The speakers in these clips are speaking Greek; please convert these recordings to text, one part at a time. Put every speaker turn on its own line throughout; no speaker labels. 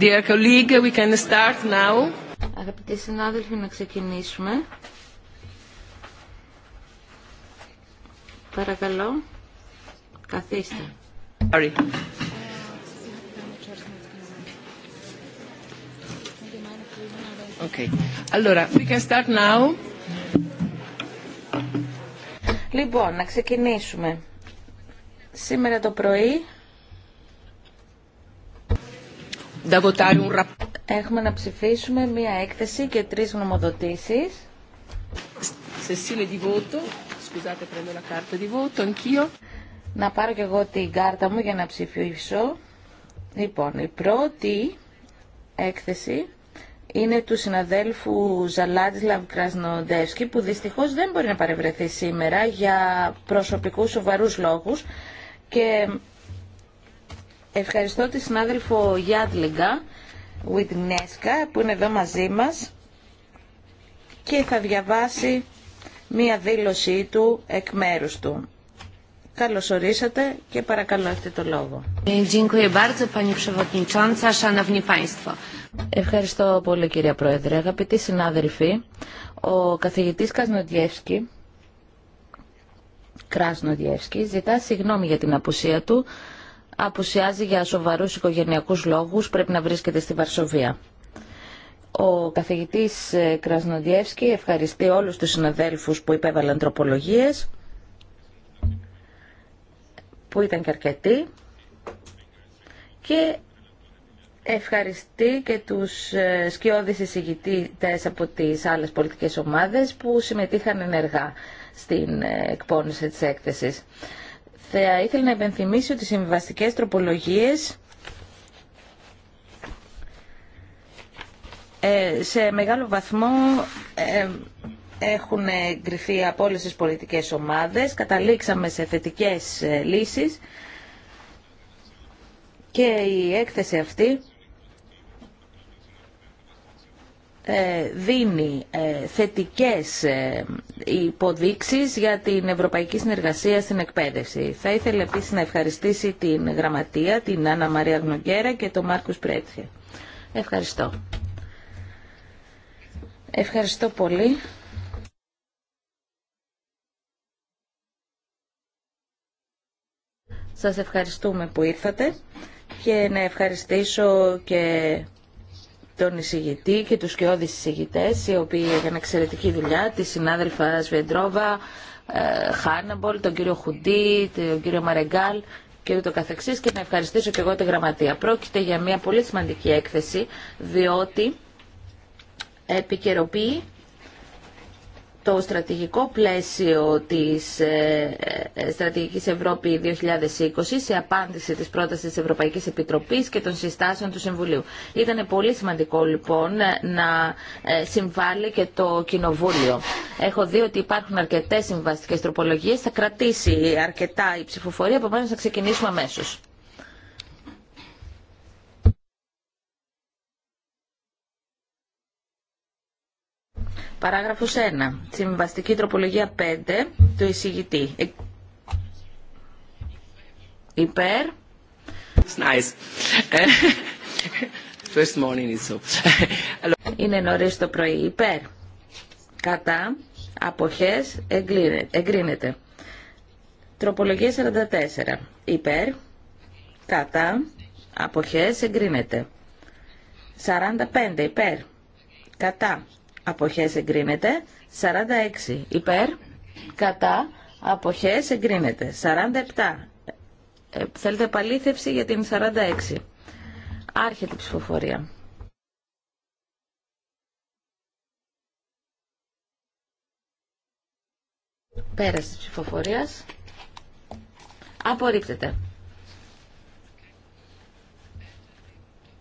Dear colleague, we can start now. Αγαπητοί συνάδελφοι, να ξεκινήσουμε. Παρακαλώ,
καθίστε. Sorry. Okay. Allora, we can start
now. Λοιπόν, να ξεκινήσουμε. Σήμερα το πρωί Έχουμε να ψηφίσουμε μία έκθεση και τρεις γνωμοδοτήσεις. Να πάρω κι εγώ την κάρτα μου για να ψηφίσω. Λοιπόν, η πρώτη έκθεση είναι του συναδέλφου Ζαλάτισλαβ Κρασνοντεύσκη που δυστυχώς δεν μπορεί να παρευρεθεί σήμερα για προσωπικούς σοβαρούς λόγους και Ευχαριστώ τη συνάδελφο Γιάντλιγκα Βιτνέσκα που είναι εδώ μαζί μας και θα διαβάσει μία δήλωσή του εκ μέρους του. Καλώς ορίσατε και παρακαλώ έχετε το λόγο. Ευχαριστώ πολύ κυρία Πρόεδρε. Αγαπητοί συνάδελφοι, ο καθηγητής Κασνοδιεύσκη Κράσνοδιεύσκη ζητά συγγνώμη για την απουσία του απουσιάζει για σοβαρούς οικογενειακούς λόγους, πρέπει να βρίσκεται στη Βαρσοβία. Ο καθηγητής ε, Κρασνοντιεύσκη ευχαριστεί όλους τους συναδέλφους που υπέβαλαν τροπολογίες, που ήταν και αρκετοί, και ευχαριστεί και τους ε, σκιώδεις εισηγητές από τις άλλες πολιτικές ομάδες που συμμετείχαν ενεργά στην ε, εκπόνηση της έκθεσης ήθελα να υπενθυμίσω ότι οι συμβιβαστικές τροπολογίες ε, σε μεγάλο βαθμό ε, έχουν εγκριθεί από όλες τις πολιτικές ομάδες. Καταλήξαμε σε θετικές ε, λύσεις και η έκθεση αυτή Ε, δίνει ε, θετικές ε, υποδείξεις για την ευρωπαϊκή συνεργασία στην εκπαίδευση. Θα ήθελα επίσης να ευχαριστήσει την Γραμματεία, την Άννα Μαρία Γνωγκέρα και τον Μάρκους
Πρέτσια. Ευχαριστώ. Ευχαριστώ πολύ.
Σας ευχαριστούμε που ήρθατε και να ευχαριστήσω και τον εισηγητή και τους σκιώδεις εισηγητές, οι οποίοι έκανε εξαιρετική δουλειά, τη συνάδελφα Σβεντρόβα, ε, Χάνεμπολ, τον κύριο Χουντή, τον κύριο Μαρεγκάλ και ούτω καθεξής και να ευχαριστήσω και εγώ τη γραμματεία. Πρόκειται για μια πολύ σημαντική έκθεση, διότι επικαιροποιεί το στρατηγικό πλαίσιο της ε, ε, Στρατηγικής Ευρώπη 2020 σε απάντηση της πρότασης της Ευρωπαϊκής Επιτροπής και των συστάσεων του Συμβουλίου. Ήταν πολύ σημαντικό λοιπόν ε, να συμβάλλει και το Κοινοβούλιο. Έχω δει ότι υπάρχουν αρκετές συμβαστικές τροπολογίες. Θα κρατήσει αρκετά η ψηφοφορία, επομένως θα ξεκινήσουμε αμέσως. Παράγραφος 1. Συμβαστική τροπολογία 5 του εισηγητή. Ε, υπέρ. nice.
First morning is
Είναι νωρίς το πρωί. Υπέρ. Κατά. Αποχές. Εγκρίνεται. Τροπολογία 44. Υπέρ. Κατά. Αποχές. Εγκρίνεται. 45. Υπέρ. Κατά αποχές εγκρίνεται. 46 υπέρ, κατά, αποχές εγκρίνεται. 47. Ε, θέλετε επαλήθευση για την 46. Άρχεται η ψηφοφορία. Πέραση της ψηφοφορίας. Απορρίπτεται.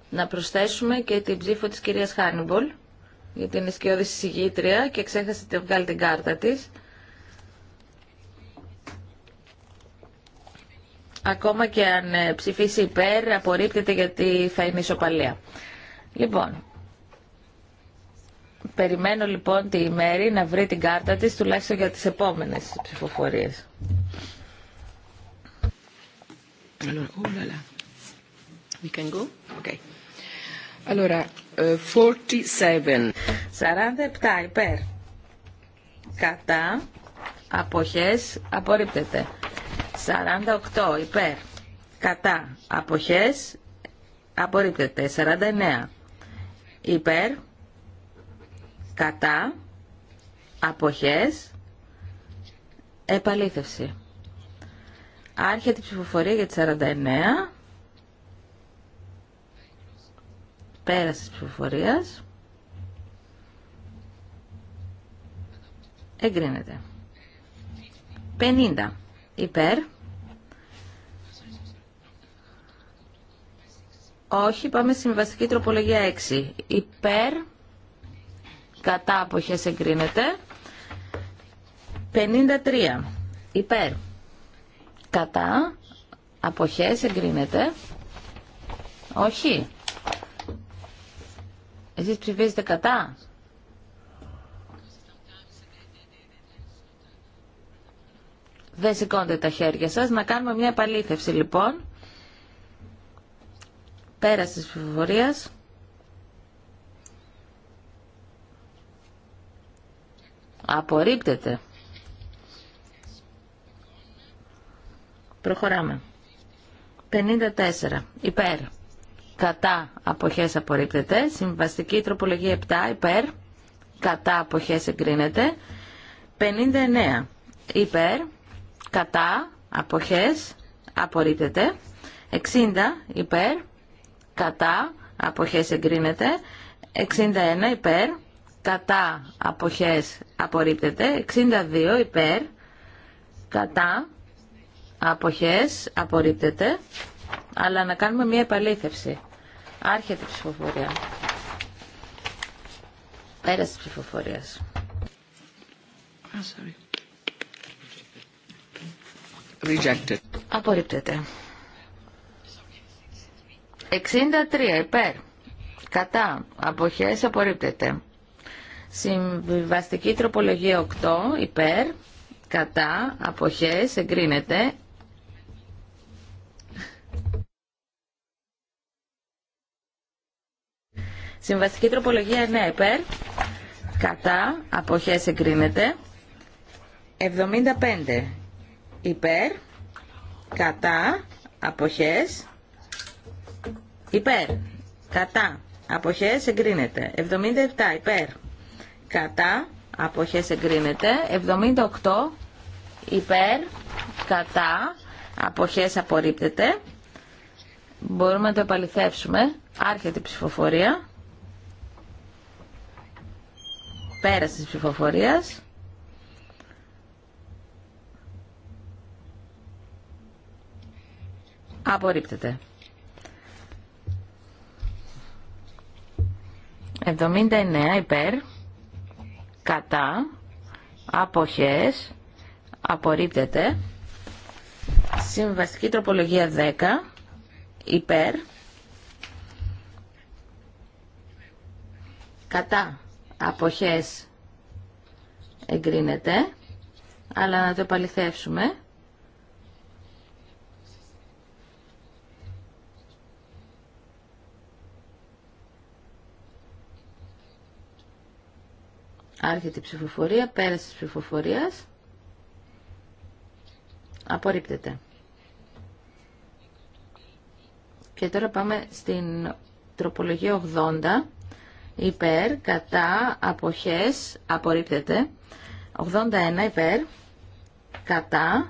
Να προσθέσουμε και την ψήφο της κυρίας Χάνιμπολ γιατί είναι σκιώδης συγγήτρια και ξέχασε να βγάλει την κάρτα της. Ακόμα και αν ε, ψηφίσει υπέρ, απορρίπτεται γιατί θα είναι ισοπαλία. Λοιπόν, περιμένω λοιπόν τη μέρη να βρει την κάρτα της, τουλάχιστον για τις επόμενες ψηφοφορίες. Oh Allora, 47. Eh, 47 υπέρ. Κατά. Αποχές. Απορρίπτεται. 48 υπέρ. Κατά. Αποχές. Απορρίπτεται. 49 υπέρ. Κατά. Αποχές. Επαλήθευση. Άρχεται η ψηφοφορία για τη 49. Πέραση της ψηφοφορίας. Εγκρίνεται. 50 υπέρ. Όχι, πάμε στη συμβαστική τροπολογία 6. Υπέρ, κατά αποχές εγκρίνεται. 53. Υπέρ, κατά αποχές εγκρίνεται. Όχι. Εσείς ψηφίζετε κατά. Δεν σηκώνετε τα χέρια σας. Να κάνουμε μια επαλήθευση λοιπόν. Πέραση της ψηφοφορίας. Απορρίπτεται. Προχωράμε. 54. Υπέρ κατά αποχές απορρίπτεται. Συμβαστική τροπολογία 7 υπέρ, κατά αποχές εγκρίνεται. 59 υπέρ, κατά αποχές απορρίπτεται. 60 υπέρ, κατά αποχές εγκρίνεται. 61 υπέρ, κατά αποχές απορρίπτεται. 62 υπέρ, κατά αποχές απορρίπτεται αλλά να κάνουμε μία επαλήθευση. Άρχεται η ψηφοφορία. Πέρασε τη ψηφοφορία. Απορρίπτεται. 63 υπέρ. Κατά. Αποχές απορρίπτεται. Συμβιβαστική τροπολογία 8 υπέρ. Κατά. Αποχές εγκρίνεται. Συμβαστική τροπολογία 9 ναι, υπέρ. Κατά. Αποχές εγκρίνεται. 75 υπέρ. Κατά. Αποχές. Υπέρ. Κατά. Αποχές εγκρίνεται. 77 υπέρ. Κατά. Αποχές εγκρίνεται. 78 υπέρ. Κατά. Αποχές απορρίπτεται. Μπορούμε να το επαληθεύσουμε. Άρχεται η ψηφοφορία. Πέραση της ψηφοφορίας. Απορρίπτεται. 79 υπέρ, κατά, αποχές, απορρίπτεται. Συμβαστική τροπολογία 10, υπέρ, κατά, αποχές εγκρίνεται, αλλά να το επαληθεύσουμε. Άρχεται η ψηφοφορία, πέρασε της ψηφοφορίας. Απορρίπτεται. Και τώρα πάμε στην τροπολογία 80 υπέρ, κατά, αποχές, απορρίπτεται. 81 υπέρ, κατά,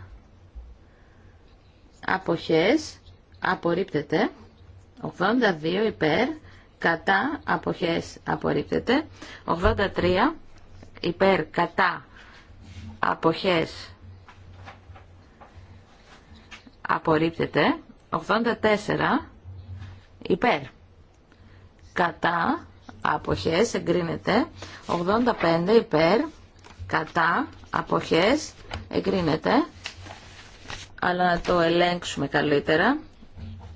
αποχές, απορρίπτεται. 82 υπέρ, κατά, αποχές, απορρίπτεται. 83 υπέρ, κατά, αποχές, απορρίπτεται. 84 υπέρ, κατά, αποχές εγκρίνεται 85 υπέρ κατά αποχές εγκρίνεται αλλά να το ελέγξουμε καλύτερα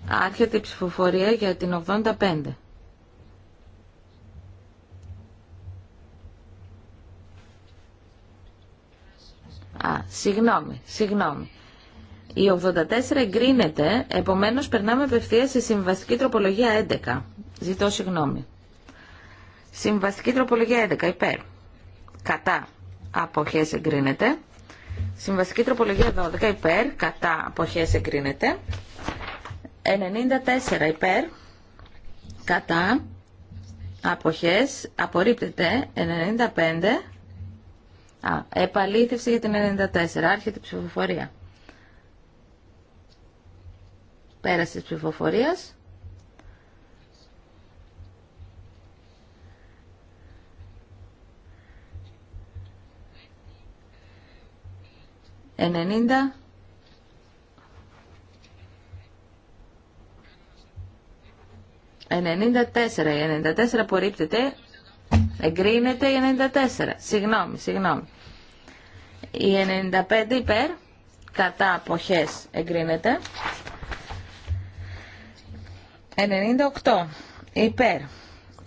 άρχεται η ψηφοφορία για την 85 Α, συγγνώμη, συγγνώμη. Η 84 εγκρίνεται, επομένως περνάμε απευθεία στη συμβαστική τροπολογία 11. Ζητώ συγγνώμη. Συμβαστική τροπολογία 11 υπέρ. Κατά απόχε εγκρίνεται. Συμβαστική τροπολογία 12 υπέρ. Κατά αποχές εγκρίνεται. 94 υπέρ. Κατά αποχές απορρίπτεται. 95. Α, επαλήθευση για την 94. Άρχεται η ψηφοφορία. Πέραση τη ψηφοφορίας. 90. Η 94 απορρίπτεται. Εγκρίνεται η 94. Συγγνώμη, συγγνώμη. Η 95 υπέρ, κατά αποχές εγκρίνεται. 98 υπέρ,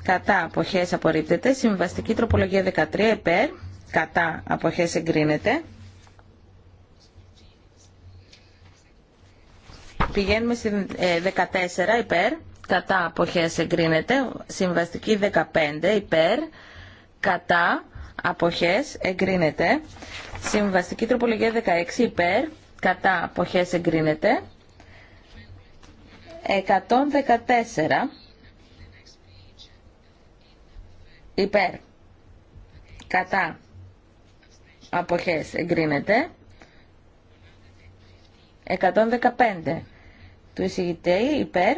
κατά αποχές απορρίπτεται. Συμβαστική τροπολογία 13 υπέρ, κατά αποχές εγκρίνεται. Πηγαίνουμε στην 14 ε, υπέρ, κατά αποχές εγκρίνεται. Συμβαστική 15 υπέρ, κατά αποχές εγκρίνεται. Συμβαστική τροπολογία 16 υπέρ, κατά αποχές εγκρίνεται. 114 υπέρ, κατά αποχές εγκρίνεται. 115 του εισηγητέη υπέρ,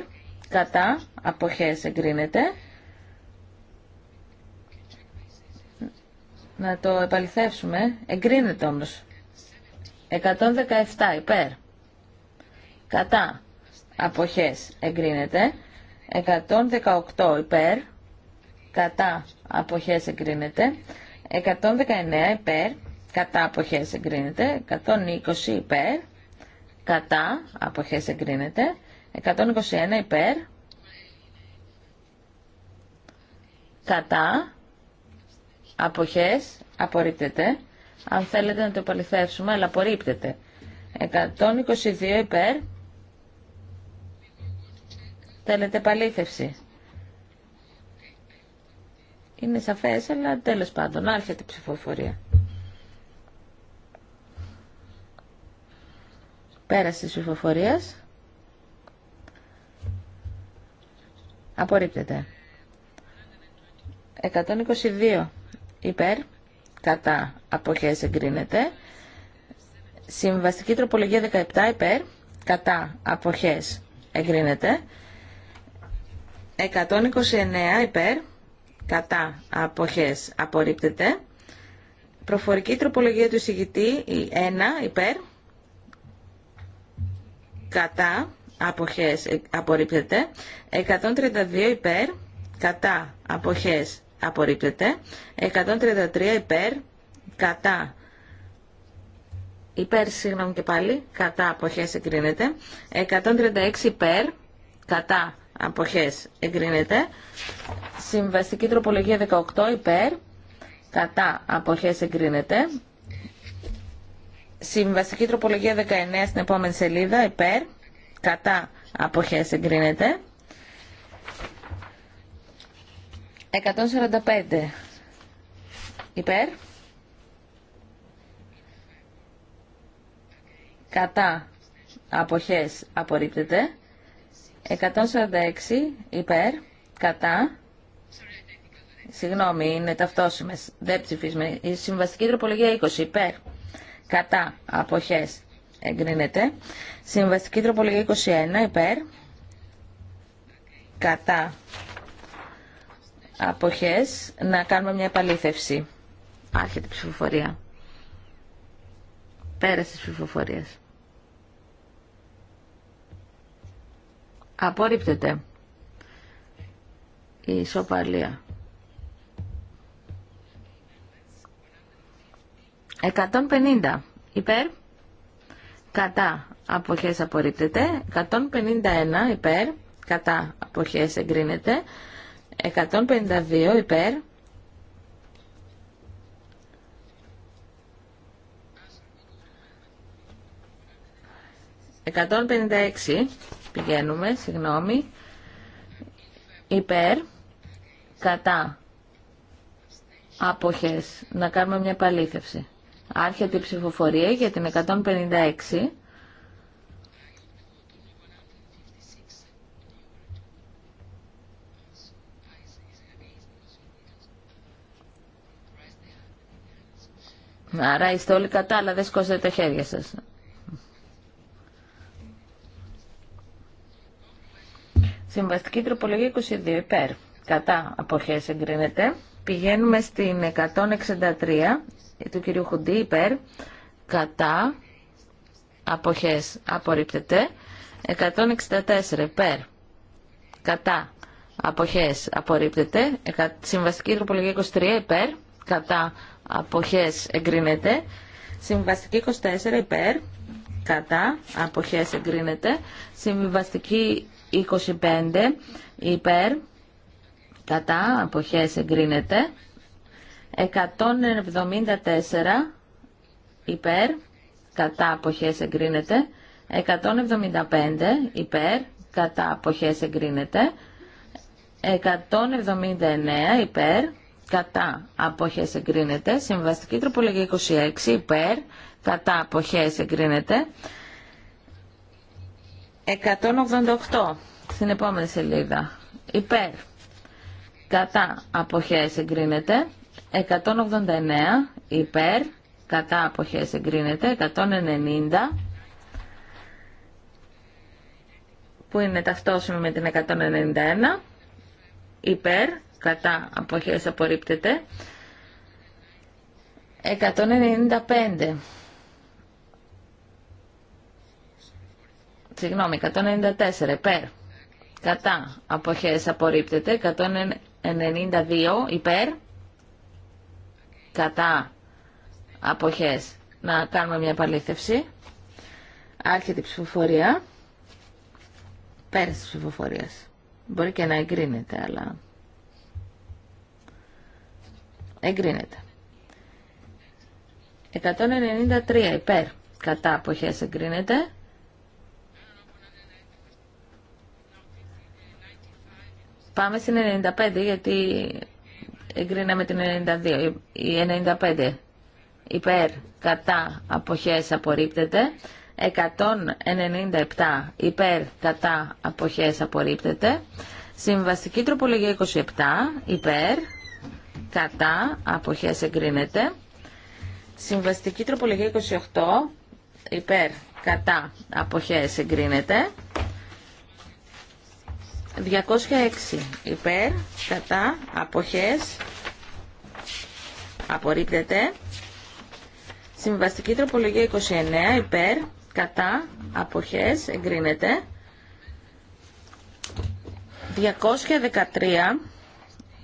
κατά, αποχές εγκρίνεται. Να το επαληθεύσουμε. Εγκρίνεται όμως. 117 υπέρ. Κατά. Αποχές εγκρίνεται. 118 υπέρ. Κατά. Αποχές εγκρίνεται. 119 υπέρ. Κατά. Αποχές εγκρίνεται. 120 υπέρ κατά, αποχές εγκρίνεται, 121 υπέρ, κατά, αποχές, απορρίπτεται, αν θέλετε να το επαληθεύσουμε, αλλά απορρίπτεται, 122 υπέρ, θέλετε επαλήθευση. Είναι σαφές, αλλά τέλος πάντων, άρχεται η ψηφοφορία. Πέραση τη ψηφοφορίας. Απορρίπτεται. 122 υπέρ, κατά αποχές εγκρίνεται. Συμβαστική τροπολογία 17 υπέρ, κατά αποχές εγκρίνεται. 129 υπέρ, κατά αποχές απορρίπτεται. Προφορική τροπολογία του εισηγητή 1 υπέρ, κατά αποχές ε, απορρίπτεται 132 υπέρ κατά αποχές απορρίπτεται 133 υπέρ κατά υπέρ συγγνώμη και πάλι κατά αποχές εγκρίνεται 136 υπέρ κατά αποχές εγκρίνεται συμβαστική τροπολογία 18 υπέρ κατά αποχές εγκρίνεται Συμβαστική τροπολογία 19 στην επόμενη σελίδα, υπέρ, κατά αποχές εγκρίνεται. 145 υπέρ, κατά αποχές απορρίπτεται. 146 υπέρ, κατά, συγγνώμη είναι ταυτόσιμες, δεν ψηφίζουμε, συμβαστική τροπολογία 20 υπέρ. Κατά. Αποχές. Εγκρίνεται. Συμβαστική τροπολογία 21. Υπέρ. Κατά. Αποχές. Να κάνουμε μια επαλήθευση. Άρχεται η ψηφοφορία. Πέρασε της ψηφοφορίες. Απορρίπτεται. Η ισοπαλία. 150 υπέρ, κατά αποχές απορρίπτεται, 151 υπέρ, κατά αποχές εγκρίνεται, 152 υπέρ, ...156 πηγαίνουμε, συγγνώμη, υπέρ, κατά, αποχές, να κάνουμε μια παλήθευση. Άρχεται η ψηφοφορία για την 156. Άρα είστε όλοι κατά, αλλά δεν σκόσετε τα χέρια σας. Συμβαστική τροπολογία 22 υπέρ. Κατά αποχές εγκρίνεται. Πηγαίνουμε στην 163 του κυρίου Χουντή υπέρ, κατά, αποχές απορρίπτεται, 164 υπέρ, κατά, αποχές απορρίπτεται, συμβαστική τροπολογία 23 υπέρ, κατά, αποχές εγκρίνεται, συμβαστική 24 υπέρ, κατά, αποχές εγκρίνεται, Συμβαστική 25 υπέρ, κατά αποχές εγκρίνεται 174 υπέρ κατά αποχές εγκρίνεται 175 υπέρ κατά αποχές εγκρίνεται 179 υπέρ κατά αποχές εγκρίνεται συμβαστική τροπολογία 26 υπέρ κατά αποχές εγκρίνεται 188 στην επόμενη σελίδα υπέρ κατά αποχές εγκρίνεται, 189 υπέρ, κατά αποχές εγκρίνεται, 190 που είναι ταυτόσιμο με την 191 υπέρ, κατά αποχές απορρίπτεται, 195 Συγγνώμη, 194 υπέρ. Κατά αποχές απορρίπτεται, 190 92 υπέρ κατά αποχές να κάνουμε μια επαλήθευση άρχεται η ψηφοφορία πέρας της ψηφοφορίας μπορεί και να εγκρίνεται αλλά εγκρίνεται 193 υπέρ κατά αποχές εγκρίνεται Πάμε στην 95 γιατί εγκρίναμε την 92. Η 95 υπέρ, κατά, αποχές απορρίπτεται. 197 υπέρ, κατά, αποχές απορρίπτεται. Συμβαστική τροπολογία 27 υπέρ, κατά, αποχές εγκρίνεται. Συμβαστική τροπολογία 28 υπέρ, κατά, αποχές εγκρίνεται. 206 υπέρ, κατά, αποχές, απορρίπτεται. Συμβαστική τροπολογία 29 υπέρ, κατά, αποχές, εγκρίνεται. 213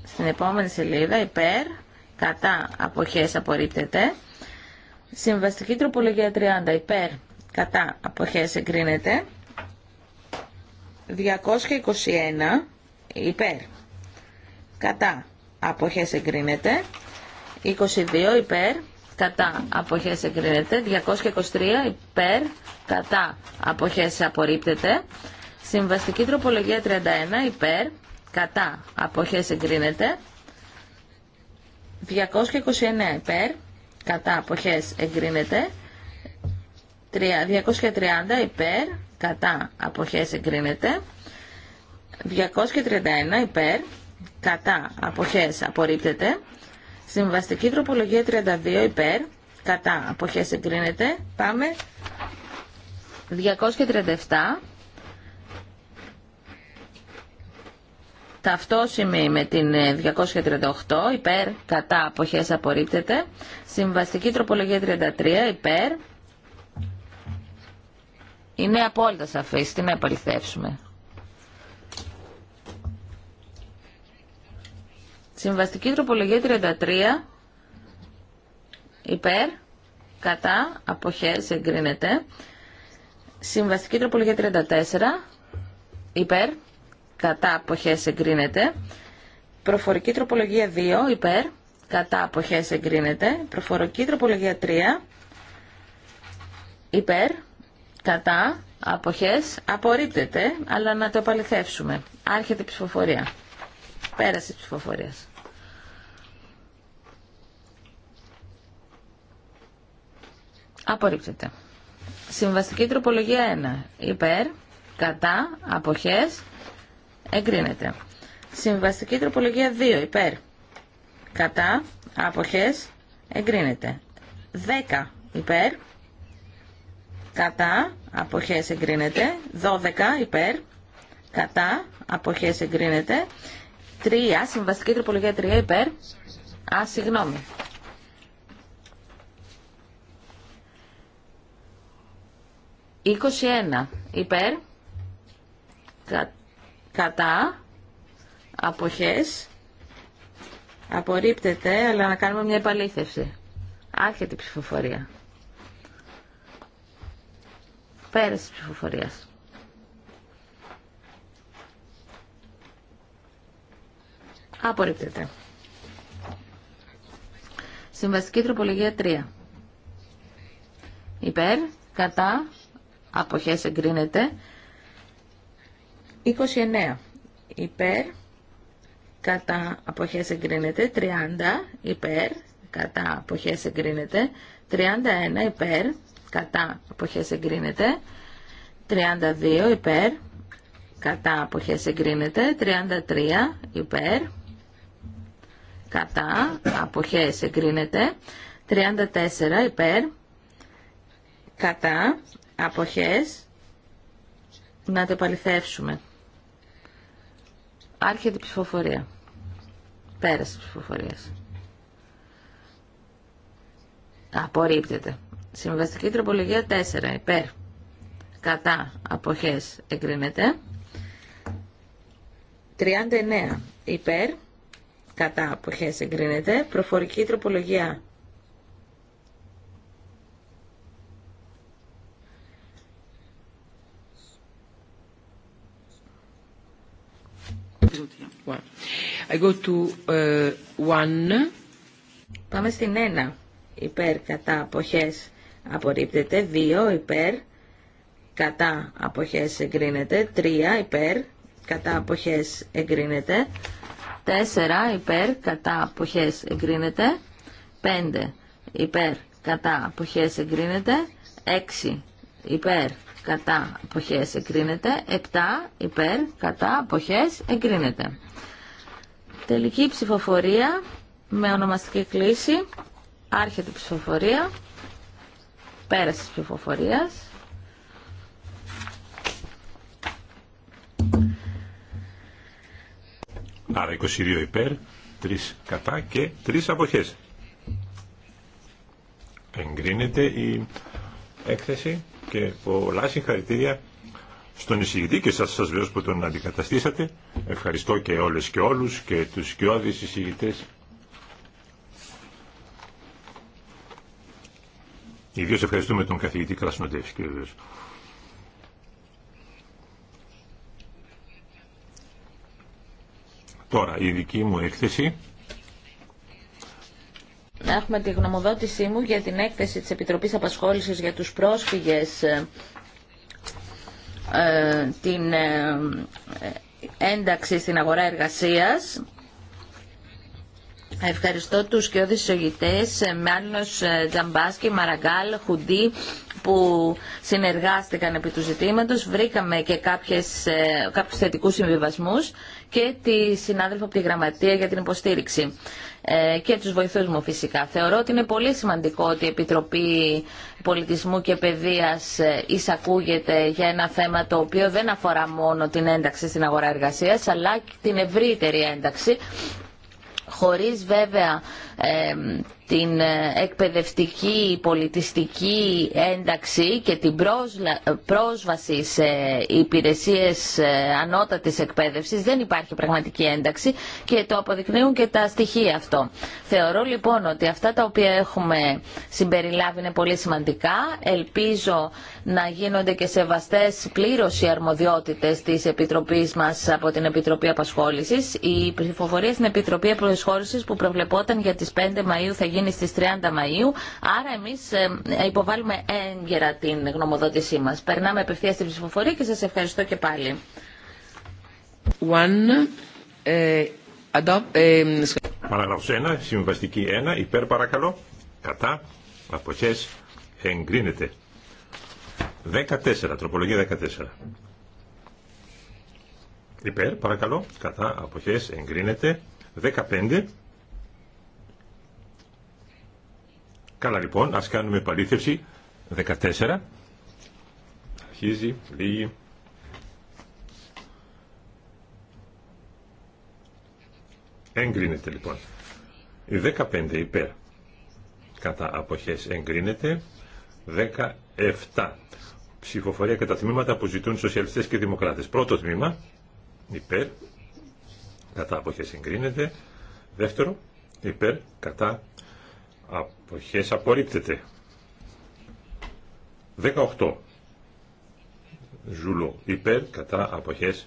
στην επόμενη σελίδα υπέρ, κατά, αποχές, απορρίπτεται. Συμβαστική τροπολογία 30 υπέρ, κατά, αποχές, εγκρίνεται. 221 υπέρ. Κατά. Αποχές εγκρίνεται. 22 υπέρ. Κατά. Αποχές εγκρίνεται. 223 υπέρ. Κατά. Αποχές απορρίπτεται. Συμβαστική τροπολογία 31 υπέρ. Κατά. Αποχές εγκρίνεται. 229 υπέρ. Κατά. Αποχές εγκρίνεται. 230 υπέρ κατά αποχές εγκρίνεται 231 υπέρ κατά αποχές απορρίπτεται συμβαστική τροπολογία 32 υπέρ κατά αποχές εγκρίνεται πάμε 237 ταυτόσημη με την 238, ε, υπέρ, κατά, αποχές απορρίπτεται. Συμβαστική τροπολογία 33, υπέρ, είναι απόλυτα σαφής. Τι να επαληθεύσουμε. Συμβαστική τροπολογία 33. Υπέρ. Κατά. Αποχές. Εγκρίνεται. Συμβαστική τροπολογία 34. Υπέρ. Κατά. Αποχές. Εγκρίνεται. Προφορική τροπολογία 2. Υπέρ. Κατά. Αποχές. Εγκρίνεται. Προφορική τροπολογία 3. Υπέρ κατά, αποχές, απορρίπτεται, αλλά να το επαληθεύσουμε. Άρχεται η ψηφοφορία. Πέρασε η ψηφοφορία. Απορρίπτεται. Συμβαστική τροπολογία 1. Υπέρ, κατά, αποχές, εγκρίνεται. Συμβαστική τροπολογία 2. Υπέρ, κατά, αποχές, εγκρίνεται. 10. Υπέρ, κατά, αποχέ εγκρίνεται, 12 υπέρ, κατά, απόχέ εγκρίνεται, 3, συμβαστική τροπολογία 3 υπέρ, α, συγγνώμη. Είκοσι ένα υπέρ, κα, κατά, αποχές, απορρίπτεται, αλλά να κάνουμε μια επαλήθευση. Άρχεται η ψηφοφορία. Πέρασε τη ψηφοφορία. Απορρίπτεται. Συμβαστική τροπολογία 3. Υπέρ, κατά, αποχές εγκρίνεται. 29. Υπέρ, κατά, αποχές εγκρίνεται. 30. Υπέρ, κατά, αποχές εγκρίνεται. 31. Υπέρ, κατά αποχές εγκρίνεται 32 υπέρ κατά αποχές εγκρίνεται 33 υπέρ κατά αποχές εγκρίνεται 34 υπέρ κατά αποχές να το επαληθεύσουμε άρχεται η ψηφοφορία πέρασε η ψηφοφορία απορρίπτεται Συμβαστική τροπολογία 4. Υπέρ. Κατά. Αποχές. Εγκρίνεται. 39. Υπέρ. Κατά. Αποχές. Εγκρίνεται. Προφορική τροπολογία. I go to, uh, Πάμε στην 1. Υπέρ. Κατά. Αποχές απορρίπτεται, 2 υπέρ, κατά αποχές εγκρίνεται, 3 υπέρ, κατά αποχές εγκρίνεται, 4 υπέρ, κατά αποχές εγκρίνεται, 5 υπέρ, κατά αποχές εγκρίνεται, 6 υπέρ, κατά αποχές εγκρίνεται, 7 υπέρ, κατά αποχές εγκρίνεται. Τελική ψηφοφορία με ονομαστική κλίση, άρχεται ψηφοφορία. Πέραση της ψηφοφορίας.
Άρα 22 υπέρ, 3 κατά και 3 αποχές. Εγκρίνεται η έκθεση και πολλά συγχαρητήρια στον εισηγητή και σας, σας βεβαίω που τον αντικαταστήσατε. Ευχαριστώ και όλες και όλους και τους σκιώδεις εισηγητές Ιδίω ευχαριστούμε τον καθηγητή Κρασνοντεύσκη βεβαίω. Τώρα, η δική μου έκθεση.
Έχουμε τη γνωμοδότησή μου για την έκθεση της Επιτροπής Απασχόλησης για τους πρόσφυγες ε, ε, την ε, ένταξη στην αγορά εργασίας Ευχαριστώ τους και οδησογητές ε, Μάνος ε, Τζαμπάσκι, Μαραγκάλ, Χουντή που συνεργάστηκαν επί του ζητήματος. Βρήκαμε και κάποιες, ε, κάποιους θετικούς συμβιβασμούς και τη συνάδελφο από τη Γραμματεία για την υποστήριξη και τους βοηθούς μου φυσικά. Θεωρώ ότι είναι πολύ σημαντικό ότι η Επιτροπή Πολιτισμού και Παιδείας εισακούγεται για ένα θέμα το οποίο δεν αφορά μόνο την ένταξη στην αγορά εργασίας αλλά την ευρύτερη ένταξη χωρίς βέβαια ε, την ε, εκπαιδευτική πολιτιστική ένταξη και την ε, πρόσβαση σε υπηρεσίες ε, ανώτατης εκπαίδευσης δεν υπάρχει πραγματική ένταξη και το αποδεικνύουν και τα στοιχεία αυτό. Θεωρώ λοιπόν ότι αυτά τα οποία έχουμε συμπεριλάβει είναι πολύ σημαντικά. Ελπίζω να γίνονται και σεβαστές πλήρως οι αρμοδιότητες της Επιτροπής μας από την Επιτροπή Απασχόλησης. Η ψηφοφορία στην Επιτροπή Απασχόλησης που προβλεπόταν για τις 5 Μαΐου θα γίνει γίνει στις 30 Μαΐου, άρα εμείς ε, υποβάλλουμε έγκαιρα την γνωμοδότησή μας. Περνάμε απευθείας στην ψηφοφορία και σας ευχαριστώ και πάλι.
One,
eh, adopt, ε, Παραγράφος 1, συμβαστική 1, υπέρ παρακαλώ, κατά, αποχές, εγκρίνεται. 14, τροπολογία 14. Υπέρ, παρακαλώ, κατά, αποχές, εγκρίνεται. 15, Καλά λοιπόν, ας κάνουμε επαλήθευση. 14. Αρχίζει, λίγη. Εγκρίνεται λοιπόν. 15 υπέρ. Κατά αποχές εγκρίνεται. 17. Ψηφοφορία τα τμήματα που ζητούν σοσιαλιστές και δημοκράτες. Πρώτο τμήμα, υπέρ, κατά αποχές εγκρίνεται. Δεύτερο, υπέρ, κατά Αποχές απορρίπτεται. 18. Ζουλό υπέρ, κατά, αποχές.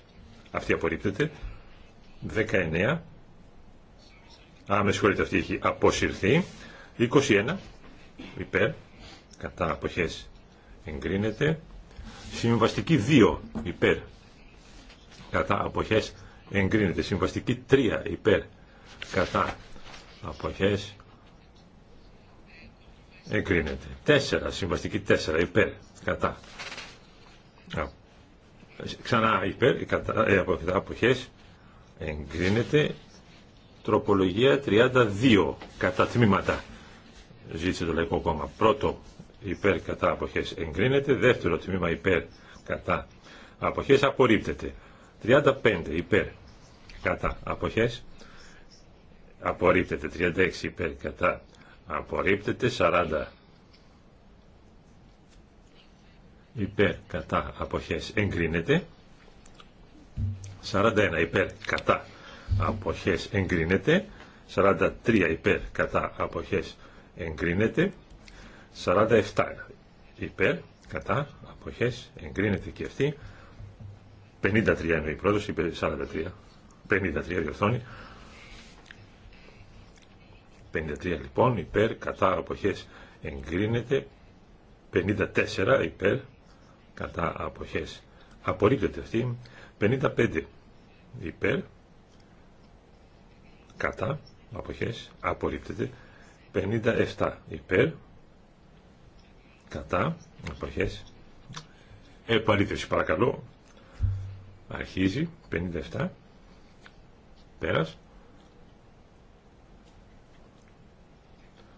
Αυτή απορρίπτεται. 19. Α, με συγχωρείτε, αυτή έχει αποσυρθεί. 21. Υπέρ, κατά, αποχές. Εγκρίνεται. Συμβαστική 2. Υπέρ, κατά, αποχές. Εγκρίνεται. Συμβαστική 3. Υπέρ, κατά, αποχές εγκρίνεται. Τέσσερα. συμβαστική 4, υπέρ, κατά. Ξανά υπέρ, κατά, ε, αποχές, εγκρίνεται. Τροπολογία 32, κατά τμήματα, ζήτησε το Λαϊκό Κόμμα. Πρώτο, υπέρ, κατά, αποχές, εγκρίνεται. Δεύτερο τμήμα, υπέρ, κατά, αποχές, απορρίπτεται. 35, υπέρ, κατά, αποχές, απορρίπτεται. 36, υπέρ, κατά, απορρίπτεται 40 υπέρ κατά αποχές εγκρίνεται 41 υπέρ κατά αποχές εγκρίνεται 43 υπέρ κατά αποχές εγκρίνεται 47 υπέρ κατά αποχές εγκρίνεται και αυτή 53 είναι η πρόταση, υπέρ 43 53 διορθώνει 53 λοιπόν υπέρ κατά αποχές εγκρίνεται 54 υπέρ κατά αποχές απορρίπτεται αυτή 55 υπέρ κατά αποχές απορρίπτεται 57 υπέρ κατά αποχές επαλήθευση παρακαλώ αρχίζει 57 πέρας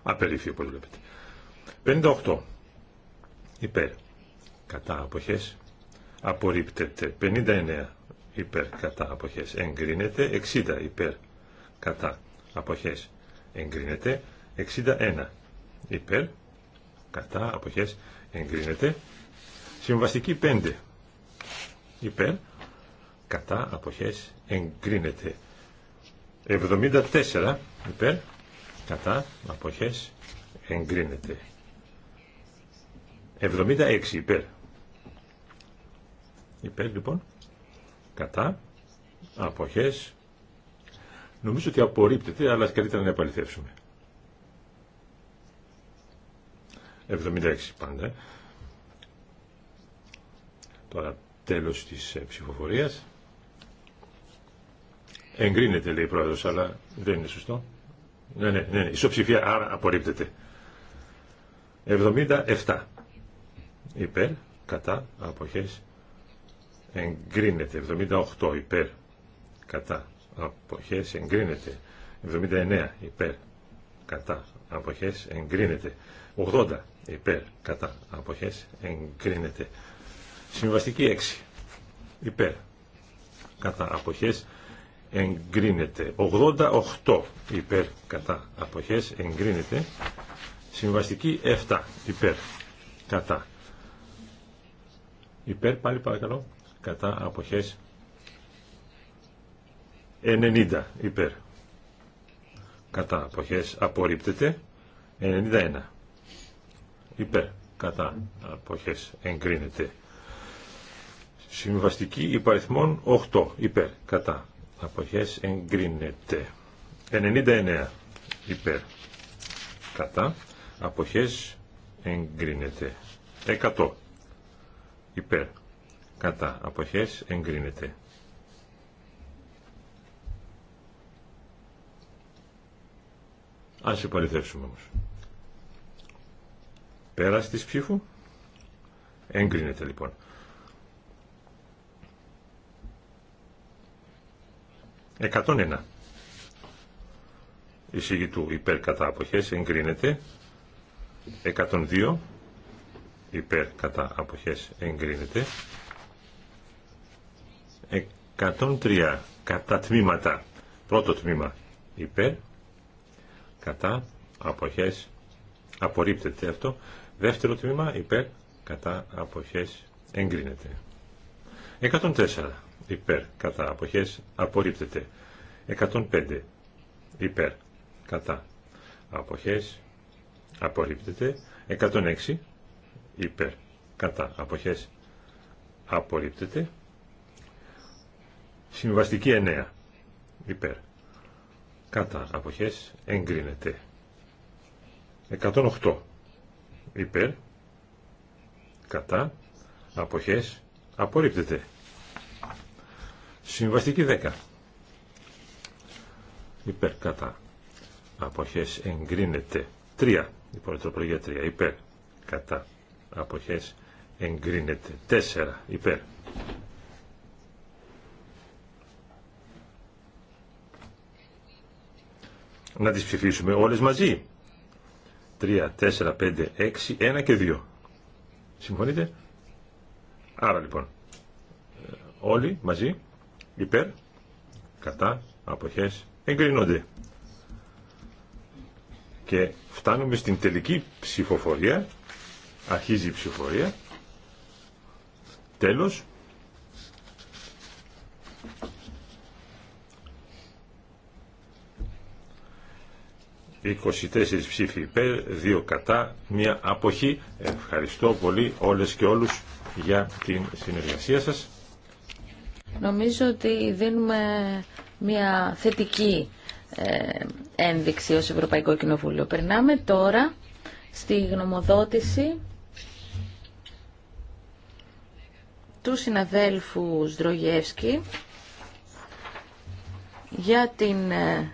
Απερίφθη όπω βλέπετε. 58. Υπέρ. Κατά απόχέ. Απορρίπτεται. 59. Υπέρ. Κατά αποχέ. Εγκρίνεται. 60. Υπέρ. Κατά αποχέ. Εγκρίνεται. 61. Υπέρ. Κατά αποχέ. Εγκρίνεται. Συμβαστική 5. Υπέρ. Κατά απόχέ Εγκρίνεται. 74. Υπέρ κατά αποχές εγκρίνεται 76 υπέρ υπέρ λοιπόν κατά αποχές νομίζω ότι απορρίπτεται αλλά καλύτερα να επαληθεύσουμε 76 πάντα τώρα τέλος της ε, ψηφοφορίας εγκρίνεται λέει η πρόεδρος αλλά δεν είναι σωστό ναι, ναι, ναι, ναι, ισοψηφία, άρα απορρίπτεται. 77. Υπέρ, κατά, αποχές, εγκρίνεται. 78. Υπέρ, κατά, αποχές, εγκρίνεται. 79. Υπέρ, κατά, αποχές, εγκρίνεται. 80. Υπέρ, κατά, αποχές, εγκρίνεται. Συμβαστική 6. Υπέρ, κατά, αποχές, εγκρίνεται. 88 υπέρ κατά αποχές εγκρίνεται. Συμβαστική 7 υπέρ κατά. Υπέρ πάλι παρακαλώ κατά αποχές 90 υπέρ κατά αποχές απορρίπτεται 91 υπέρ κατά αποχές εγκρίνεται συμβαστική υπαριθμών 8 υπέρ κατά αποχές εγκρίνεται 99 υπέρ κατά αποχές εγκρίνεται 100 υπέρ κατά αποχές εγκρίνεται Ας επαληθεύσουμε όμως. Πέρα της ψήφου εγκρίνεται λοιπόν. 101 εισηγητού υπέρ κατά αποχές εγκρίνεται 102 υπέρ κατά αποχές εγκρίνεται 103 κατά τμήματα πρώτο τμήμα υπέρ κατά αποχές απορρίπτεται αυτό δεύτερο τμήμα υπέρ κατά αποχές εγκρίνεται 104 υπέρ κατά αποχές απορρίπτεται 105 υπέρ κατά αποχές απορρίπτεται 106 υπέρ κατά αποχές απορρίπτεται συμβαστική 9 υπέρ κατά αποχές εγκρίνεται 108 υπέρ κατά αποχές απορρίπτεται Συμβαστική 10. Υπέρ κατά αποχές εγκρίνεται 3. Η 3. Υπέρ κατά αποχές εγκρίνεται 4. Υπέρ. Να τις ψηφίσουμε όλες μαζί. 3, 4, 5, 6, 1 και 2. Συμφωνείτε. Άρα λοιπόν, ε, όλοι μαζί υπέρ, κατά, αποχές, εγκρίνονται. Και φτάνουμε στην τελική ψηφοφορία, αρχίζει η ψηφοφορία, τέλος, ...24 ψήφοι υπέρ, 2 κατά, μία αποχή. Ευχαριστώ πολύ όλες και όλους για την συνεργασία σας.
Νομίζω ότι δίνουμε μια θετική ε, ένδειξη ως Ευρωπαϊκό Κοινοβούλιο. Περνάμε τώρα στη γνωμοδότηση του συναδέλφου Σδρογεύσκη για την ε,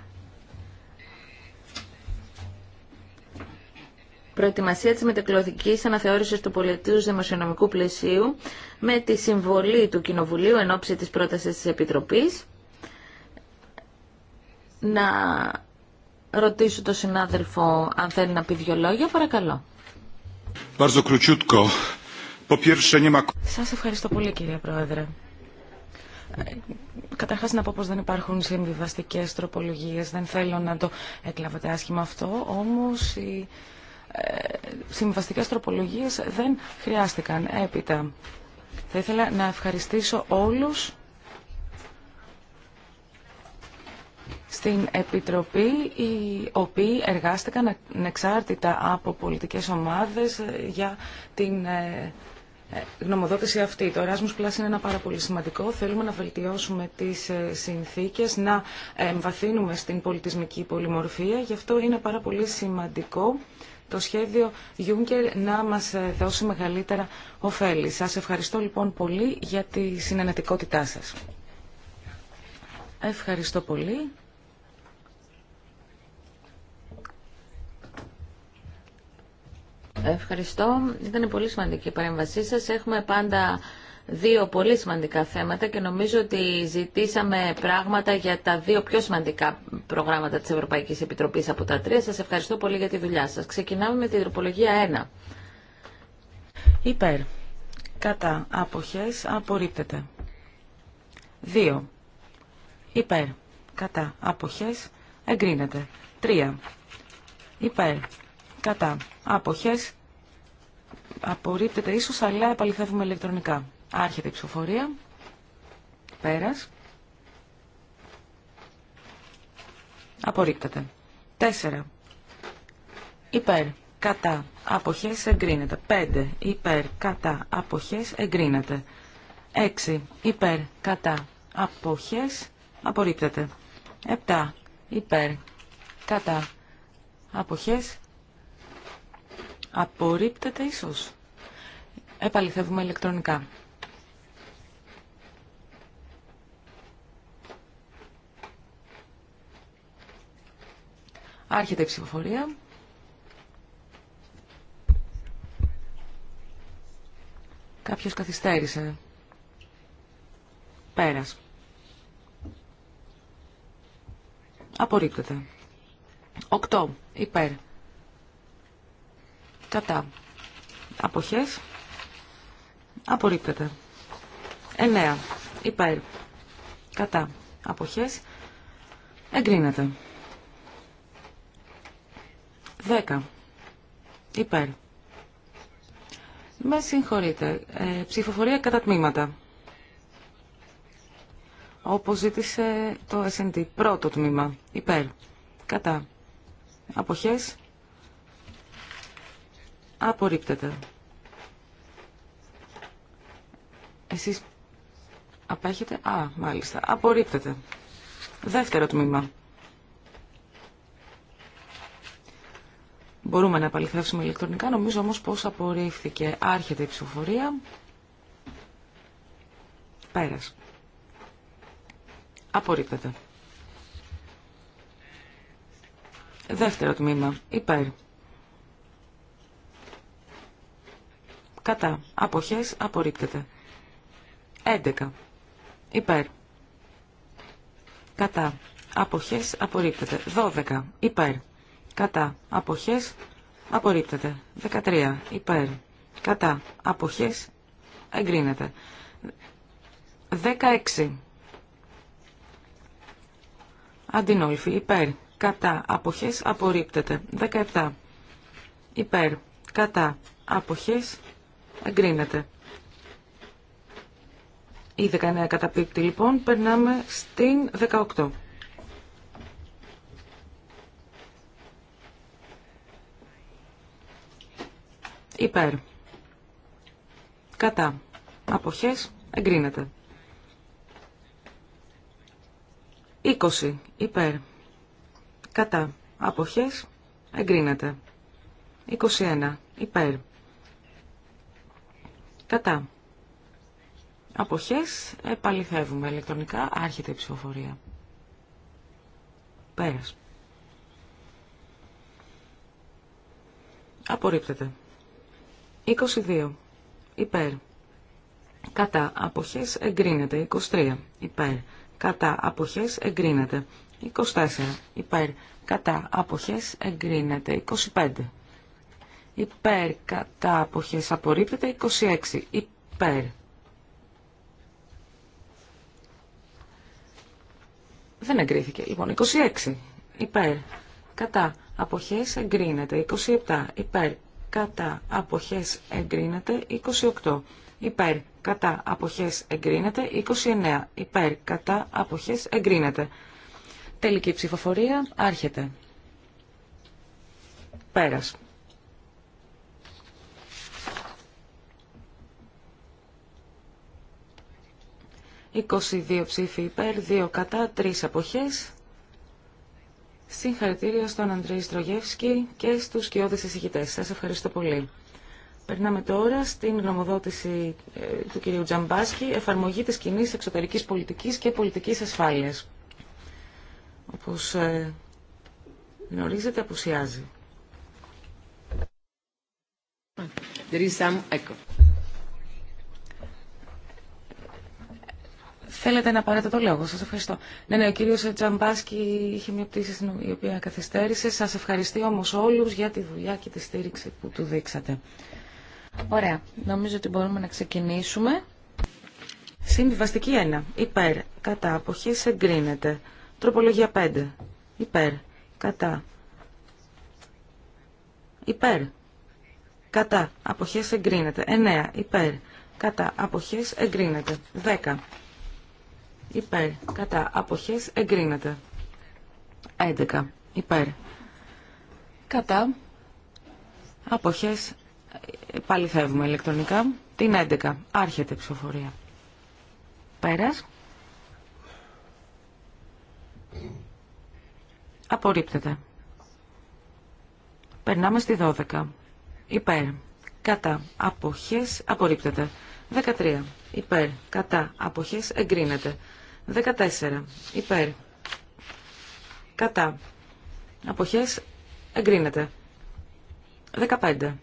προετοιμασία της μετεκλωδικής αναθεώρησης του πολιτικού δημοσιονομικού πλαισίου με τη συμβολή του Κοινοβουλίου εν ώψη της πρότασης της Επιτροπής. Να ρωτήσω τον συνάδελφο αν θέλει να πει δυο λόγια, παρακαλώ.
Σας ευχαριστώ πολύ κύριε Πρόεδρε. Καταρχά να πω πω δεν υπάρχουν συμβιβαστικέ τροπολογίε, δεν θέλω να το εκλάβετε άσχημα αυτό, η ε, συμβαστικές τροπολογίες δεν χρειάστηκαν έπειτα. Θα ήθελα να ευχαριστήσω όλους στην Επιτροπή οι οποίοι εργάστηκαν εξάρτητα από πολιτικές ομάδες για την ε, ε, γνωμοδότηση αυτή. Το Erasmus Plus είναι ένα πάρα πολύ σημαντικό. Θέλουμε να βελτιώσουμε τις συνθήκες, να εμβαθύνουμε στην πολιτισμική πολυμορφία. Γι' αυτό είναι πάρα πολύ σημαντικό το σχέδιο Juncker να μας δώσει ε, μεγαλύτερα ωφέλη. Σας ευχαριστώ λοιπόν πολύ για τη συνενετικότητά σας. Ευχαριστώ πολύ.
Ευχαριστώ. Ήταν πολύ σημαντική η παρέμβασή σας. Έχουμε πάντα δύο πολύ σημαντικά θέματα και νομίζω ότι ζητήσαμε πράγματα για τα δύο πιο σημαντικά προγράμματα της Ευρωπαϊκής Επιτροπής από τα τρία. Σας ευχαριστώ πολύ για τη δουλειά σας. Ξεκινάμε με την τροπολογία
1. Υπέρ. Κατά. Αποχές. Απορρίπτεται. 2. Υπέρ. Κατά. Αποχές. Εγκρίνεται. 3. Υπέρ. Κατά. Αποχές. Απορρίπτεται ίσως, αλλά επαληθεύουμε ηλεκτρονικά. Άρχεται η ψηφοφορία. Πέρας. Απορρίπτεται. 4. Υπέρ. Κατά. Αποχές εγκρίνεται. 5. Υπέρ. Κατά. Αποχές εγκρίνεται. 6. Υπέρ. Κατά. Αποχές απορρίπτεται. 7. Υπέρ. Κατά. Αποχές απορρίπτεται ίσως. Επαληθεύουμε ηλεκτρονικά. Άρχεται η ψηφοφορία. Κάποιος καθυστέρησε. Πέρας. Απορρίπτεται. οκτώ, Υπέρ. Κατά. Αποχές. Απορρίπτεται. εννέα, Υπέρ. Κατά. Αποχές. Εγκρίνεται. 10. Υπέρ. Με συγχωρείτε. Ε, ψηφοφορία κατά τμήματα. Όπως ζήτησε το S&D. Πρώτο τμήμα. Υπέρ. Κατά. Αποχές. Απορρίπτεται. Εσείς απέχετε. Α, μάλιστα. Απορρίπτεται. Δεύτερο τμήμα. Μπορούμε να επαληθεύσουμε ηλεκτρονικά, νομίζω όμως πως απορρίφθηκε. Άρχεται η ψηφοφορία. Πέρας. Απορρίπτεται. Δεύτερο τμήμα. Υπέρ. Κατά. Αποχές. Απορρίπτεται. 11. Υπέρ. Κατά. Αποχές. Απορρίπτεται. 12. Υπέρ κατά αποχές απορρίπτεται. 13 υπέρ κατά αποχές εγκρίνεται. 16 Αντινόλφη υπέρ κατά αποχές απορρίπτεται. 17 υπέρ κατά αποχές εγκρίνεται. Η 19 καταπίπτει λοιπόν, περνάμε στην 18. υπέρ. Κατά. Αποχές εγκρίνεται. 20 υπέρ. Κατά. Αποχές εγκρίνεται. 21 υπέρ. Κατά. Αποχές επαληθεύουμε ηλεκτρονικά. Άρχεται η ψηφοφορία. Πέρας. Απορρίπτεται. 22. Υπέρ. Κατά αποχές εγκρίνεται. 23. Υπέρ. Κατά αποχές εγκρίνεται. 24. Υπέρ. Κατά αποχές εγκρίνεται. 25. Υπέρ. Κατά αποχές απορρίπτεται. 26. Υπέρ. Δεν εγκρίθηκε. Λοιπόν, 26. Υπέρ. Κατά. Αποχές εγκρίνεται. 27. Υπέρ κατά αποχές εγκρίνεται 28. Υπέρ κατά αποχές εγκρίνεται 29. Υπέρ κατά αποχές εγκρίνεται. Τελική ψηφοφορία άρχεται. Πέρας. «22 ψήφοι υπέρ, 2 κατά, 3 αποχές». Συγχαρητήρια στον Αντρέη Στρογεύσκη και στους κοιόδες εισηγητές. Σας ευχαριστώ πολύ. Περνάμε τώρα στην γνωμοδότηση ε, του κυρίου Τζαμπάσκη, εφαρμογή της κοινή εξωτερικής πολιτικής και πολιτικής ασφάλειας. Όπως ε, γνωρίζετε, απουσιάζει. Θέλετε να πάρετε το λόγο. Σας ευχαριστώ. Ναι, ναι, ο κύριος Τζαμπάσκι είχε μια πτήση στην οποία καθυστέρησε. Σας ευχαριστώ όμως όλους για τη δουλειά και τη στήριξη που του δείξατε. Ωραία. Νομίζω ότι μπορούμε να ξεκινήσουμε. Συμβιβαστική 1. Υπέρ. Κατά. αποχή εγκρίνεται. Τροπολογία 5. Υπέρ. Κατά. Υπέρ. Κατά. Αποχές εγκρίνεται. 9. Υπέρ. Κατά. Αποχές εγκρίνεται. 10 υπέρ, κατά, αποχές, εγκρίνεται. 11, υπέρ, κατά, αποχές, παληθεύουμε ηλεκτρονικά, την 11, άρχεται η ψηφοφορία. Πέρας. Απορρίπτεται. Περνάμε στη 12. Υπέρ. Κατά. Αποχές. Απορρίπτεται. 13. Υπέρ. Κατά. Αποχές. Εγκρίνεται. 14. Υπέρ. Κατά. Αποχές εγκρίνεται. 15.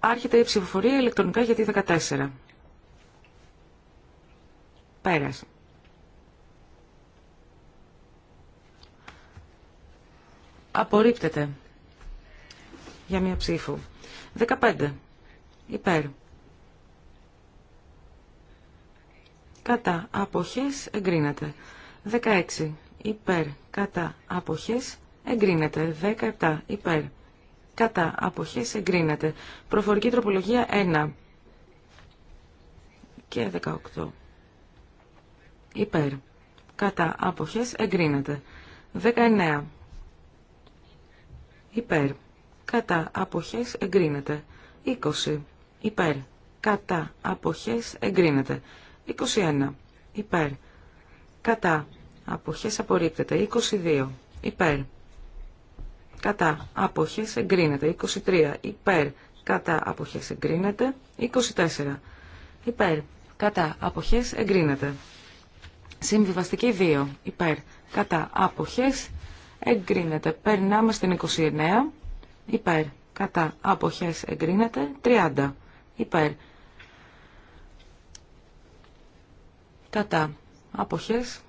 Άρχεται η ψηφοφορία ηλεκτρονικά για τη 14. Πέρας. Απορρίπτεται. Για μία ψήφο. 15. Υπέρ. κατά αποχές εγκρίνεται. 16 υπέρ κατά αποχές εγκρίνεται. 17 υπέρ κατά αποχές εγκρίνεται. Προφορική τροπολογία 1 και 18 υπέρ κατά αποχές εγκρίνεται. 19 υπέρ κατά αποχές εγκρίνεται. 20 υπέρ κατά αποχές εγκρίνεται. 21. Υπέρ. Κατά. Αποχές απορρίπτεται. 22. Υπέρ. Κατά. Αποχές εγκρίνεται. 23. Υπέρ. Κατά. Αποχές εγκρίνεται. 24. Υπέρ. Κατά. Αποχές εγκρίνεται. Συμβιβαστική 2. Υπέρ. Κατά. Αποχές εγκρίνεται. Περνάμε στην 29. Υπέρ. Κατά. Αποχές εγκρίνεται. 30. Υπέρ. κατά αποχές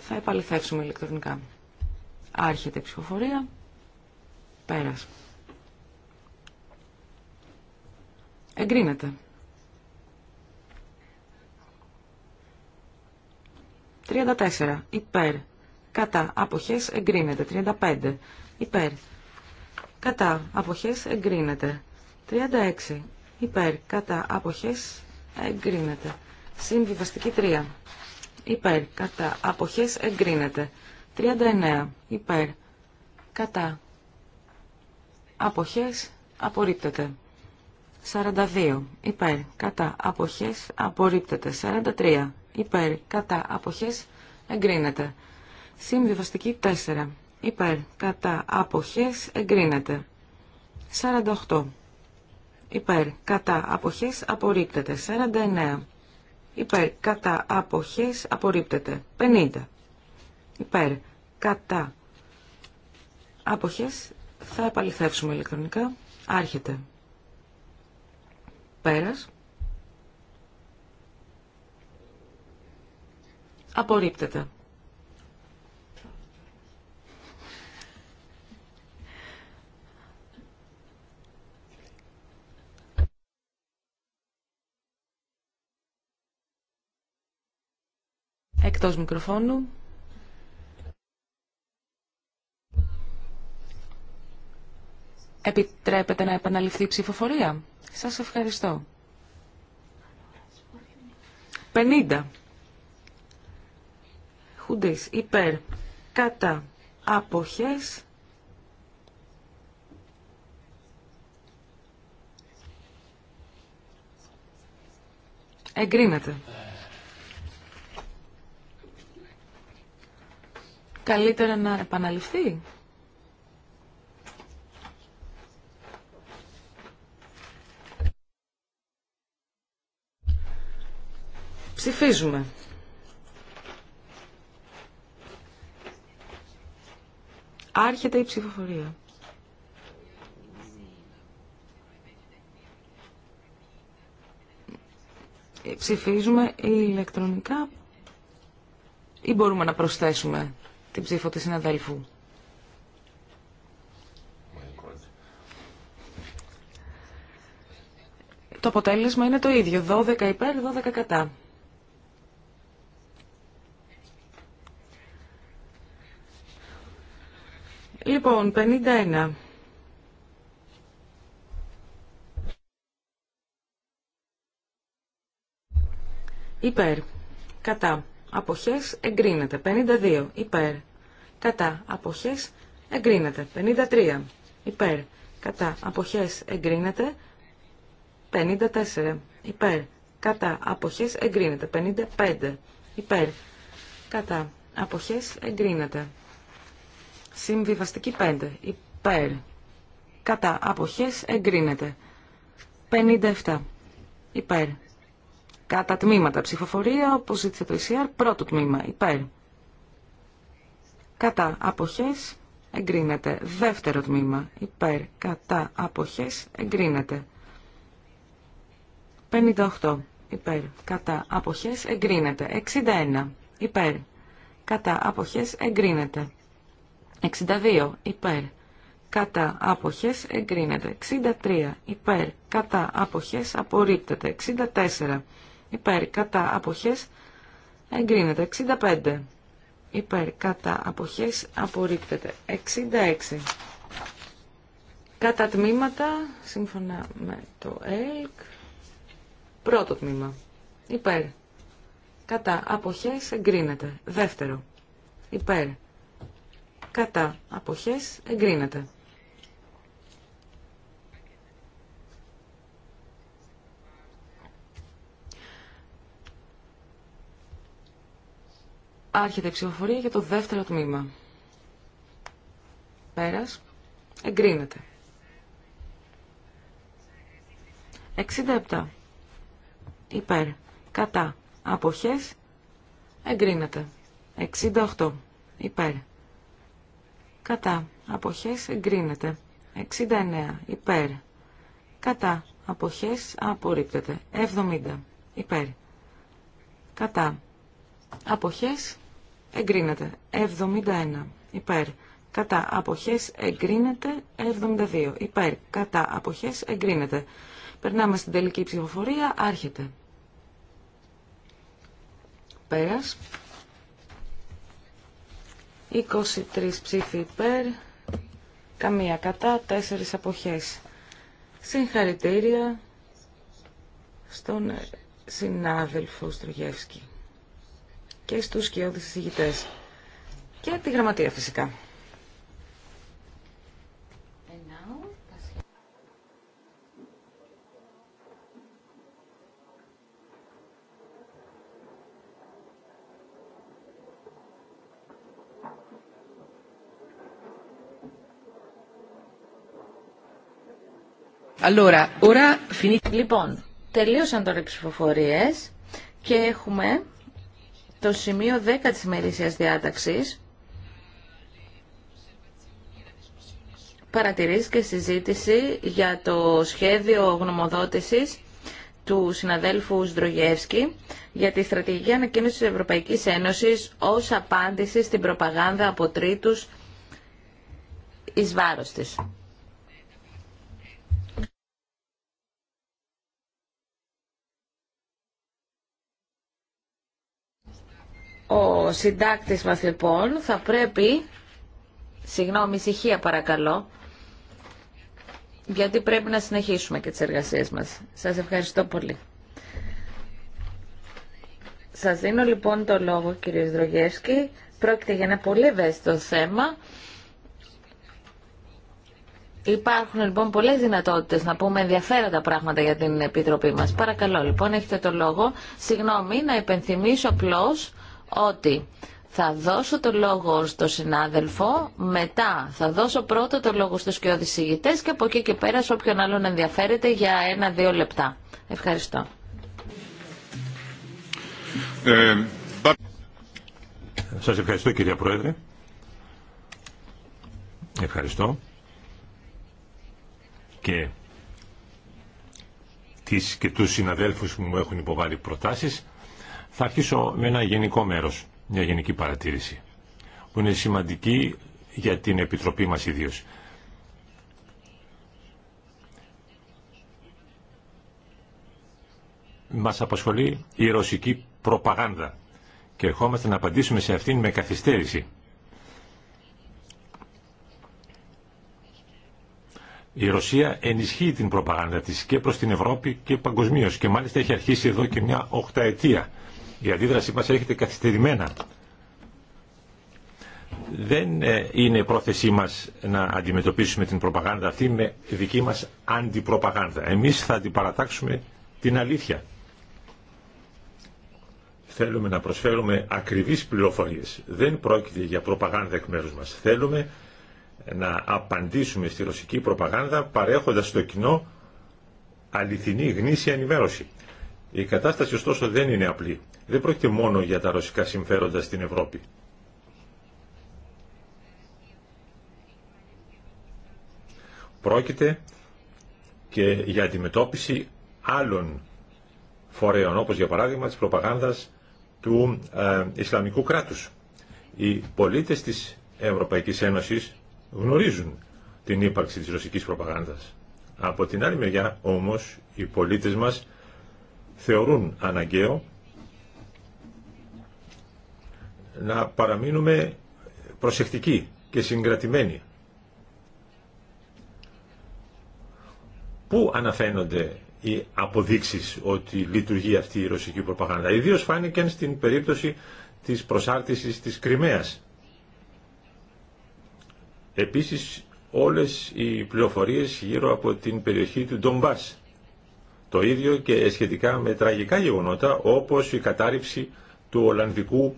θα επαληθεύσουμε ηλεκτρονικά. Άρχεται η ψηφοφορία. Πέρας. Εγκρίνεται. 34. Υπέρ. Κατά. Αποχές εγκρίνεται. 35. Υπέρ. Κατά. Αποχές εγκρίνεται. 36. Υπέρ. Κατά. Αποχές εγκρίνεται. Συμβιβαστική 3. Υπέρ. Κατά. Αποχές εγκρίνεται. 39. Υπέρ. Κατά. Αποχές απορρίπτεται. 42. Υπέρ. Κατά. Αποχές απορρίπτεται. 43. Υπέρ. Κατά. Αποχές εγκρίνεται. Συμβιβαστική 4. Υπέρ. Κατά. Αποχές εγκρίνεται. 48. Υπέρ. Κατά. Αποχές απορρίπτεται. 49. Υπέρ. Κατά αποχές απορρίπτεται. 50. Υπέρ. Κατά αποχές θα επαληθεύσουμε ηλεκτρονικά. Άρχεται. Πέρας. Απορρίπτεται. εκτός μικροφώνου. Επιτρέπετε να επαναληφθεί η ψηφοφορία. Σας ευχαριστώ. 50. Χουντής, υπέρ, κατά, αποχές. Εγκρίνεται. καλύτερα να επαναληφθεί. Ψηφίζουμε. Άρχεται η ψηφοφορία. Ψηφίζουμε ηλεκτρονικά ή μπορούμε να προσθέσουμε την ψήφο της συναδέλφου. Το αποτέλεσμα είναι το ίδιο, 12 υπέρ, 12 κατά. Λοιπόν, 51. Υπέρ. Κατά αποχές εγκρίνεται. 52 υπέρ, κατά, αποχές εγκρίνεται. 53 υπέρ, κατά, αποχές εγκρίνεται. 54 υπέρ, κατά, αποχές εγκρίνεται. 55 υπέρ, κατά, αποχές εγκρίνεται. Συμβιβαστική 5 υπέρ, κατά, αποχές εγκρίνεται. 57 υπέρ, Κατά τμήματα ψηφοφορία, όπω ζήτησε το ECR, πρώτο τμήμα υπέρ. Κατά απόχέ, εγκρίνεται. Δεύτερο τμήμα υπέρ. Κατά απόχέ εγκρίνεται. 58 υπέρ. Κατά απόχέ, εγκρίνεται. 61 υπέρ. Κατά απόχέ, εγκρίνεται. 62 υπέρ. Κατά απόχέ, εγκρίνεται. 63 υπέρ. Κατά απόχέ απορρίπτεται. 64 υπέρ κατά αποχές εγκρίνεται. 65 υπέρ κατά αποχές απορρίπτεται. 66 κατά τμήματα, σύμφωνα με το ΕΛΚ, πρώτο τμήμα υπέρ κατά αποχές εγκρίνεται. Δεύτερο υπέρ κατά αποχές εγκρίνεται. Άρχεται η ψηφοφορία για το δεύτερο τμήμα. Πέρας. Εγκρίνεται. 67. Υπέρ. Κατά. Αποχές. Εγκρίνεται. 68. Υπέρ. Κατά. Αποχές. Εγκρίνεται. 69. Υπέρ. Κατά. Αποχές. Απορρίπτεται. 70. Υπέρ. Κατά αποχές εγκρίνεται 71 υπέρ κατά αποχές εγκρίνεται 72 υπέρ κατά αποχές εγκρίνεται περνάμε στην τελική ψηφοφορία άρχεται πέρας 23 ψήφοι υπέρ καμία κατά 4 αποχές συγχαρητήρια στον συνάδελφο Στρογεύσκη και στους σκιώδεις συζητητές και τη γραμματεία φυσικά.
Λοιπόν, τελείωσαν τώρα οι ψηφοφορίες και έχουμε το σημείο 10 της ημερήσιας διάταξης παρατηρήσει και συζήτηση για το σχέδιο γνωμοδότησης του συναδέλφου Σδρογεύσκη για τη στρατηγική ανακοίνωση της Ευρωπαϊκής Ένωσης ως απάντηση στην προπαγάνδα από τρίτους εις βάρος της. Ο συντάκτης μας λοιπόν θα πρέπει, συγγνώμη ησυχία παρακαλώ, γιατί πρέπει να συνεχίσουμε και τις εργασίες μας. Σας ευχαριστώ πολύ. Σας δίνω λοιπόν το λόγο κύριε Δρογεύσκη. Πρόκειται για ένα πολύ ευαίσθητο θέμα. Υπάρχουν λοιπόν πολλές δυνατότητες να πούμε ενδιαφέροντα πράγματα για την Επιτροπή μας. Παρακαλώ λοιπόν, έχετε το λόγο. Συγγνώμη, να υπενθυμίσω απλώ ότι θα δώσω το λόγο στο συνάδελφο, μετά θα δώσω πρώτο το λόγο στους και οδησηγητές και από εκεί και πέρα σε όποιον άλλον ενδιαφέρεται για ένα-δύο λεπτά. Ευχαριστώ.
Ε, Σας ευχαριστώ κυρία Πρόεδρε. Ευχαριστώ. Και τις και τους συναδέλφους που μου έχουν υποβάλει προτάσεις. Θα αρχίσω με ένα γενικό μέρο, μια γενική παρατήρηση, που είναι σημαντική για την Επιτροπή μας ιδίως. Μα απασχολεί η ρωσική προπαγάνδα και ερχόμαστε να απαντήσουμε σε αυτήν με καθυστέρηση. Η Ρωσία ενισχύει την προπαγάνδα της και προς την Ευρώπη και παγκοσμίως και μάλιστα έχει αρχίσει εδώ και μια οχταετία. Η αντίδρασή μας έρχεται καθυστερημένα. Δεν ε, είναι πρόθεσή μας να αντιμετωπίσουμε την προπαγάνδα αυτή με δική μας αντιπροπαγάνδα. Εμείς θα αντιπαρατάξουμε την αλήθεια. Θέλουμε να προσφέρουμε ακριβείς πληροφορίες. Δεν πρόκειται για προπαγάνδα εκ μέρους μας. Θέλουμε να απαντήσουμε στη ρωσική προπαγάνδα παρέχοντας στο κοινό αληθινή γνήσια ενημέρωση. Η κατάσταση ωστόσο δεν είναι απλή δεν πρόκειται μόνο για τα ρωσικά συμφέροντα στην Ευρώπη. Πρόκειται και για αντιμετώπιση άλλων φορέων, όπως για παράδειγμα της προπαγάνδας του ε, Ισλαμικού κράτους. Οι πολίτες της Ευρωπαϊκής Ένωσης γνωρίζουν την ύπαρξη της ρωσικής προπαγάνδας. Από την άλλη μεριά όμως οι πολίτες μας θεωρούν αναγκαίο να παραμείνουμε προσεκτικοί και συγκρατημένοι. Πού αναφαίνονται οι αποδείξεις ότι λειτουργεί αυτή η ρωσική προπαγάνδα. Ιδίως φάνηκαν στην περίπτωση της προσάρτησης της Κρυμαίας. Επίσης όλες οι πληροφορίες γύρω από την περιοχή του Ντομπάς. Το ίδιο και σχετικά με τραγικά γεγονότα όπως η κατάρριψη του Ολλανδικού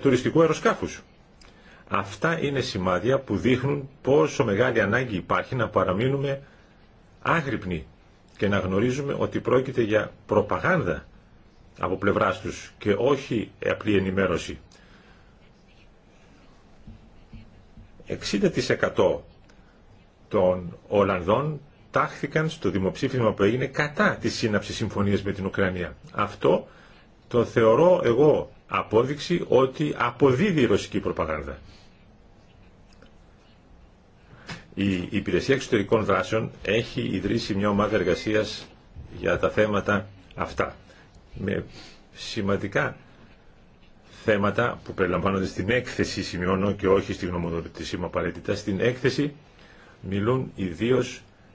τουριστικού αεροσκάφους. Αυτά είναι σημάδια που δείχνουν πόσο μεγάλη ανάγκη υπάρχει να παραμείνουμε άγρυπνοι και να γνωρίζουμε ότι πρόκειται για προπαγάνδα από πλευράς τους και όχι απλή ενημέρωση. 60% των Ολλανδών τάχθηκαν στο δημοψήφισμα που έγινε κατά τη σύναψη συμφωνίας με την Ουκρανία. Αυτό το θεωρώ εγώ απόδειξη ότι αποδίδει η ρωσική προπαγάνδα. Η Υπηρεσία Εξωτερικών Δράσεων έχει ιδρύσει μια ομάδα εργασίας για τα θέματα αυτά. Με σημαντικά θέματα που περιλαμβάνονται στην έκθεση, σημειώνω και όχι στη γνωμοδοτησή μου απαραίτητα, στην έκθεση μιλούν ιδίω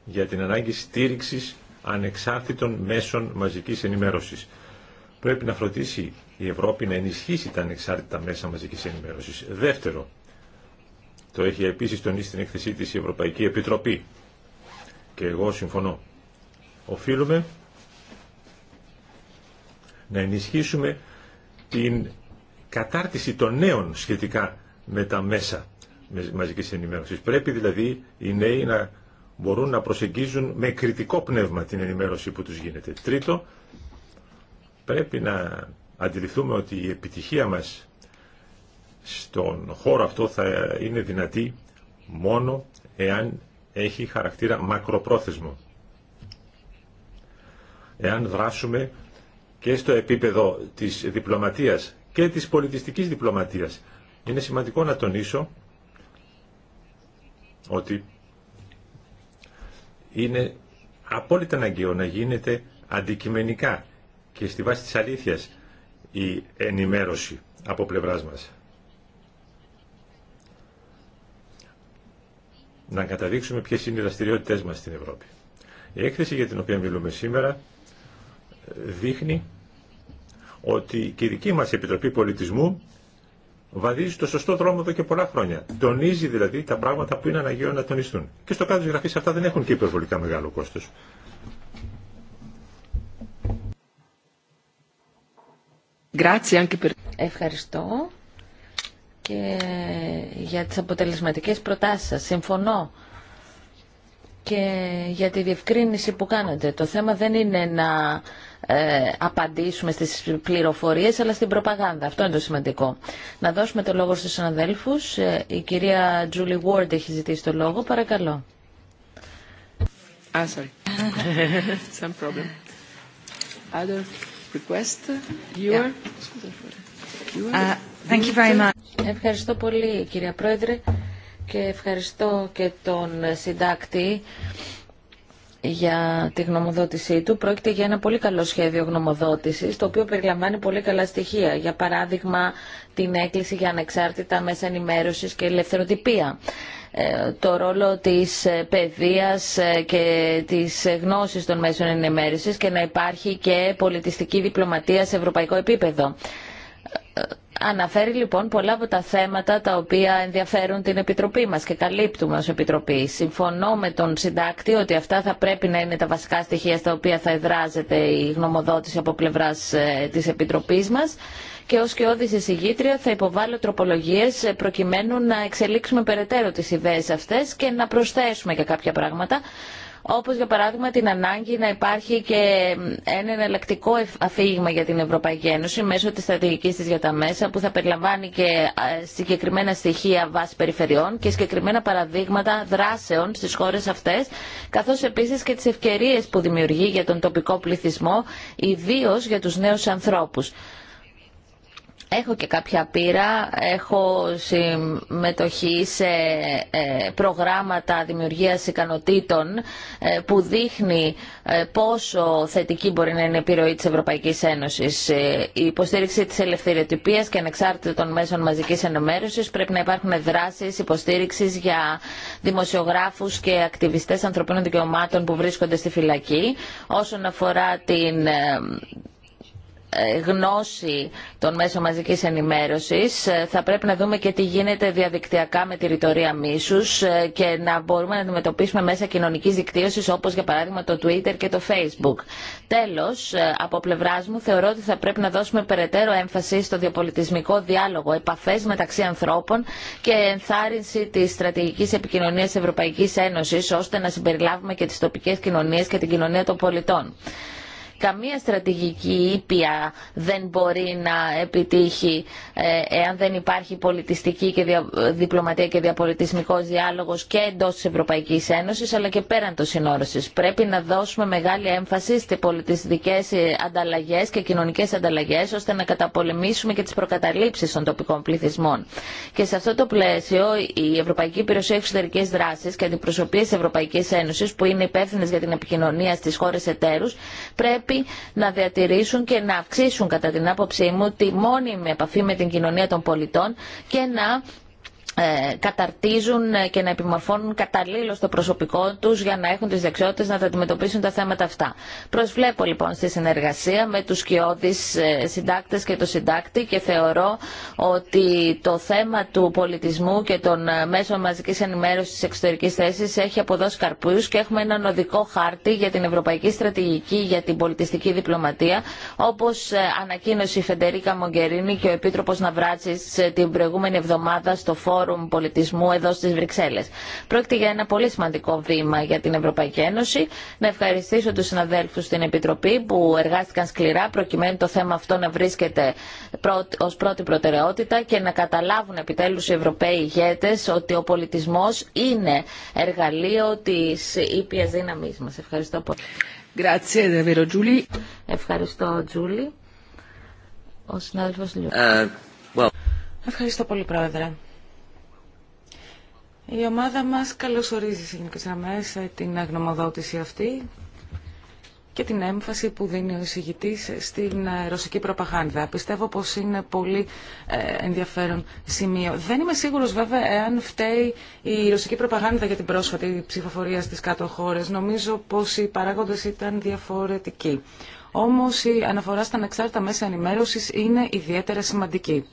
για την ανάγκη στήριξης ανεξάρτητων μέσων μαζικής ενημέρωσης πρέπει να φροντίσει η Ευρώπη να ενισχύσει τα ανεξάρτητα μέσα μαζικής ενημέρωσης. Δεύτερο, το έχει επίσης τονίσει στην έκθεσή της η Ευρωπαϊκή Επιτροπή και εγώ συμφωνώ. Οφείλουμε να ενισχύσουμε την κατάρτιση των νέων σχετικά με τα μέσα μαζικής ενημέρωσης. Πρέπει δηλαδή οι νέοι να μπορούν να προσεγγίζουν με κριτικό πνεύμα την ενημέρωση που τους γίνεται. Τρίτο, πρέπει να αντιληφθούμε ότι η επιτυχία μας στον χώρο αυτό θα είναι δυνατή μόνο εάν έχει χαρακτήρα μακροπρόθεσμο. Εάν δράσουμε και στο επίπεδο της διπλωματίας και της πολιτιστικής διπλωματίας. Είναι σημαντικό να τονίσω ότι είναι απόλυτα αναγκαίο να γίνεται αντικειμενικά και στη βάση της αλήθειας η ενημέρωση από πλευράς μας. Να καταδείξουμε ποιες είναι οι δραστηριότητε μας στην Ευρώπη. Η έκθεση για την οποία μιλούμε σήμερα ε, δείχνει ότι και η δική μας Επιτροπή Πολιτισμού βαδίζει το σωστό δρόμο εδώ και πολλά χρόνια. Τονίζει δηλαδή τα πράγματα που είναι αναγκαίο να τονιστούν. Και στο κάτω τη αυτά δεν έχουν και υπερβολικά μεγάλο κόστος.
Ευχαριστώ
και
για τις αποτελεσματικές προτάσεις σας. Συμφωνώ και για τη διευκρίνηση που κάνατε. Το θέμα δεν είναι να ε, απαντήσουμε στις πληροφορίες αλλά στην προπαγάνδα. Αυτό είναι το σημαντικό. Να δώσουμε το λόγο στους συναδέλφους. Ε, η κυρία Τζούλι Ward έχει ζητήσει το λόγο. Παρακαλώ.
Ah, sorry. Some problem. Uh,
ευχαριστώ πολύ κυρία Πρόεδρε και ευχαριστώ και τον συντάκτη για τη γνωμοδότησή του. Πρόκειται για ένα πολύ καλό σχέδιο γνωμοδότησης, το οποίο περιλαμβάνει πολύ καλά στοιχεία. Για παράδειγμα, την έκκληση για ανεξάρτητα μέσα ενημέρωσης και ελευθεροτυπία. Ε, το ρόλο της ε, παιδείας ε, και της γνώσης των μέσων ενημέρωσης και να υπάρχει και πολιτιστική διπλωματία σε ευρωπαϊκό επίπεδο. Αναφέρει λοιπόν πολλά από τα θέματα τα οποία ενδιαφέρουν την Επιτροπή μας και καλύπτουμε ως Επιτροπή. Συμφωνώ με τον συντάκτη ότι αυτά θα πρέπει να είναι τα βασικά στοιχεία στα οποία θα εδράζεται η γνωμοδότηση από πλευράς της Επιτροπής μας και ως και συγγήτρια θα υποβάλω τροπολογίες προκειμένου να εξελίξουμε περαιτέρω τις ιδέες αυτές και να προσθέσουμε και κάποια πράγματα όπως για παράδειγμα την ανάγκη να υπάρχει και ένα εναλλακτικό αφήγημα για την Ευρωπαϊκή Ένωση μέσω της στρατηγικής της για τα μέσα που θα περιλαμβάνει και ε, συγκεκριμένα στοιχεία βάση περιφερειών και συγκεκριμένα παραδείγματα δράσεων στις χώρες αυτές καθώς επίσης και τις ευκαιρίες που δημιουργεί για τον τοπικό πληθυσμό ιδίω για τους νέους ανθρώπους. Έχω και κάποια πείρα, έχω συμμετοχή σε ε, προγράμματα δημιουργίας ικανοτήτων ε, που δείχνει ε, πόσο θετική μπορεί να είναι η επιρροή της Ευρωπαϊκής Ένωσης. Η υποστήριξη της ελευθεριοτυπίας και ανεξάρτητα των μέσων μαζικής ενημέρωσης πρέπει να υπάρχουν δράσεις υποστήριξης για δημοσιογράφους και ακτιβιστές ανθρωπίνων δικαιωμάτων που βρίσκονται στη φυλακή. Όσον αφορά την ε, γνώση των μέσων μαζικής ενημέρωσης ε, θα πρέπει να δούμε και τι γίνεται διαδικτυακά με τη ρητορία μίσους ε, και να μπορούμε να αντιμετωπίσουμε μέσα κοινωνικής δικτύωσης όπως για παράδειγμα το Twitter και το Facebook. Τέλος, από πλευρά μου θεωρώ ότι θα πρέπει να δώσουμε περαιτέρω έμφαση στο διαπολιτισμικό διάλογο, επαφές μεταξύ ανθρώπων και ενθάρρυνση της στρατηγικής επικοινωνίας Ευρωπαϊκής Ένωσης ώστε να συμπεριλάβουμε και τις τοπικές κοινωνίες και την κοινωνία των πολιτών. Καμία στρατηγική ήπια δεν μπορεί να επιτύχει ε, εάν δεν υπάρχει πολιτιστική και διπλωματία και διαπολιτισμικός διάλογος και εντός της Ευρωπαϊκής Ένωσης αλλά και πέραν των συνόρωσης. Πρέπει να δώσουμε μεγάλη έμφαση στις πολιτιστικές ε, ανταλλαγές και κοινωνικές ανταλλαγές ώστε να καταπολεμήσουμε και τις προκαταλήψεις των τοπικών πληθυσμών. Και σε αυτό το πλαίσιο η Ευρωπαϊκή Υπηρεσία Εξωτερική Δράση και αντιπροσωπείε Ευρωπαϊκή Ένωση που είναι υπεύθυνε για την επικοινωνία στι χώρε εταίρου πρέπει πρέπει να διατηρήσουν και να αυξήσουν κατά την άποψή μου τη μόνιμη επαφή με την κοινωνία των πολιτών και να ε, καταρτίζουν και να επιμορφώνουν καταλήλω το προσωπικό του για να έχουν τι δεξιότητε να τα αντιμετωπίσουν τα θέματα αυτά. Προσβλέπω λοιπόν στη συνεργασία με του κοιόδη ε, συντάκτε και το συντάκτη και θεωρώ ότι το θέμα του πολιτισμού και των ε, μέσων μαζική ενημέρωση τη εξωτερική θέση έχει αποδώσει καρπού και έχουμε έναν οδικό χάρτη για την Ευρωπαϊκή Στρατηγική για την Πολιτιστική Διπλωματία, όπω ανακοίνωσε η Φεντερίκα Μογκερίνη και ο Επίτροπο Ναυράτση την προηγούμενη εβδομάδα στο φόρο Φόρουμ Πολιτισμού εδώ στις Βρυξέλλες. Πρόκειται για ένα πολύ σημαντικό βήμα για την Ευρωπαϊκή Ένωση. Να ευχαριστήσω τους συναδέλφους στην Επιτροπή που εργάστηκαν σκληρά προκειμένου το θέμα αυτό να βρίσκεται ως πρώτη προτεραιότητα και να καταλάβουν επιτέλους οι Ευρωπαίοι ηγέτες ότι ο πολιτισμός είναι εργαλείο της ήπιας δύναμής μας. Ευχαριστώ πολύ. Ευχαριστώ, Τζούλη. Ο συνάδελφος Uh,
well.
Ευχαριστώ πολύ, Πρόεδρε. Η ομάδα μας καλωσορίζει μέσα ε, την αγνομοδότηση αυτή και την έμφαση που δίνει ο εισηγητής στην ε, ρωσική προπαγάνδα. Πιστεύω πως είναι πολύ ε, ενδιαφέρον σημείο. Δεν είμαι σίγουρος βέβαια εάν φταίει η ρωσική προπαγάνδα για την πρόσφατη ψηφοφορία στις κάτω χώρες. Νομίζω πως οι παράγοντες ήταν διαφορετικοί. Όμως η αναφορά στα ανεξάρτητα μέσα ενημέρωσης είναι ιδιαίτερα σημαντική.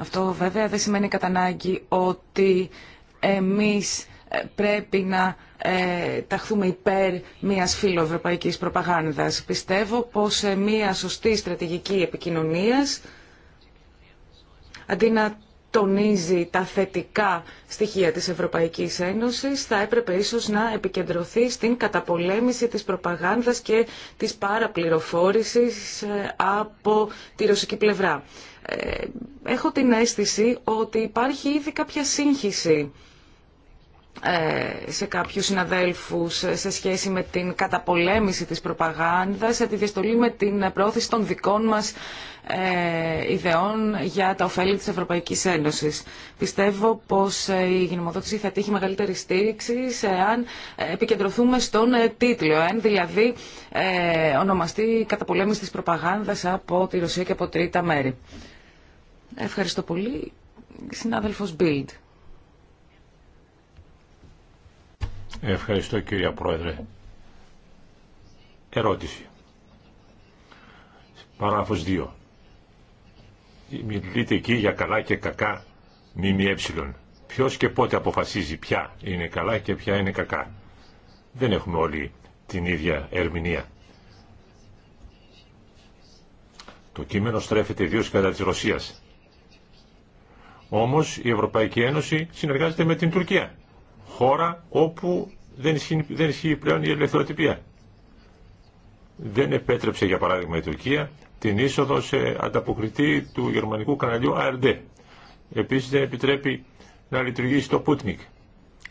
Αυτό βέβαια δεν σημαίνει κατά ανάγκη ότι εμείς ε, πρέπει να ε, ταχθούμε υπέρ μιας φιλοευρωπαϊκής προπαγάνδας. Πιστεύω πως ε, μια σωστή στρατηγική επικοινωνίας, αντί να τονίζει τα θετικά στοιχεία της Ευρωπαϊκής Ένωσης, θα έπρεπε ίσως να επικεντρωθεί στην καταπολέμηση της προπαγάνδας και της παραπληροφόρησης από τη ρωσική πλευρά. Ε, έχω την αίσθηση ότι υπάρχει ήδη κάποια σύγχυση ε, σε κάποιους συναδέλφους σε σχέση με την καταπολέμηση της προπαγάνδας, σε τη διαστολή με την πρόθεση των δικών μας ε, ιδεών για τα ωφέλη της Ευρωπαϊκής Ένωσης. Πιστεύω πως η γνωμοδότηση θα τύχει μεγαλύτερη στήριξη αν επικεντρωθούμε στον τίτλο, εάν δηλαδή ονομαστεί καταπολέμηση της προπαγάνδας από τη Ρωσία και από τρίτα μέρη. Ευχαριστώ πολύ. Συνάδελφος Μπίλντ.
Ευχαριστώ κύριε Πρόεδρε. Ερώτηση. Παράφως 2. Μιλείτε εκεί για καλά και κακά ΜΜΕ. Ποιος και πότε αποφασίζει ποια είναι καλά και ποια είναι κακά. Δεν έχουμε όλοι την ίδια ερμηνεία. Το κείμενο στρέφεται ιδίω κατά της Ρωσίας όμως η Ευρωπαϊκή Ένωση συνεργάζεται με την Τουρκία, χώρα όπου δεν ισχύει, δεν πλέον η ελευθεροτυπία. Δεν επέτρεψε για παράδειγμα η Τουρκία την είσοδο σε ανταποκριτή του γερμανικού καναλιού ARD. Επίσης δεν επιτρέπει να λειτουργήσει το Πούτνικ.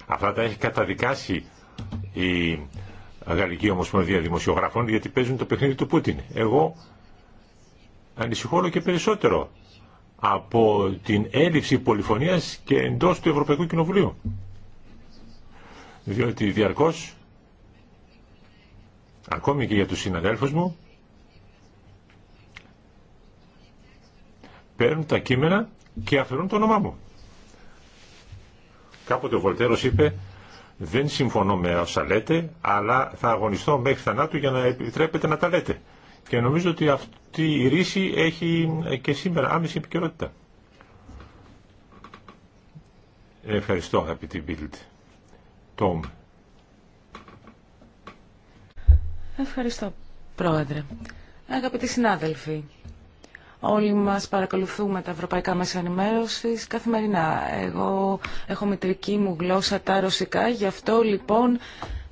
Αυτά τα έχει καταδικάσει η Γαλλική Ομοσπονδία Δημοσιογράφων γιατί παίζουν το παιχνίδι του Πούτιν. Εγώ ανησυχώ και περισσότερο από την έλλειψη πολυφωνίας και εντός του Ευρωπαϊκού Κοινοβουλίου. Διότι διαρκώς, ακόμη και για τους συναδέλφους μου, παίρνουν τα κείμενα και αφαιρούν το όνομά μου. Κάποτε ο Βολτέρος είπε «Δεν συμφωνώ με όσα λέτε, αλλά θα αγωνιστώ μέχρι θανάτου για να επιτρέπετε να τα λέτε». Και νομίζω ότι αυτή η ρίση έχει και σήμερα άμεση επικαιρότητα. Ευχαριστώ αγαπητή Μπίλτ. Τόμ.
Ευχαριστώ πρόεδρε. Αγαπητοί συνάδελφοι, Όλοι μας παρακολουθούμε τα ευρωπαϊκά μέσα ενημέρωση. καθημερινά. Εγώ έχω μητρική μου γλώσσα τα ρωσικά, γι' αυτό λοιπόν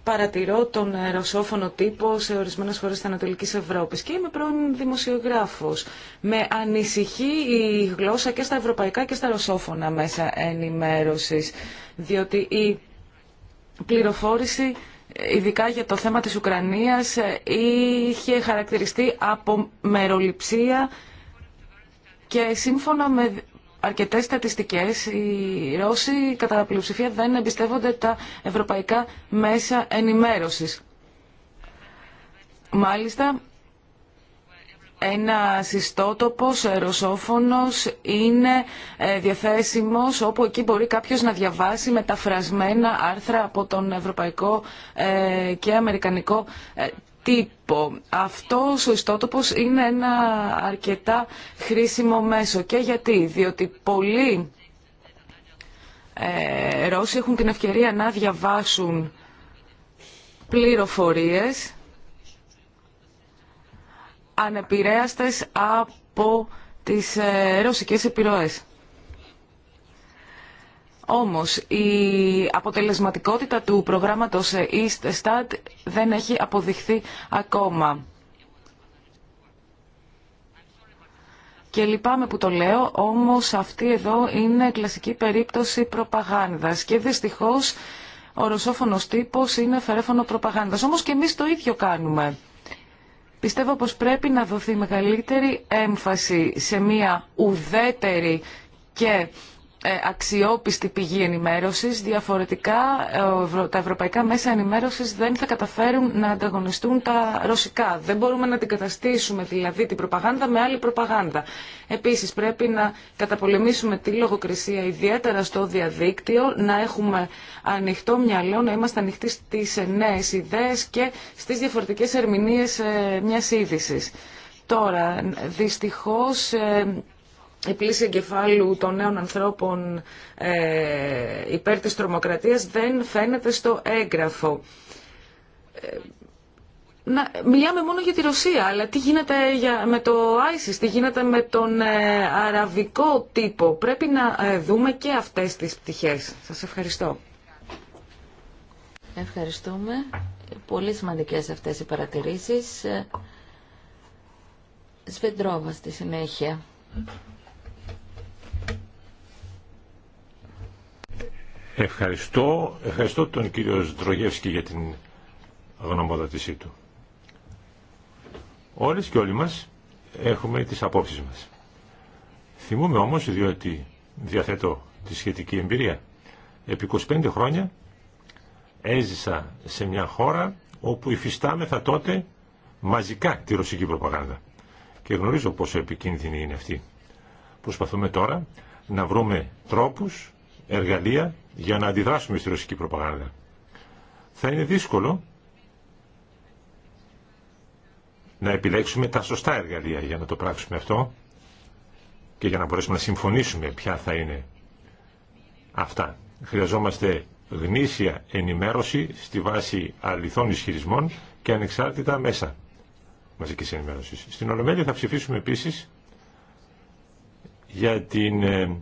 παρατηρώ τον ρωσόφωνο τύπο σε ορισμένε χώρε τη Ανατολική Ευρώπη και είμαι πρώην δημοσιογράφο. Με ανησυχεί η γλώσσα και στα ευρωπαϊκά και στα ρωσόφωνα μέσα ενημέρωση, διότι η πληροφόρηση ειδικά για το θέμα της Ουκρανίας, είχε χαρακτηριστεί από μεροληψία και σύμφωνα με αρκετές στατιστικές, οι Ρώσοι κατά πλειοψηφία δεν εμπιστεύονται τα ευρωπαϊκά μέσα ενημέρωσης. Μάλιστα, ένα συστότοπος ρωσόφωνος είναι ε, διαθέσιμος όπου εκεί μπορεί κάποιος να διαβάσει μεταφρασμένα άρθρα από τον ευρωπαϊκό ε, και αμερικανικό ε, τύπο. Αυτός ο ιστότοπος είναι ένα αρκετά χρήσιμο μέσο. Και γιατί, διότι πολλοί ε, Ρώσοι έχουν την ευκαιρία να διαβάσουν πληροφορίες ανεπηρέαστες από τις ε, ρωσικές επιρροές. Όμως η αποτελεσματικότητα του προγράμματος East Stat δεν έχει αποδειχθεί ακόμα. Και λυπάμαι που το λέω, όμως αυτή εδώ είναι κλασική περίπτωση προπαγάνδας και δυστυχώς ο ρωσόφωνος τύπος είναι φερέφωνο προπαγάνδας. Όμως και εμείς το ίδιο κάνουμε. Πιστεύω πως πρέπει να δοθεί μεγαλύτερη έμφαση σε μια ουδέτερη και ε, αξιόπιστη πηγή ενημέρωσης, διαφορετικά ε, τα ευρωπαϊκά μέσα ενημέρωσης δεν θα καταφέρουν να ανταγωνιστούν τα ρωσικά. Δεν μπορούμε να την καταστήσουμε δηλαδή την προπαγάνδα με άλλη προπαγάνδα. Επίσης πρέπει να καταπολεμήσουμε τη λογοκρισία ιδιαίτερα στο διαδίκτυο, να έχουμε ανοιχτό μυαλό, να είμαστε ανοιχτοί στις νέες ιδέες και στις διαφορετικές ερμηνείες ε, μιας είδησης. Τώρα, δυστυχώς η πλήση εγκεφάλου των νέων ανθρώπων ε, υπέρ της τρομοκρατίας δεν φαίνεται στο έγγραφο. Ε, μιλάμε μόνο για τη Ρωσία, αλλά τι γίνεται με το ISIS, τι γίνεται με τον ε, αραβικό τύπο. Πρέπει να ε, δούμε και αυτές τις πτυχές. Σας ευχαριστώ. Ευχαριστούμε. Πολύ σημαντικές αυτές οι παρατηρήσεις.
Σβεντρόβα στη συνέχεια.
Ευχαριστώ, ευχαριστώ τον κύριο Στρογεύσκη για την γνωμοδότησή του. Όλες και όλοι μας έχουμε τις απόψεις μας. Θυμούμε όμως, διότι διαθέτω τη σχετική εμπειρία, επί 25 χρόνια έζησα σε μια χώρα όπου υφιστάμεθα τότε μαζικά τη ρωσική προπαγάνδα. Και γνωρίζω πόσο επικίνδυνη είναι αυτή. Προσπαθούμε τώρα να βρούμε τρόπους εργαλεία για να αντιδράσουμε στη ρωσική προπαγάνδα. Θα είναι δύσκολο να επιλέξουμε τα σωστά εργαλεία για να το πράξουμε αυτό και για να μπορέσουμε να συμφωνήσουμε ποια θα είναι αυτά. Χρειαζόμαστε γνήσια ενημέρωση στη βάση αληθών ισχυρισμών και ανεξάρτητα μέσα μαζικής ενημέρωσης. Στην Ολομέλεια θα ψηφίσουμε επίσης για την ε,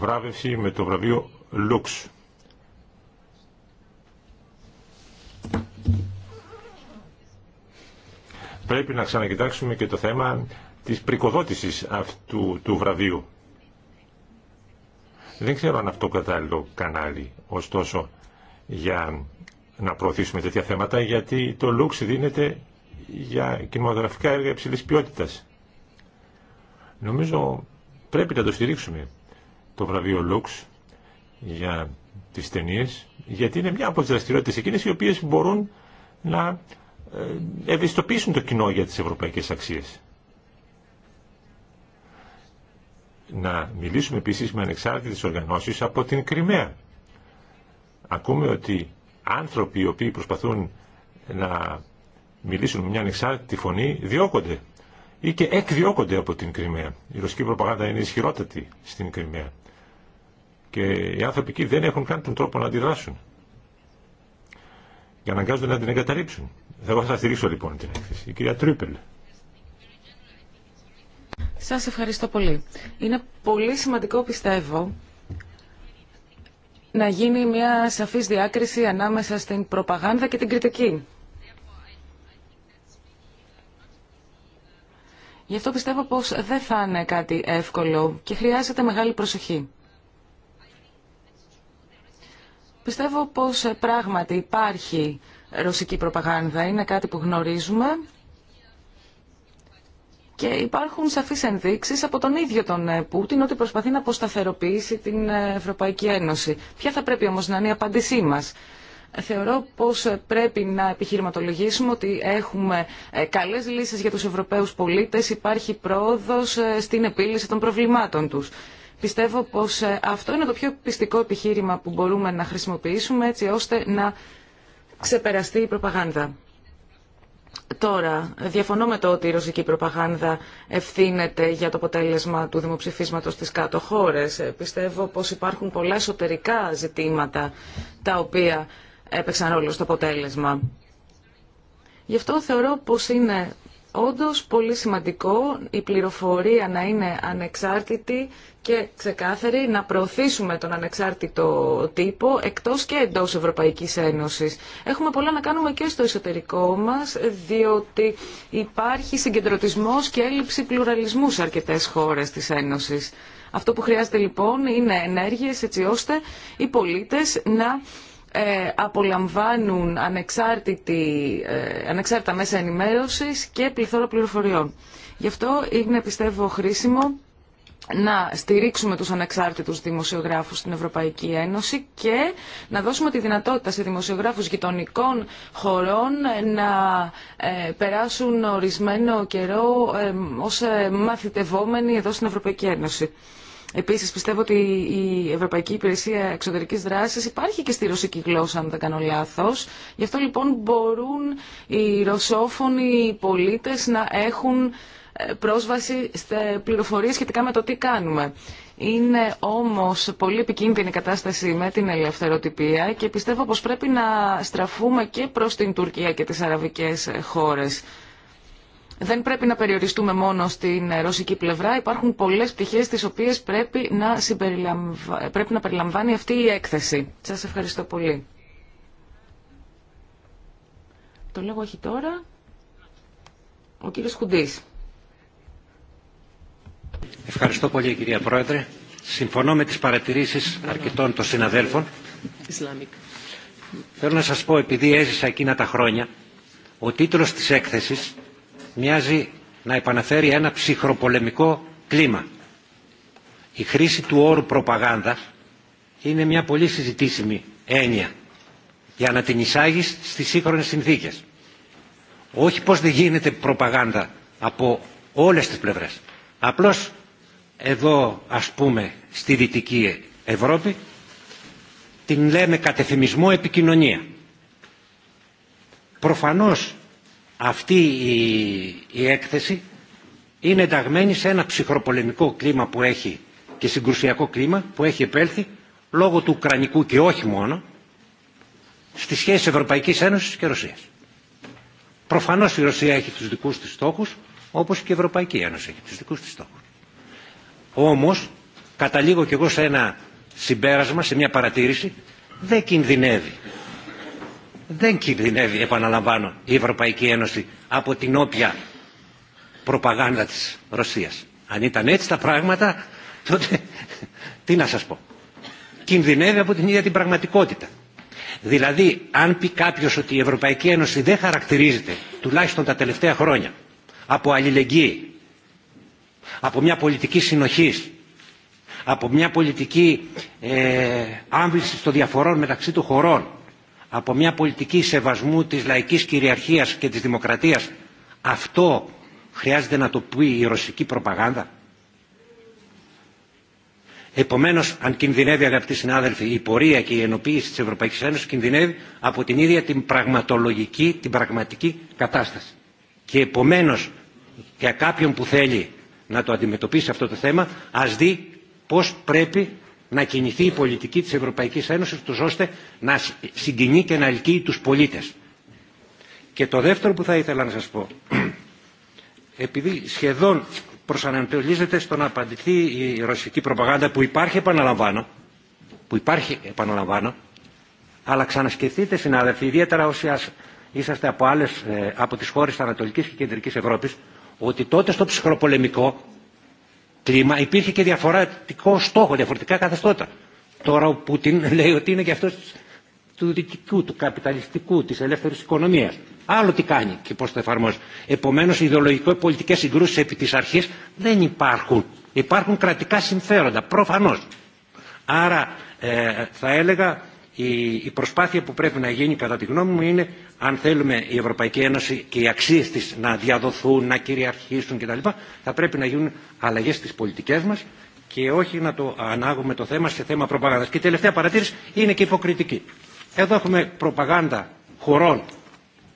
βράβευση με το βραβείο Lux. Πρέπει να ξανακοιτάξουμε και το θέμα της πρικοδότησης αυτού του βραβείου. Δεν ξέρω αν αυτό κατάλληλο κανάλι, ωστόσο, για να προωθήσουμε τέτοια θέματα, γιατί το Lux δίνεται για κινηματογραφικά έργα υψηλής ποιότητας. Νομίζω πρέπει να το στηρίξουμε το βραβείο Λουξ για τις ταινίε, γιατί είναι μια από τις δραστηριότητες εκείνες οι οποίες μπορούν να ε, ευαισθητοποιήσουν το κοινό για τις ευρωπαϊκές αξίες. Να μιλήσουμε επίσης με ανεξάρτητες οργανώσεις από την Κρυμαία. Ακούμε ότι άνθρωποι οι οποίοι προσπαθούν να μιλήσουν με μια ανεξάρτητη φωνή διώκονται ή και εκδιώκονται από την Κρυμαία. Η ρωσική προπαγάνδα είναι ισχυρότατη στην Κρυμαία και οι άνθρωποι εκεί δεν έχουν καν τον τρόπο να αντιδράσουν και αναγκάζονται να την εγκαταλείψουν. Εγώ θα στηρίξω λοιπόν την έκθεση. Η κυρία Τρίπελ.
Σα ευχαριστώ πολύ. Είναι πολύ σημαντικό πιστεύω να γίνει μια σαφής διάκριση ανάμεσα στην προπαγάνδα και την κριτική. Γι' αυτό πιστεύω πως δεν θα είναι κάτι εύκολο και χρειάζεται μεγάλη προσοχή. Πιστεύω πως ε, πράγματι υπάρχει ρωσική προπαγάνδα, είναι κάτι που γνωρίζουμε και υπάρχουν σαφείς ενδείξεις από τον ίδιο τον ε, Πούτιν ότι προσπαθεί να αποσταθεροποιήσει την ε, Ευρωπαϊκή Ένωση. Ποια θα πρέπει όμως να είναι η απάντησή μας. Θεωρώ πως πρέπει να επιχειρηματολογήσουμε ότι έχουμε καλές λύσεις για τους Ευρωπαίους πολίτες, υπάρχει πρόοδος στην επίλυση των προβλημάτων τους. Πιστεύω πως ε, αυτό είναι το πιο πιστικό επιχείρημα που μπορούμε να χρησιμοποιήσουμε έτσι ώστε να ξεπεραστεί η προπαγάνδα. Τώρα, διαφωνώ με το ότι η ρωσική προπαγάνδα ευθύνεται για το αποτέλεσμα του δημοψηφίσματος στις κάτω χώρες. Ε, πιστεύω πως υπάρχουν πολλά εσωτερικά ζητήματα τα οποία έπαιξαν ρόλο στο αποτέλεσμα. Γι' αυτό θεωρώ πως είναι όντως πολύ σημαντικό η πληροφορία να είναι ανεξάρτητη και ξεκάθαρη, να προωθήσουμε τον ανεξάρτητο τύπο εκτός και εντός Ευρωπαϊκής Ένωσης. Έχουμε πολλά να κάνουμε και στο εσωτερικό μας, διότι υπάρχει συγκεντρωτισμός και έλλειψη πλουραλισμού σε αρκετές χώρες της Ένωσης. Αυτό που χρειάζεται λοιπόν είναι ενέργειες έτσι ώστε οι πολίτες να ε, απολαμβάνουν ανεξάρτητη, ε, ανεξάρτητα μέσα ενημέρωσης και πληθώρα πληροφοριών. Γι' αυτό είναι πιστεύω χρήσιμο να στηρίξουμε τους ανεξάρτητους δημοσιογράφους στην Ευρωπαϊκή Ένωση και να δώσουμε τη δυνατότητα σε δημοσιογράφους γειτονικών χωρών να ε, περάσουν ορισμένο καιρό ως μαθητευόμενοι εδώ στην Ευρωπαϊκή Ένωση. Επίση, πιστεύω ότι η Ευρωπαϊκή Υπηρεσία Εξωτερικής Δράσης υπάρχει και στη ρωσική γλώσσα, αν δεν κάνω Γι' αυτό λοιπόν μπορούν οι ρωσόφωνοι πολίτες να έχουν ε, πρόσβαση σε πληροφορίε σχετικά με το τι κάνουμε. Είναι όμως πολύ επικίνδυνη η κατάσταση με την ελευθεροτυπία και πιστεύω πως πρέπει να στραφούμε και προ την Τουρκία και τι αραβικές ε, χώρε δεν πρέπει να περιοριστούμε μόνο στην ε, ρωσική πλευρά. Υπάρχουν πολλές πτυχές τις οποίες πρέπει να, ε, πρέπει να περιλαμβάνει αυτή η έκθεση. Σας ευχαριστώ πολύ. Το λόγο έχει τώρα ο κύριος Χουντής.
Ευχαριστώ πολύ κυρία Πρόεδρε. Συμφωνώ με τις παρατηρήσεις αρκετών των συναδέλφων. Θέλω να σας πω, επειδή έζησα εκείνα τα χρόνια, ο τίτλος της έκθεσης μοιάζει να επαναφέρει ένα ψυχροπολεμικό κλίμα. Η χρήση του όρου προπαγάνδα είναι μια πολύ συζητήσιμη έννοια για να την εισάγει στις σύγχρονες συνθήκες. Όχι πως δεν γίνεται προπαγάνδα από όλες τις πλευρές. Απλώς εδώ ας πούμε στη Δυτική Ευρώπη την λέμε κατεφημισμό επικοινωνία. Προφανώς αυτή η, έκθεση είναι ενταγμένη σε ένα ψυχροπολεμικό κλίμα που έχει και συγκρουσιακό κλίμα που έχει επέλθει λόγω του Ουκρανικού και όχι μόνο στις σχέσεις Ευρωπαϊκής Ένωσης και Ρωσίας. Προφανώς η Ρωσία έχει τους δικούς της στόχους όπως και η Ευρωπαϊκή Ένωση έχει τους δικούς της στόχους. Όμως καταλήγω κι εγώ σε ένα συμπέρασμα, σε μια παρατήρηση δεν κινδυνεύει δεν κινδυνεύει, επαναλαμβάνω, η Ευρωπαϊκή Ένωση από την όποια προπαγάνδα της Ρωσίας. Αν ήταν έτσι τα πράγματα, τότε τι να σας πω. Κινδυνεύει από την ίδια την πραγματικότητα. Δηλαδή, αν πει κάποιο ότι η Ευρωπαϊκή Ένωση δεν χαρακτηρίζεται, τουλάχιστον τα τελευταία χρόνια, από αλληλεγγύη, από μια πολιτική συνοχής, από μια πολιτική ε, άμβληση των διαφορών μεταξύ των χωρών, από μια πολιτική σεβασμού της λαϊκής κυριαρχίας και της δημοκρατίας αυτό χρειάζεται να το πει η ρωσική προπαγάνδα. Επομένως, αν κινδυνεύει αγαπητοί συνάδελφοι, η πορεία και η ενοποίηση της Ευρωπαϊκής Ένωσης κινδυνεύει από την ίδια την πραγματολογική, την πραγματική κατάσταση. Και επομένως, για κάποιον που θέλει να το αντιμετωπίσει αυτό το θέμα, ας δει πώς πρέπει να κινηθεί η πολιτική της Ευρωπαϊκής Ένωσης τους ώστε να συγκινεί και να ελκύει τους πολίτες. Και το δεύτερο που θα ήθελα να σας πω, επειδή σχεδόν προσανατολίζεται στο να απαντηθεί η ρωσική προπαγάνδα που υπάρχει επαναλαμβάνω, που υπάρχει επαναλαμβάνω, αλλά ξανασκεφτείτε συνάδελφοι, ιδιαίτερα όσοι είσαστε από, άλλες, ε, από τις χώρες της Ανατολικής και Κεντρικής Ευρώπης, ότι τότε στο ψυχροπολεμικό κλίμα υπήρχε και διαφορετικό στόχο, διαφορετικά καθεστώτα. Τώρα ο Πούτιν λέει ότι είναι και αυτός του δυτικού, του καπιταλιστικού, της ελεύθερης οικονομίας. Άλλο τι κάνει και πώς το εφαρμόζει. Επομένως, ιδεολογικό πολιτικές συγκρούσεις επί της αρχής δεν υπάρχουν. Υπάρχουν κρατικά συμφέροντα, προφανώς. Άρα, ε, θα έλεγα, η προσπάθεια που πρέπει να γίνει κατά τη γνώμη μου είναι αν θέλουμε η Ευρωπαϊκή Ένωση και οι αξίες της να διαδοθούν, να κυριαρχήσουν κτλ. θα πρέπει να γίνουν αλλαγές στις πολιτικές μας και όχι να το ανάγουμε το θέμα σε θέμα προπαγάνδας. Και η τελευταία παρατήρηση είναι και υποκριτική. Εδώ έχουμε προπαγάνδα χωρών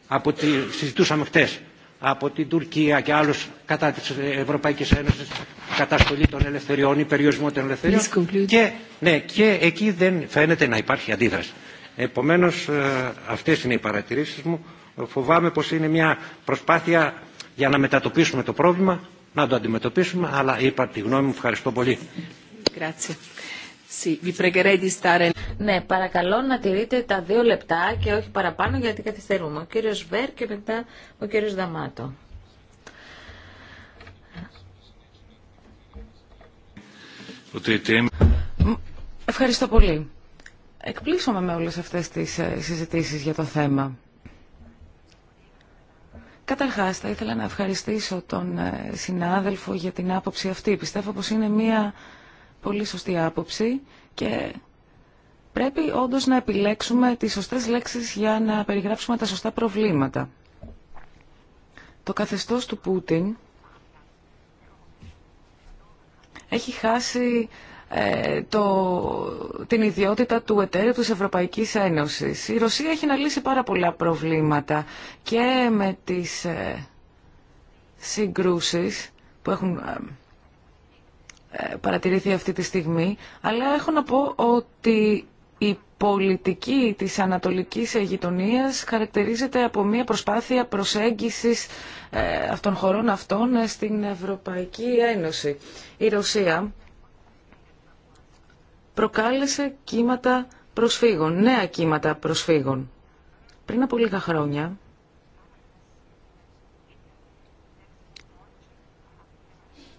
από ό,τι συζητούσαμε χτες από την Τουρκία και άλλους κατά της Ευρωπαϊκής Ένωσης καταστολή των ελευθεριών ή περιορισμό των ελευθεριών και, ναι, και εκεί δεν φαίνεται να υπάρχει αντίδραση. Επομένως ε, αυτές είναι οι παρατηρήσεις μου. Φοβάμαι πως είναι μια προσπάθεια για να μετατοπίσουμε το πρόβλημα, να το αντιμετωπίσουμε, αλλά είπα τη γνώμη μου. Ευχαριστώ πολύ.
Ναι, παρακαλώ να τηρείτε τα δύο λεπτά και όχι παραπάνω γιατί καθυστερούμε. Ο κύριος Βέρ και μετά ο κύριος Δαμάτο.
Ευχαριστώ πολύ. Εκπλήσωμαι με όλες αυτές τις ε, συζητήσεις για το θέμα. Καταρχάς, θα ήθελα να ευχαριστήσω τον ε, συνάδελφο για την άποψη αυτή. Πιστεύω πως είναι μία πολύ σωστή άποψη και πρέπει όντως να επιλέξουμε τις σωστές λέξεις για να περιγράψουμε τα σωστά προβλήματα. Το καθεστώς του Πούτιν έχει χάσει ε, το, την ιδιότητα του εταίρου της Ευρωπαϊκής Ένωσης. Η Ρωσία έχει να λύσει πάρα πολλά προβλήματα και με τις ε, συγκρούσεις που έχουν... Ε, ε, παρατηρηθεί αυτή τη στιγμή, αλλά έχω να πω ότι η πολιτική της ανατολικής γειτονίας χαρακτηρίζεται από μια προσπάθεια προσέγγισης ε, αυτών χωρών αυτών ε, στην Ευρωπαϊκή Ένωση. Η Ρωσία προκάλεσε κύματα προσφύγων, νέα κύματα προσφύγων. Πριν από λίγα χρόνια,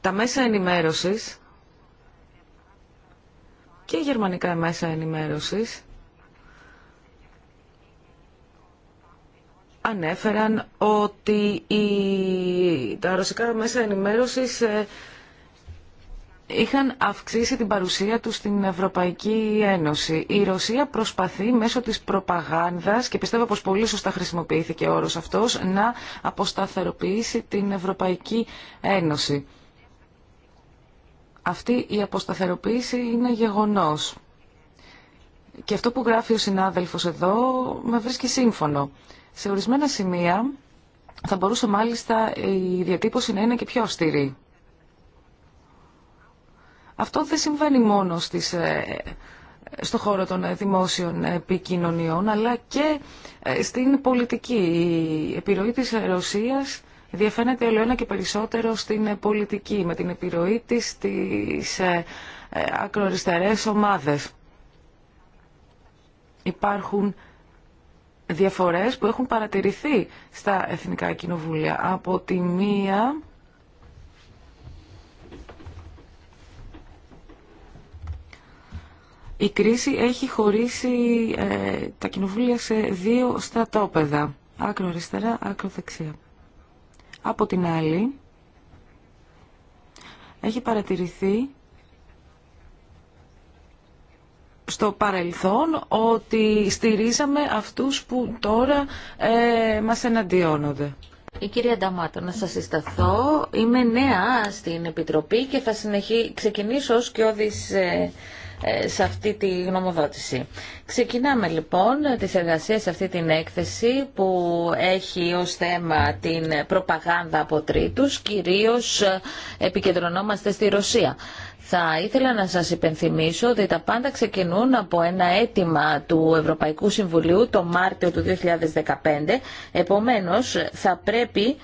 τα μέσα ενημέρωσης και γερμανικά μέσα ενημέρωσης ανέφεραν ότι τα ρωσικά μέσα ενημέρωσης ε, είχαν αυξήσει την παρουσία τους στην Ευρωπαϊκή Ένωση. Η Ρωσία προσπαθεί μέσω της προπαγάνδας, και πιστεύω πως πολύ σωστά χρησιμοποιήθηκε ο όρος αυτός, να αποσταθεροποιήσει την Ευρωπαϊκή Ένωση. Αυτή η αποσταθεροποίηση είναι γεγονός. Και αυτό που γράφει ο συνάδελφος εδώ με βρίσκει σύμφωνο. Σε ορισμένα σημεία θα μπορούσε μάλιστα η διατύπωση να είναι και πιο αυστηρή. Αυτό δεν συμβαίνει μόνο στις, ε, στο χώρο των δημόσιων επικοινωνιών, αλλά και ε, στην πολιτική. Η επιρροή της Ρωσίας διαφαίνεται όλο ένα και περισσότερο στην ε, πολιτική, με την επιρροή της στις ε, ε, ακροαριστερές ομάδες. Υπάρχουν διαφορές που έχουν παρατηρηθεί στα Εθνικά Κοινοβούλια. Από τη μία... Η κρίση έχει χωρίσει τα κοινοβούλια σε δύο στρατόπεδα. Άκρο αριστερά, άκρο δεξιά. Από την άλλη, έχει παρατηρηθεί στο παρελθόν ότι στηρίζαμε αυτούς που τώρα ε, μας εναντιώνονται. Η ε, κυρία
Νταμάτο, να σας συσταθώ. Είμαι νέα στην Επιτροπή και θα συνεχί... ξεκινήσω ως και ε, σε αυτή τη γνωμοδότηση. Ξεκινάμε λοιπόν τις εργασίες σε αυτή την έκθεση που έχει ως θέμα την προπαγάνδα από τρίτους, κυρίως ε, επικεντρωνόμαστε στη Ρωσία. Θα ήθελα να σας υπενθυμίσω ότι τα πάντα ξεκινούν από ένα αίτημα του Ευρωπαϊκού Συμβουλίου το Μάρτιο του 2015. Επομένως, θα πρέπει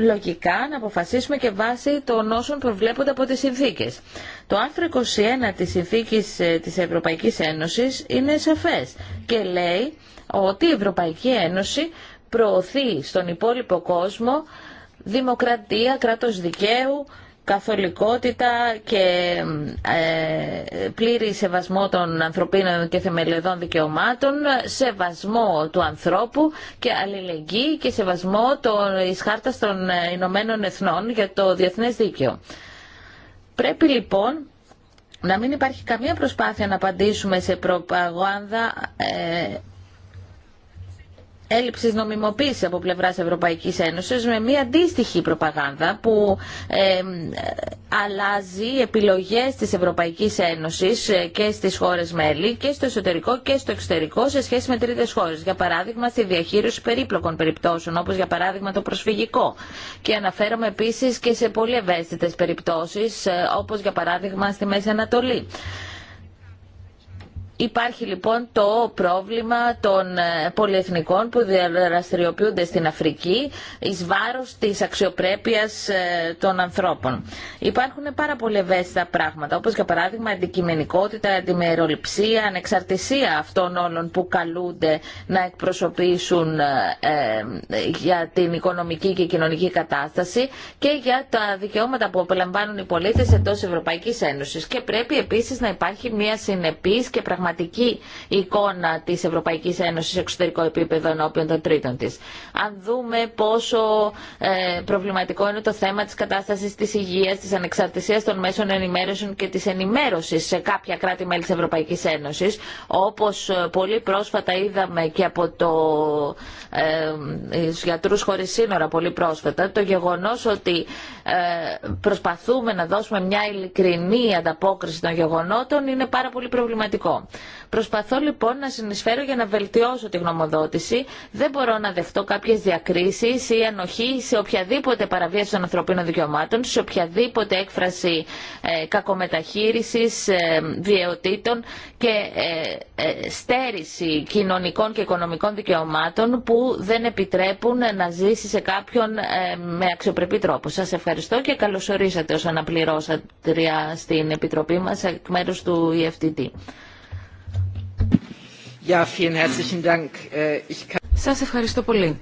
λογικά να αποφασίσουμε και βάσει των όσων προβλέπονται από τις συνθήκες. Το άρθρο 21 της συνθήκης ε, της Ευρωπαϊκής Ένωσης είναι σαφές και λέει ότι η Ευρωπαϊκή Ένωση προωθεί στον υπόλοιπο κόσμο δημοκρατία, κράτος δικαίου, καθολικότητα και ε, πλήρη σεβασμό των ανθρωπίνων και θεμελιωδών δικαιωμάτων, σεβασμό του ανθρώπου και αλληλεγγύη και σεβασμό των Χάρτας των ε, Ηνωμένων Εθνών για το Διεθνές Δίκαιο. Πρέπει λοιπόν να μην υπάρχει καμία προσπάθεια να απαντήσουμε σε προπαγάνδα ε, έλλειψη νομιμοποίηση από πλευράς Ευρωπαϊκή Ένωση με μια αντίστοιχη προπαγάνδα που αλλάζει επιλογέ τη Ευρωπαϊκή Ένωση ε, και στι χώρε μέλη και στο εσωτερικό και στο εξωτερικό σε σχέση με τρίτε χώρε. Για παράδειγμα στη διαχείριση περίπλοκων περιπτώσεων όπω για παράδειγμα το προσφυγικό και αναφέρομαι επίση και σε πολύ ευαίσθητε περιπτώσει, ε, όπω για παράδειγμα στη Μέση Ανατολή. Υπάρχει λοιπόν το πρόβλημα των ε, πολυεθνικών που δραστηριοποιούνται στην Αφρική εις βάρος της αξιοπρέπειας ε, των ανθρώπων. Υπάρχουν πάρα πολύ ευαίσθητα πράγματα, όπως για παράδειγμα αντικειμενικότητα, αντιμεροληψία, ανεξαρτησία αυτών όλων που καλούνται να εκπροσωπήσουν ε, για την οικονομική και κοινωνική κατάσταση και για τα δικαιώματα που απολαμβάνουν οι πολίτες εντός Ευρωπαϊκής Ένωσης. Και πρέπει επίσης να υπάρχει μια συνεπής και πραγματική πραγματική εικόνα τη Ευρωπαϊκή Ένωση σε εξωτερικό επίπεδο ενώπιον των τρίτων τη. Αν δούμε πόσο ε, προβληματικό είναι το θέμα τη κατάσταση τη υγεία, τη ανεξαρτησία των μέσων ενημέρωσης και τη ενημέρωση σε κάποια κράτη-μέλη της Ευρωπαϊκής Ένωσης, όπως ε, πολύ πρόσφατα είδαμε και από το, ε, τους γιατρούς σύνορα πολύ πρόσφατα, το γεγονό ότι ε, προσπαθούμε να δώσουμε μια ειλικρινή ανταπόκριση των γεγονότων είναι πάρα πολύ προβληματικό. Προσπαθώ λοιπόν να συνεισφέρω για να βελτιώσω τη γνωμοδότηση. Δεν μπορώ να δεχτώ κάποιε διακρίσει ή ανοχή σε οποιαδήποτε παραβίαση των ανθρωπίνων δικαιωμάτων, σε οποιαδήποτε έκφραση ε, κακομεταχείριση, ε, βιαιοτήτων και ε, ε, στέρηση κοινωνικών και οικονομικών δικαιωμάτων που δεν επιτρέπουν να ζήσει σε κάποιον με αξιοπρεπή τρόπο. Σα ευχαριστώ και καλωσορίσατε ω αναπληρώσατε στην Επιτροπή μα εκ μέρου του EFTD.
Äh, Σας ευχαριστώ πολύ.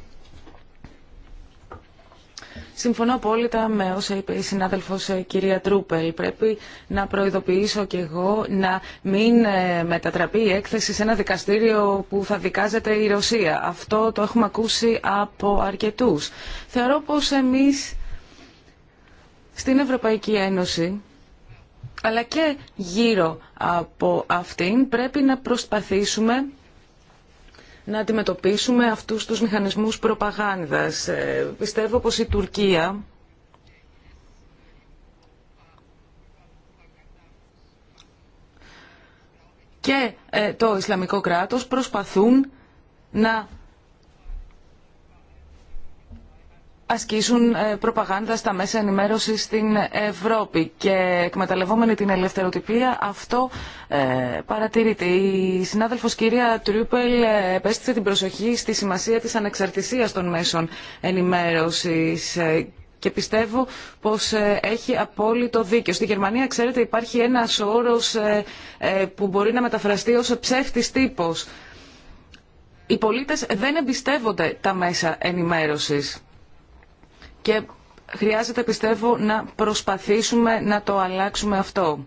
Συμφωνώ απόλυτα με όσα είπε η συνάδελφος ε, κυρία Τρούπελ. Πρέπει να προειδοποιήσω και εγώ να μην ε, μετατραπεί η έκθεση σε ένα δικαστήριο που θα δικάζεται η Ρωσία. Αυτό το έχουμε ακούσει από αρκετούς. Θεωρώ πως εμείς στην Ευρωπαϊκή Ένωση αλλά και γύρω από αυτήν πρέπει να προσπαθήσουμε να αντιμετωπίσουμε αυτούς τους μηχανισμούς προπαγάνδας. Ε, πιστεύω πως η Τουρκία και ε, το Ισλαμικό κράτος προσπαθούν να ασκήσουν ε, προπαγάνδα στα μέσα ενημέρωση στην Ευρώπη και εκμεταλλευόμενοι την ελευθεροτυπία αυτό ε, παρατηρείται. Η συνάδελφος κυρία Τρούπελ ε, επέστησε την προσοχή στη σημασία της ανεξαρτησίας των μέσων ενημέρωσης και πιστεύω πως έχει απόλυτο δίκιο. Στη Γερμανία, ξέρετε, υπάρχει ένας όρος που μπορεί να μεταφραστεί ως ψεύτης τύπος. Οι πολίτες δεν εμπιστεύονται τα μέσα ενημέρωσης και χρειάζεται πιστεύω να προσπαθήσουμε να το αλλάξουμε αυτό.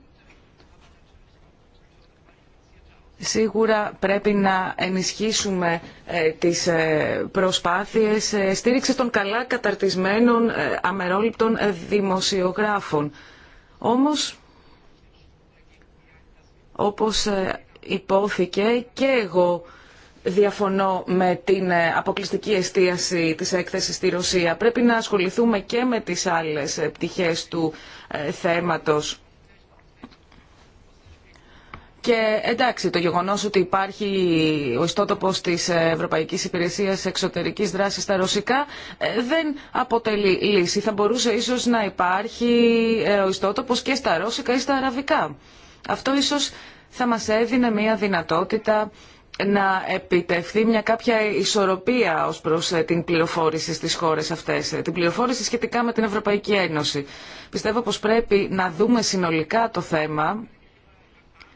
Σίγουρα πρέπει να ενισχύσουμε ε, τις ε, προσπάθειες ε, στήριξη των καλά καταρτισμένων αμερόληπτων δημοσιογράφων. Όμως, όπως υπόθηκε και εγώ διαφωνώ με την ε, αποκλειστική εστίαση της έκθεσης στη Ρωσία. Πρέπει να ασχοληθούμε και με τις άλλες ε, πτυχές του ε, θέματος. Και εντάξει, το γεγονός ότι υπάρχει ο ιστότοπος της Ευρωπαϊκής Υπηρεσίας Εξωτερικής Δράσης στα ρωσικά δεν αποτελεί λύση. Θα μπορούσε ίσως να υπάρχει ο ιστότοπος και στα ρώσικα ή στα αραβικά. Αυτό ίσως θα μας έδινε μια δυνατότητα να επιτευχθεί μια κάποια ισορροπία ως προς ε, την πληροφόρηση στις χώρες αυτές, ε, την πληροφόρηση σχετικά με την Ευρωπαϊκή Ένωση. Πιστεύω πως πρέπει να δούμε συνολικά το θέμα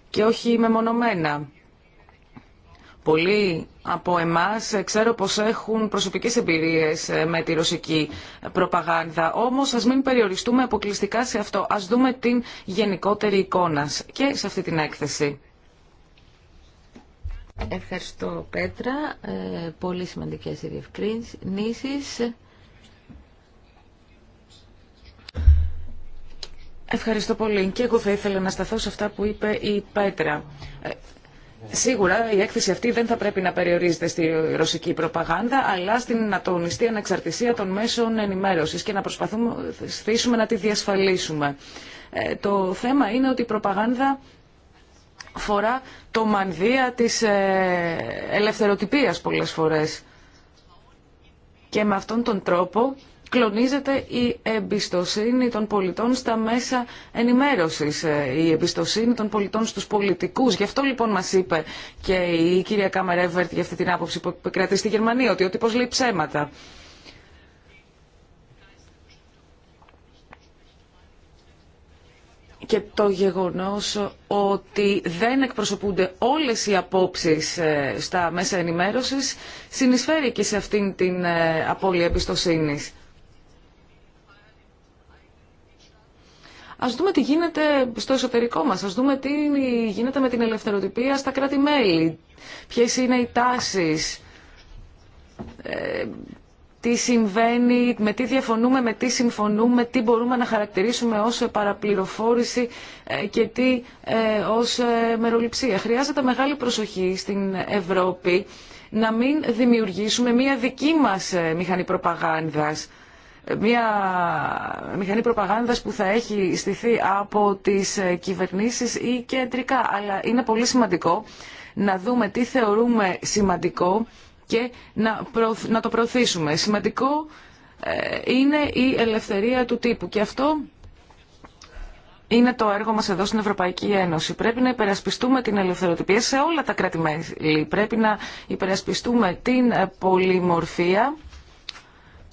και όχι μεμονωμένα. Πολλοί από εμάς ε, ξέρω πως έχουν προσωπικές εμπειρίες με τη ρωσική προπαγάνδα, όμως ας μην περιοριστούμε αποκλειστικά σε αυτό, ας δούμε την γενικότερη εικόνα και σε αυτή την έκθεση.
Ευχαριστώ Πέτρα. Ε, πολύ σημαντικές οι διευκρινήσεις.
Ευχαριστώ πολύ. Και εγώ θα ήθελα να σταθώ σε αυτά που είπε η Πέτρα. Ε, σίγουρα η έκθεση αυτή δεν θα πρέπει να περιορίζεται στη ρωσική προπαγάνδα, αλλά στην ατονιστή ανεξαρτησία των μέσων ενημέρωσης και να προσπαθούμε να τη διασφαλίσουμε. Ε, το θέμα είναι ότι η προπαγάνδα φορά το μανδύα της ε, ελευθεροτυπίας πολλές φορές. Και με αυτόν τον τρόπο κλονίζεται η εμπιστοσύνη των πολιτών στα μέσα ενημέρωσης, ε, η εμπιστοσύνη των πολιτών στους πολιτικούς. Γι' αυτό λοιπόν μας είπε και η κυρία Κάμερ για αυτή την άποψη που επικρατεί στη Γερμανία, ότι ο τύπος λέει ψέματα. και το γεγονός ότι δεν εκπροσωπούνται όλες οι απόψεις ε, στα μέσα ενημέρωσης συνεισφέρει και σε αυτήν την ε, απώλεια εμπιστοσύνης. Ας δούμε τι γίνεται στο εσωτερικό μας, ας δούμε τι γίνεται με την ελευθεροτυπία στα κράτη-μέλη, ποιες είναι οι τάσεις, ε, τι συμβαίνει, με τι διαφωνούμε, με τι συμφωνούμε, τι μπορούμε να χαρακτηρίσουμε ως παραπληροφόρηση ε, και τι ε, ως ε, μεροληψία. Χρειάζεται μεγάλη προσοχή στην Ευρώπη να μην δημιουργήσουμε μία δική μας μηχανή προπαγάνδας μια μηχανή προπαγάνδας που θα έχει στηθεί από τις κυβερνήσεις ή κεντρικά. Αλλά είναι πολύ σημαντικό να δούμε τι θεωρούμε σημαντικό και να το προωθήσουμε. Σημαντικό ε, είναι η ελευθερία του τύπου και αυτό είναι το έργο μας εδώ στην Ευρωπαϊκή Ένωση. Πρέπει να υπερασπιστούμε την ελευθεροτυπία σε όλα τα κράτη-μέλη. Πρέπει να υπερασπιστούμε την πολυμορφία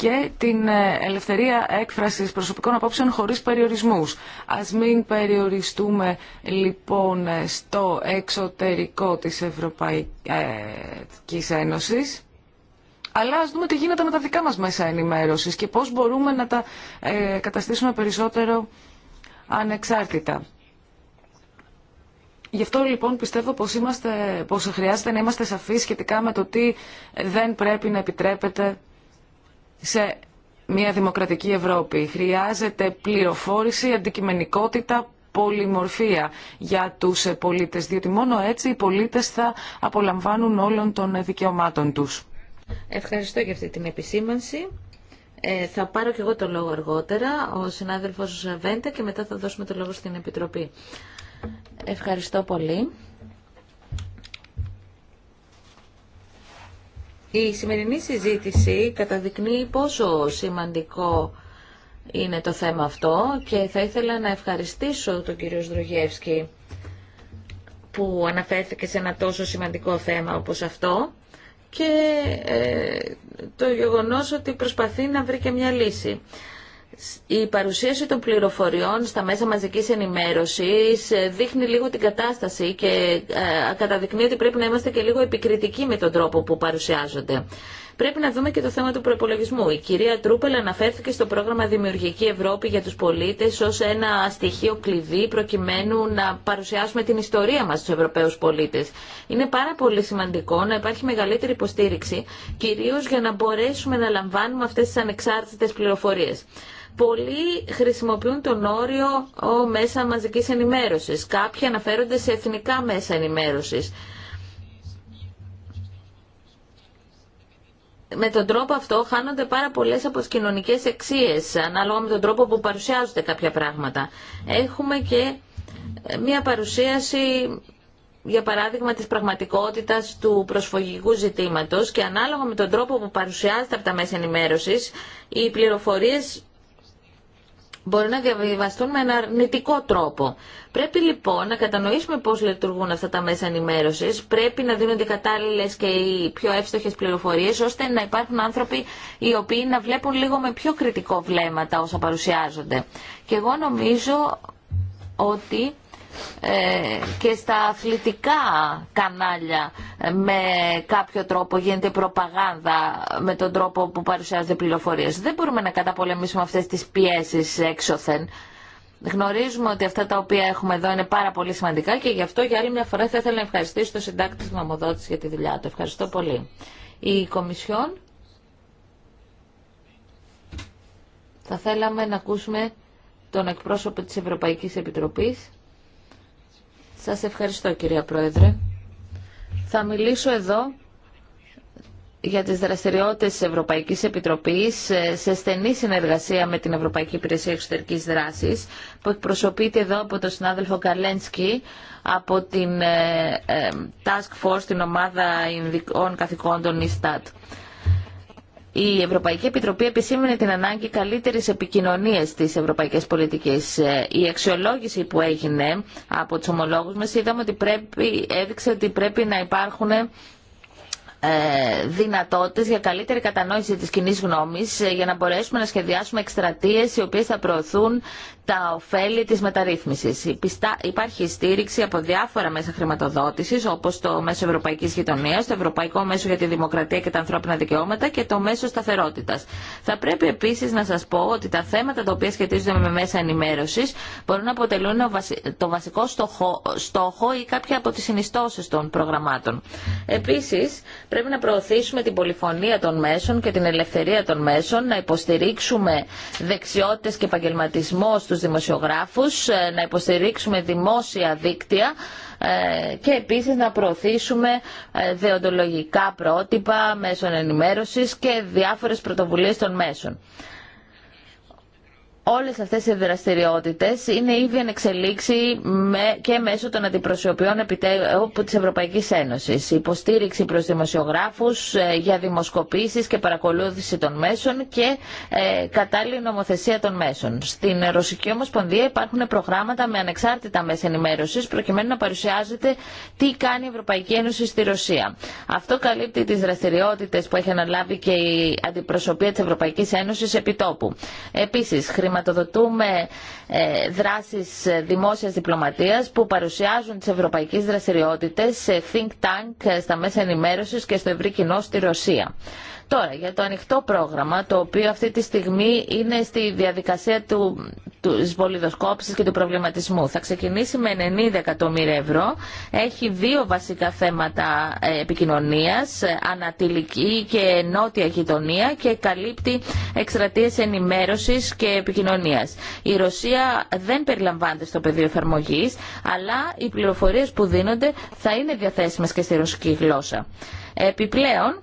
και την ε, ελευθερία έκφρασης προσωπικών απόψεων χωρίς περιορισμούς. Ας μην περιοριστούμε λοιπόν ε, στο εξωτερικό της Ευρωπαϊκής Ένωσης, αλλά ας δούμε τι γίνεται με τα δικά μας μέσα ενημέρωσης και πώς μπορούμε να τα ε, καταστήσουμε περισσότερο ανεξάρτητα. Γι' αυτό λοιπόν πιστεύω πως, είμαστε, πως χρειάζεται να είμαστε σαφείς σχετικά με το τι δεν πρέπει να επιτρέπεται σε μια δημοκρατική Ευρώπη. Χρειάζεται πληροφόρηση, αντικειμενικότητα, πολυμορφία για τους πολίτες, διότι μόνο έτσι οι πολίτες θα απολαμβάνουν όλων των δικαιωμάτων τους. Ευχαριστώ για αυτή την επισήμανση.
Ε, θα πάρω και εγώ το λόγο αργότερα, ο συνάδελφος Βέντε, και μετά θα δώσουμε το λόγο στην Επιτροπή. Ευχαριστώ πολύ. Η σημερινή συζήτηση καταδεικνύει πόσο σημαντικό είναι το θέμα αυτό και θα ήθελα να ευχαριστήσω τον κύριο Σδρογεύσκη που αναφέρθηκε σε ένα τόσο σημαντικό θέμα όπως αυτό και ε, το γεγονός ότι προσπαθεί να βρει και μια λύση η παρουσίαση των πληροφοριών στα μέσα μαζικής ενημέρωσης ε, δείχνει λίγο την κατάσταση και ε, καταδεικνύει ότι πρέπει να είμαστε και λίγο επικριτικοί με τον τρόπο που παρουσιάζονται. Πρέπει να δούμε και το θέμα του προπολογισμού. Η κυρία Τρούπελ αναφέρθηκε στο πρόγραμμα Δημιουργική Ευρώπη για τους πολίτες ως ένα στοιχείο κλειδί προκειμένου να παρουσιάσουμε την ιστορία μας στους Ευρωπαίους πολίτες. Είναι πάρα πολύ σημαντικό να υπάρχει μεγαλύτερη υποστήριξη, κυρίως για να μπορέσουμε να λαμβάνουμε αυτές τις ανεξάρτητες πληροφορίες. Πολλοί χρησιμοποιούν τον όριο ο μέσα μαζικής ενημέρωσης. Κάποιοι αναφέρονται σε εθνικά μέσα ενημέρωσης. με τον τρόπο αυτό χάνονται πάρα πολλές από τις κοινωνικέ ανάλογα με τον τρόπο που παρουσιάζονται κάποια πράγματα. Έχουμε και μία παρουσίαση, για παράδειγμα, της πραγματικότητας του προσφογικού ζητήματος και ανάλογα με τον τρόπο που παρουσιάζεται από τα μέσα ενημέρωσης, οι πληροφορίες μπορεί να διαβιβαστούν με ένα αρνητικό τρόπο. Πρέπει λοιπόν να κατανοήσουμε πώς λειτουργούν αυτά τα μέσα ενημέρωσης, πρέπει να δίνονται κατάλληλες και οι πιο εύστοχες πληροφορίες, ώστε να υπάρχουν άνθρωποι οι οποίοι να βλέπουν λίγο με πιο κριτικό βλέμμα τα όσα παρουσιάζονται. Και εγώ νομίζω ότι ε, και στα αθλητικά κανάλια ε, με κάποιο τρόπο γίνεται προπαγάνδα με τον τρόπο που παρουσιάζονται πληροφορίες. Δεν μπορούμε να καταπολεμήσουμε αυτές τις πιέσεις έξωθεν. Γνωρίζουμε ότι αυτά τα οποία έχουμε εδώ είναι πάρα πολύ σημαντικά και γι' αυτό για άλλη μια φορά θα ήθελα να ευχαριστήσω τον συντάκτη της για τη δουλειά του. Ευχαριστώ πολύ. Η Κομισιόν θα θέλαμε να ακούσουμε τον εκπρόσωπο της Ευρωπαϊκής Επιτροπής. Σας ευχαριστώ κυρία Πρόεδρε. Θα μιλήσω εδώ για τις δραστηριότητες της Ευρωπαϊκής Επιτροπής ε, σε στενή συνεργασία με την Ευρωπαϊκή Υπηρεσία Εξωτερικής Δράσης που εκπροσωπείται εδώ από τον συνάδελφο Καλένσκι από την ε, ε, Task Force, την ομάδα Ινδικών Καθηκόντων Ιστάτ. Η Ευρωπαϊκή Επιτροπή επισήμενε την ανάγκη καλύτερης επικοινωνίας τη Ευρωπαϊκή πολιτική. Ε, η αξιολόγηση που έγινε από τους ομολόγου μας είδαμε ότι πρέπει, έδειξε ότι πρέπει να υπάρχουν ε, δυνατότητες για καλύτερη κατανόηση της κοινή γνώμης ε, για να μπορέσουμε να σχεδιάσουμε εκστρατείες οι οποίες θα προωθούν τα ωφέλη της μεταρρύθμισης. Υπάρχει στήριξη από διάφορα μέσα χρηματοδότησης, όπως το Μέσο Ευρωπαϊκής Γειτονίας, το Ευρωπαϊκό Μέσο για τη Δημοκρατία και τα Ανθρώπινα Δικαιώματα και το Μέσο Σταθερότητας. Θα πρέπει επίσης να σας πω ότι τα θέματα τα οποία σχετίζονται με μέσα ενημέρωσης μπορούν να αποτελούν το βασικό στόχο, στόχο ή κάποια από τις συνιστώσεις των προγραμμάτων. Επίσης, πρέπει να προωθήσουμε την πολυφωνία των μέσων και την ελευθερία των μέσων, να υποστηρίξουμε δεξιότητες και επαγγελματισμό τους δημοσιογράφους, ε, να υποστηρίξουμε δημόσια δίκτυα ε, και επίσης να προωθήσουμε ε, δεοντολογικά πρότυπα μέσων ενημέρωσης και διάφορες πρωτοβουλίες των μέσων. Όλες αυτές οι δραστηριότητες είναι ήδη εν εξελίξη και μέσω των αντιπροσωπιών τη της Ευρωπαϊκής Ένωσης. Υποστήριξη προς δημοσιογράφους ε, για δημοσκοπήσεις και παρακολούθηση των μέσων και ε, κατάλληλη νομοθεσία των μέσων. Στην Ρωσική Ομοσπονδία υπάρχουν προγράμματα με ανεξάρτητα μέσα ενημέρωσης προκειμένου να παρουσιάζεται τι κάνει η Ευρωπαϊκή Ένωση στη Ρωσία. Αυτό καλύπτει τις δραστηριότητες που έχει αναλάβει και η αντιπροσωπεία της Ευρωπαϊκής Ένωσης επί Επίσης, χρηματοδοτούμε ε, δράσεις δημόσιας διπλωματίας που παρουσιάζουν τις ευρωπαϊκές δραστηριότητες σε think tank ε, στα μέσα ενημέρωσης και στο ευρύ κοινό στη Ρωσία. Τώρα, για το ανοιχτό πρόγραμμα, το οποίο αυτή τη στιγμή είναι στη διαδικασία του τη πολυδοσκόπηση και του προβληματισμού. Θα ξεκινήσει με 90 εκατομμύρια ευρώ. Έχει δύο βασικά θέματα ε, επικοινωνία, ε, ανατηλική και νότια γειτονία και καλύπτει εκστρατείε ενημέρωσης και επικοινωνία. Η Ρωσία δεν περιλαμβάνεται στο πεδίο εφαρμογή, αλλά οι πληροφορίες που δίνονται θα είναι διαθέσιμες και στη ρωσική γλώσσα. Επιπλέον,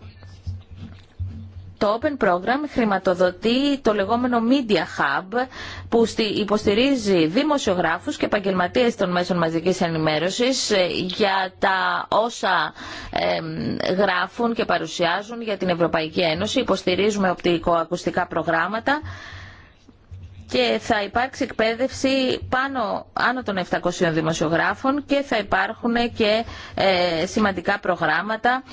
το Open Program χρηματοδοτεί το λεγόμενο Media Hub που υποστηρίζει δημοσιογράφους και επαγγελματίες των μέσων μαζικής ενημέρωσης ε, για τα όσα γράφουν και παρουσιάζουν για την Ευρωπαϊκή Ένωση. Υποστηρίζουμε οπτικοακουστικά προγράμματα και θα υπάρξει εκπαίδευση πάνω, άνω των 700 δημοσιογράφων και θα υπάρχουν και ε, σημαντικά προγράμματα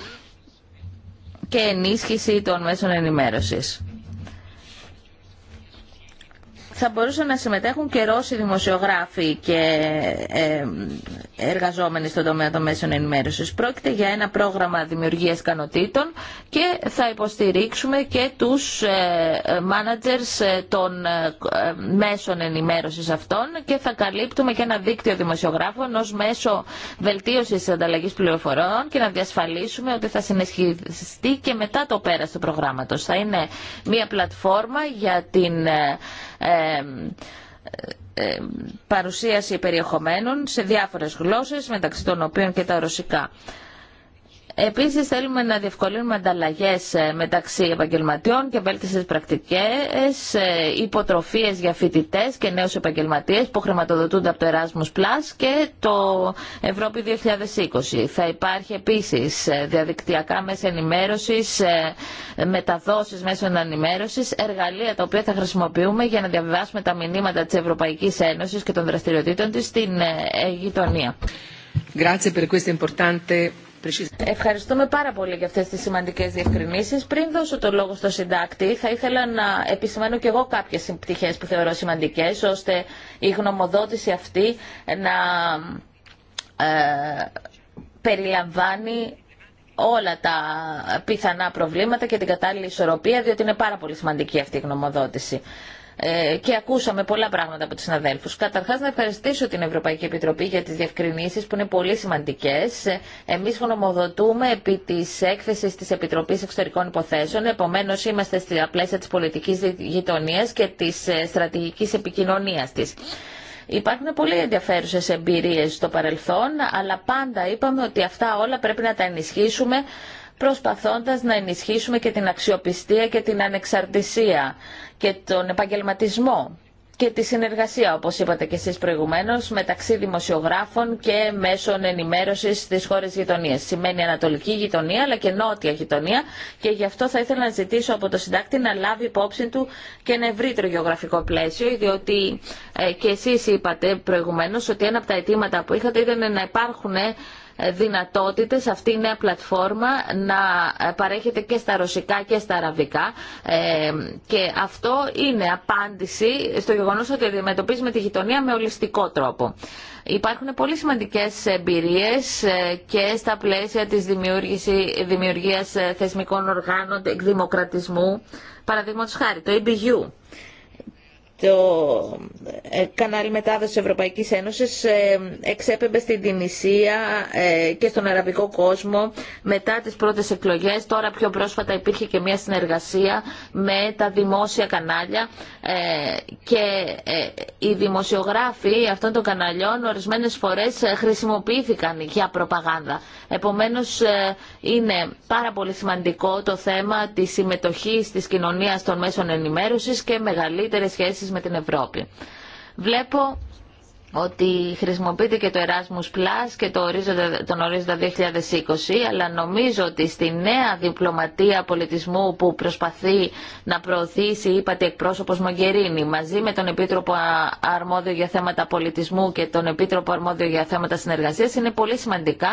και ενίσχυση των μέσων ενημέρωσης θα μπορούσαν να συμμετέχουν και Ρώσοι δημοσιογράφοι και ε, εργαζόμενοι στον τομέα των μέσων ενημέρωσης. Πρόκειται για ένα πρόγραμμα δημιουργίας ικανοτήτων και θα υποστηρίξουμε και τους ε, managers ε, των μέσων ενημέρωσης αυτών και θα καλύπτουμε και ένα δίκτυο δημοσιογράφων ως μέσο βελτίωσης της ανταλλαγής πληροφορών και να διασφαλίσουμε ότι θα συνεχιστεί και μετά το πέρας του προγράμματος. Θα είναι μια πλατφόρμα για την ε, παρουσίαση περιεχομένων σε διάφορες γλώσσες μεταξύ των οποίων και τα ρωσικά. Επίση, θέλουμε να διευκολύνουμε ανταλλαγέ ε, μεταξύ επαγγελματιών και βέλτιστες πρακτικέ, ε, υποτροφίε για φοιτητέ και νέου επαγγελματίε που χρηματοδοτούνται από το Erasmus Plus και το Ευρώπη 2020. Θα υπάρχει επίση ε, διαδικτυακά μέσα ενημέρωση, μεταδόσεις μέσω ενημέρωση, εργαλεία τα οποία θα χρησιμοποιούμε για να διαβιβάσουμε τα μηνύματα τη Ευρωπαϊκή Ένωση και των δραστηριοτήτων τη στην γειτονία. Grazie per questo importante Ευχαριστούμε πάρα πολύ για αυτές τις σημαντικές διευκρινήσεις. Πριν δώσω το λόγο στο συντάκτη, θα ήθελα να επισημάνω και εγώ κάποιες πτυχές που θεωρώ σημαντικές, ώστε η γνωμοδότηση αυτή να ε, περιλαμβάνει όλα τα πιθανά προβλήματα και την κατάλληλη ισορροπία, διότι είναι πάρα πολύ σημαντική αυτή η γνωμοδότηση. Ε, και ακούσαμε πολλά πράγματα από του συναδέλφου. Καταρχά, να ευχαριστήσω την Ευρωπαϊκή Επιτροπή για τι διευκρινήσει που είναι πολύ σημαντικέ. Εμεί γνωμοδοτούμε επί τη έκθεση τη Επιτροπή Εξωτερικών Υποθέσεων. Επομένω, είμαστε στη πλαίσια τη πολιτική γειτονία και τη ε, στρατηγική επικοινωνία τη. Υπάρχουν πολύ ενδιαφέρουσε εμπειρίε στο παρελθόν, αλλά πάντα είπαμε ότι αυτά όλα πρέπει να τα ενισχύσουμε προσπαθώντας να ενισχύσουμε και την αξιοπιστία και την ανεξαρτησία και τον επαγγελματισμό και τη συνεργασία, όπως είπατε και εσείς προηγουμένως, μεταξύ δημοσιογράφων και μέσων ενημέρωσης στις χώρες γειτονίας. Σημαίνει ανατολική γειτονία, αλλά και νότια γειτονία και γι' αυτό θα ήθελα να ζητήσω από το συντάκτη να λάβει υπόψη του και ένα ευρύτερο γεωγραφικό πλαίσιο, διότι ε, και εσείς είπατε προηγουμένως ότι ένα από τα αιτήματα που είχατε ήταν να υπάρχουν ε, δυνατότητες αυτή η νέα πλατφόρμα να παρέχεται και στα ρωσικά και στα αραβικά ε, και αυτό είναι απάντηση στο γεγονός ότι αντιμετωπίζουμε τη γειτονία με ολιστικό τρόπο. Υπάρχουν πολύ σημαντικές εμπειρίες ε, και στα πλαίσια της δημιουργίας θεσμικών οργάνων, εκδημοκρατισμού, παραδείγματος χάρη, το EBU το ε, κανάλι μετάδοσης Ευρωπαϊκής Ένωσης ε, εξέπεμπε στην Τινησία ε, και στον Αραβικό κόσμο μετά τις πρώτες εκλογές. Τώρα πιο πρόσφατα υπήρχε και μια συνεργασία με τα δημόσια κανάλια και οι δημοσιογράφοι αυτών των καναλιών ορισμένες φορές χρησιμοποιήθηκαν για προπαγάνδα. Επομένως είναι πάρα πολύ σημαντικό το θέμα της συμμετοχής της κοινωνίας των μέσων ενημέρωσης και μεγαλύτερες σχέσεις με την Ευρώπη. Βλέπω ότι χρησιμοποιείται και το Erasmus Plus και το ορίζοντα, τον ορίζοντα 2020, αλλά νομίζω ότι στη νέα διπλωματία πολιτισμού που προσπαθεί να προωθήσει, είπατε εκπρόσωπος Μογκερίνη, μαζί με τον Επίτροπο Αρμόδιο για θέματα πολιτισμού και τον Επίτροπο Αρμόδιο για θέματα συνεργασίας, είναι πολύ σημαντικά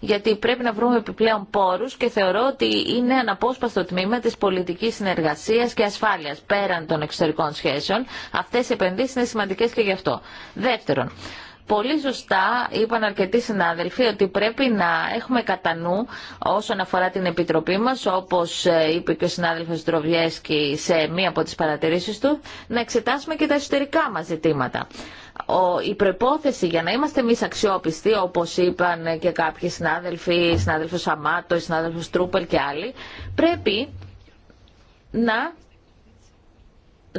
γιατί πρέπει να βρούμε επιπλέον πόρους και θεωρώ ότι είναι αναπόσπαστο τμήμα της πολιτικής συνεργασίας και ασφάλειας πέραν των εξωτερικών σχέσεων. Αυτές οι επενδύσεις είναι σημαντικές και γι' αυτό. Δεύτερον, Πολύ σωστά είπαν αρκετοί συνάδελφοι ότι πρέπει να έχουμε κατά νου όσον αφορά την Επιτροπή μας, όπως ε, είπε και ο συνάδελφος Ντροβιέσκη σε μία από τις παρατηρήσεις του, να εξετάσουμε και τα εσωτερικά μας ζητήματα. Η προπόθεση για να είμαστε εμεί αξιόπιστοι, όπω είπαν και κάποιοι συνάδελφοι, συνάδελφο Αμάτο, συνάδελφο Τρούπελ και άλλοι, πρέπει να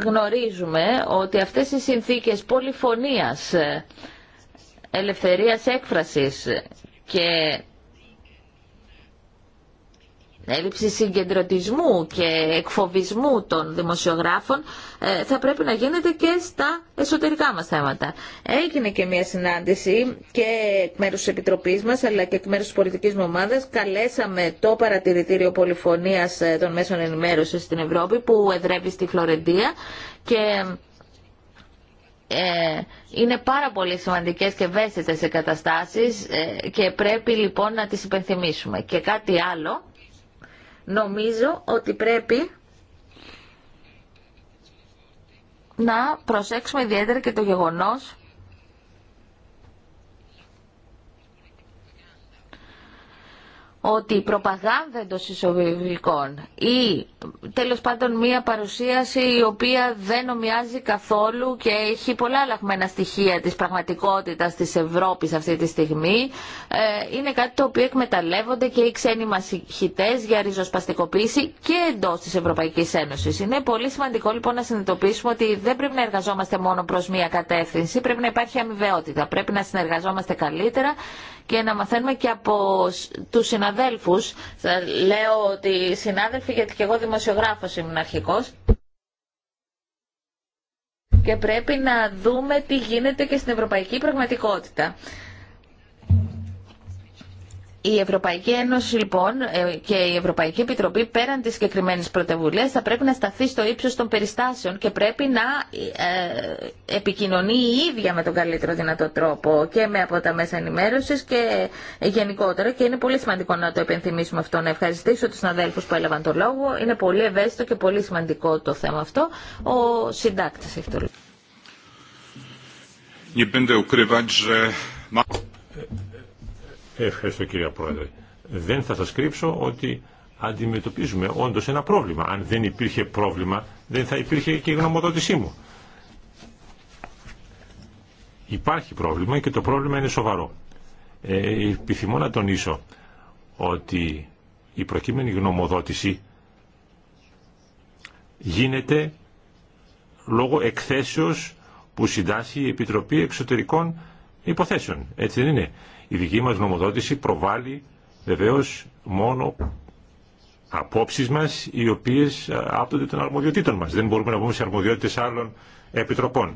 γνωρίζουμε ότι αυτές οι συνθήκες πολυφωνίας ε, ελευθερίας έκφρασης και έλλειψη συγκεντρωτισμού και εκφοβισμού των δημοσιογράφων ε, θα πρέπει να γίνεται και στα εσωτερικά μας θέματα. Έγινε και μια συνάντηση και εκ μέρους της Επιτροπής μας αλλά και εκ μέρους της πολιτικής μου ομάδας καλέσαμε το παρατηρητήριο πολυφωνίας ε, των μέσων ενημέρωσης στην Ευρώπη που εδρεύει στη Φλωρεντία και ε, είναι πάρα πολύ σημαντικές και ευαίσθητες οι καταστάσεις ε, και πρέπει λοιπόν να τις υπενθυμίσουμε. Και κάτι άλλο, νομίζω ότι πρέπει να προσέξουμε ιδιαίτερα και το γεγονός ότι η προπαγάνδα εντό εισοδηγικών ή τέλος πάντων μία παρουσίαση η οποία δεν ομοιάζει καθόλου και έχει πολλά αλλαγμένα στοιχεία της πραγματικότητας της Ευρώπης αυτή τη στιγμή ε, είναι κάτι το οποίο εκμεταλλεύονται και οι ξένοι μαχητέ για ριζοσπαστικοποίηση και εντός της Ευρωπαϊκής Ένωσης. Είναι πολύ σημαντικό λοιπόν να συνειδητοποιήσουμε ότι δεν πρέπει να εργαζόμαστε μόνο προς μία κατεύθυνση, πρέπει να υπάρχει αμοιβαιότητα, πρέπει να συνεργαζόμαστε καλύτερα και να μαθαίνουμε και από τους συναδέλφους. Θα λέω ότι συνάδελφοι γιατί και εγώ δημοσιογράφος ήμουν αρχικός. Και πρέπει να δούμε τι γίνεται και στην ευρωπαϊκή πραγματικότητα. Η Ευρωπαϊκή Ένωση λοιπόν ε, και η Ευρωπαϊκή Επιτροπή πέραν της συγκεκριμένη πρωτοβουλία θα πρέπει να σταθεί στο ύψος των περιστάσεων και πρέπει να ε, επικοινωνεί η ίδια με τον καλύτερο δυνατό τρόπο και με από τα μέσα ενημέρωσης και γενικότερα και είναι πολύ σημαντικό να το επενθυμίσουμε αυτό. Να ευχαριστήσω τους αδέλφους που έλαβαν το λόγο. Είναι πολύ ευαίσθητο και πολύ σημαντικό το θέμα αυτό. Ο συντάκτης έχει το λόγο.
Ευχαριστώ κύριε Πρόεδρε. Δεν θα σας κρύψω ότι αντιμετωπίζουμε όντως ένα πρόβλημα. Αν δεν υπήρχε πρόβλημα δεν θα υπήρχε και η γνωμοδότησή μου. Υπάρχει πρόβλημα και το πρόβλημα είναι σοβαρό. Ε, επιθυμώ να τονίσω ότι η προκείμενη γνωμοδότηση γίνεται λόγω εκθέσεως που συντάσσει η Επιτροπή Εξωτερικών Υποθέσεων. Έτσι δεν είναι. Η δική μας νομοδότηση προβάλλει βεβαίως μόνο απόψεις μας οι οποίες ε, άπτονται των αρμοδιοτήτων μας. Δεν μπορούμε να πούμε σε αρμοδιότητες άλλων επιτροπών.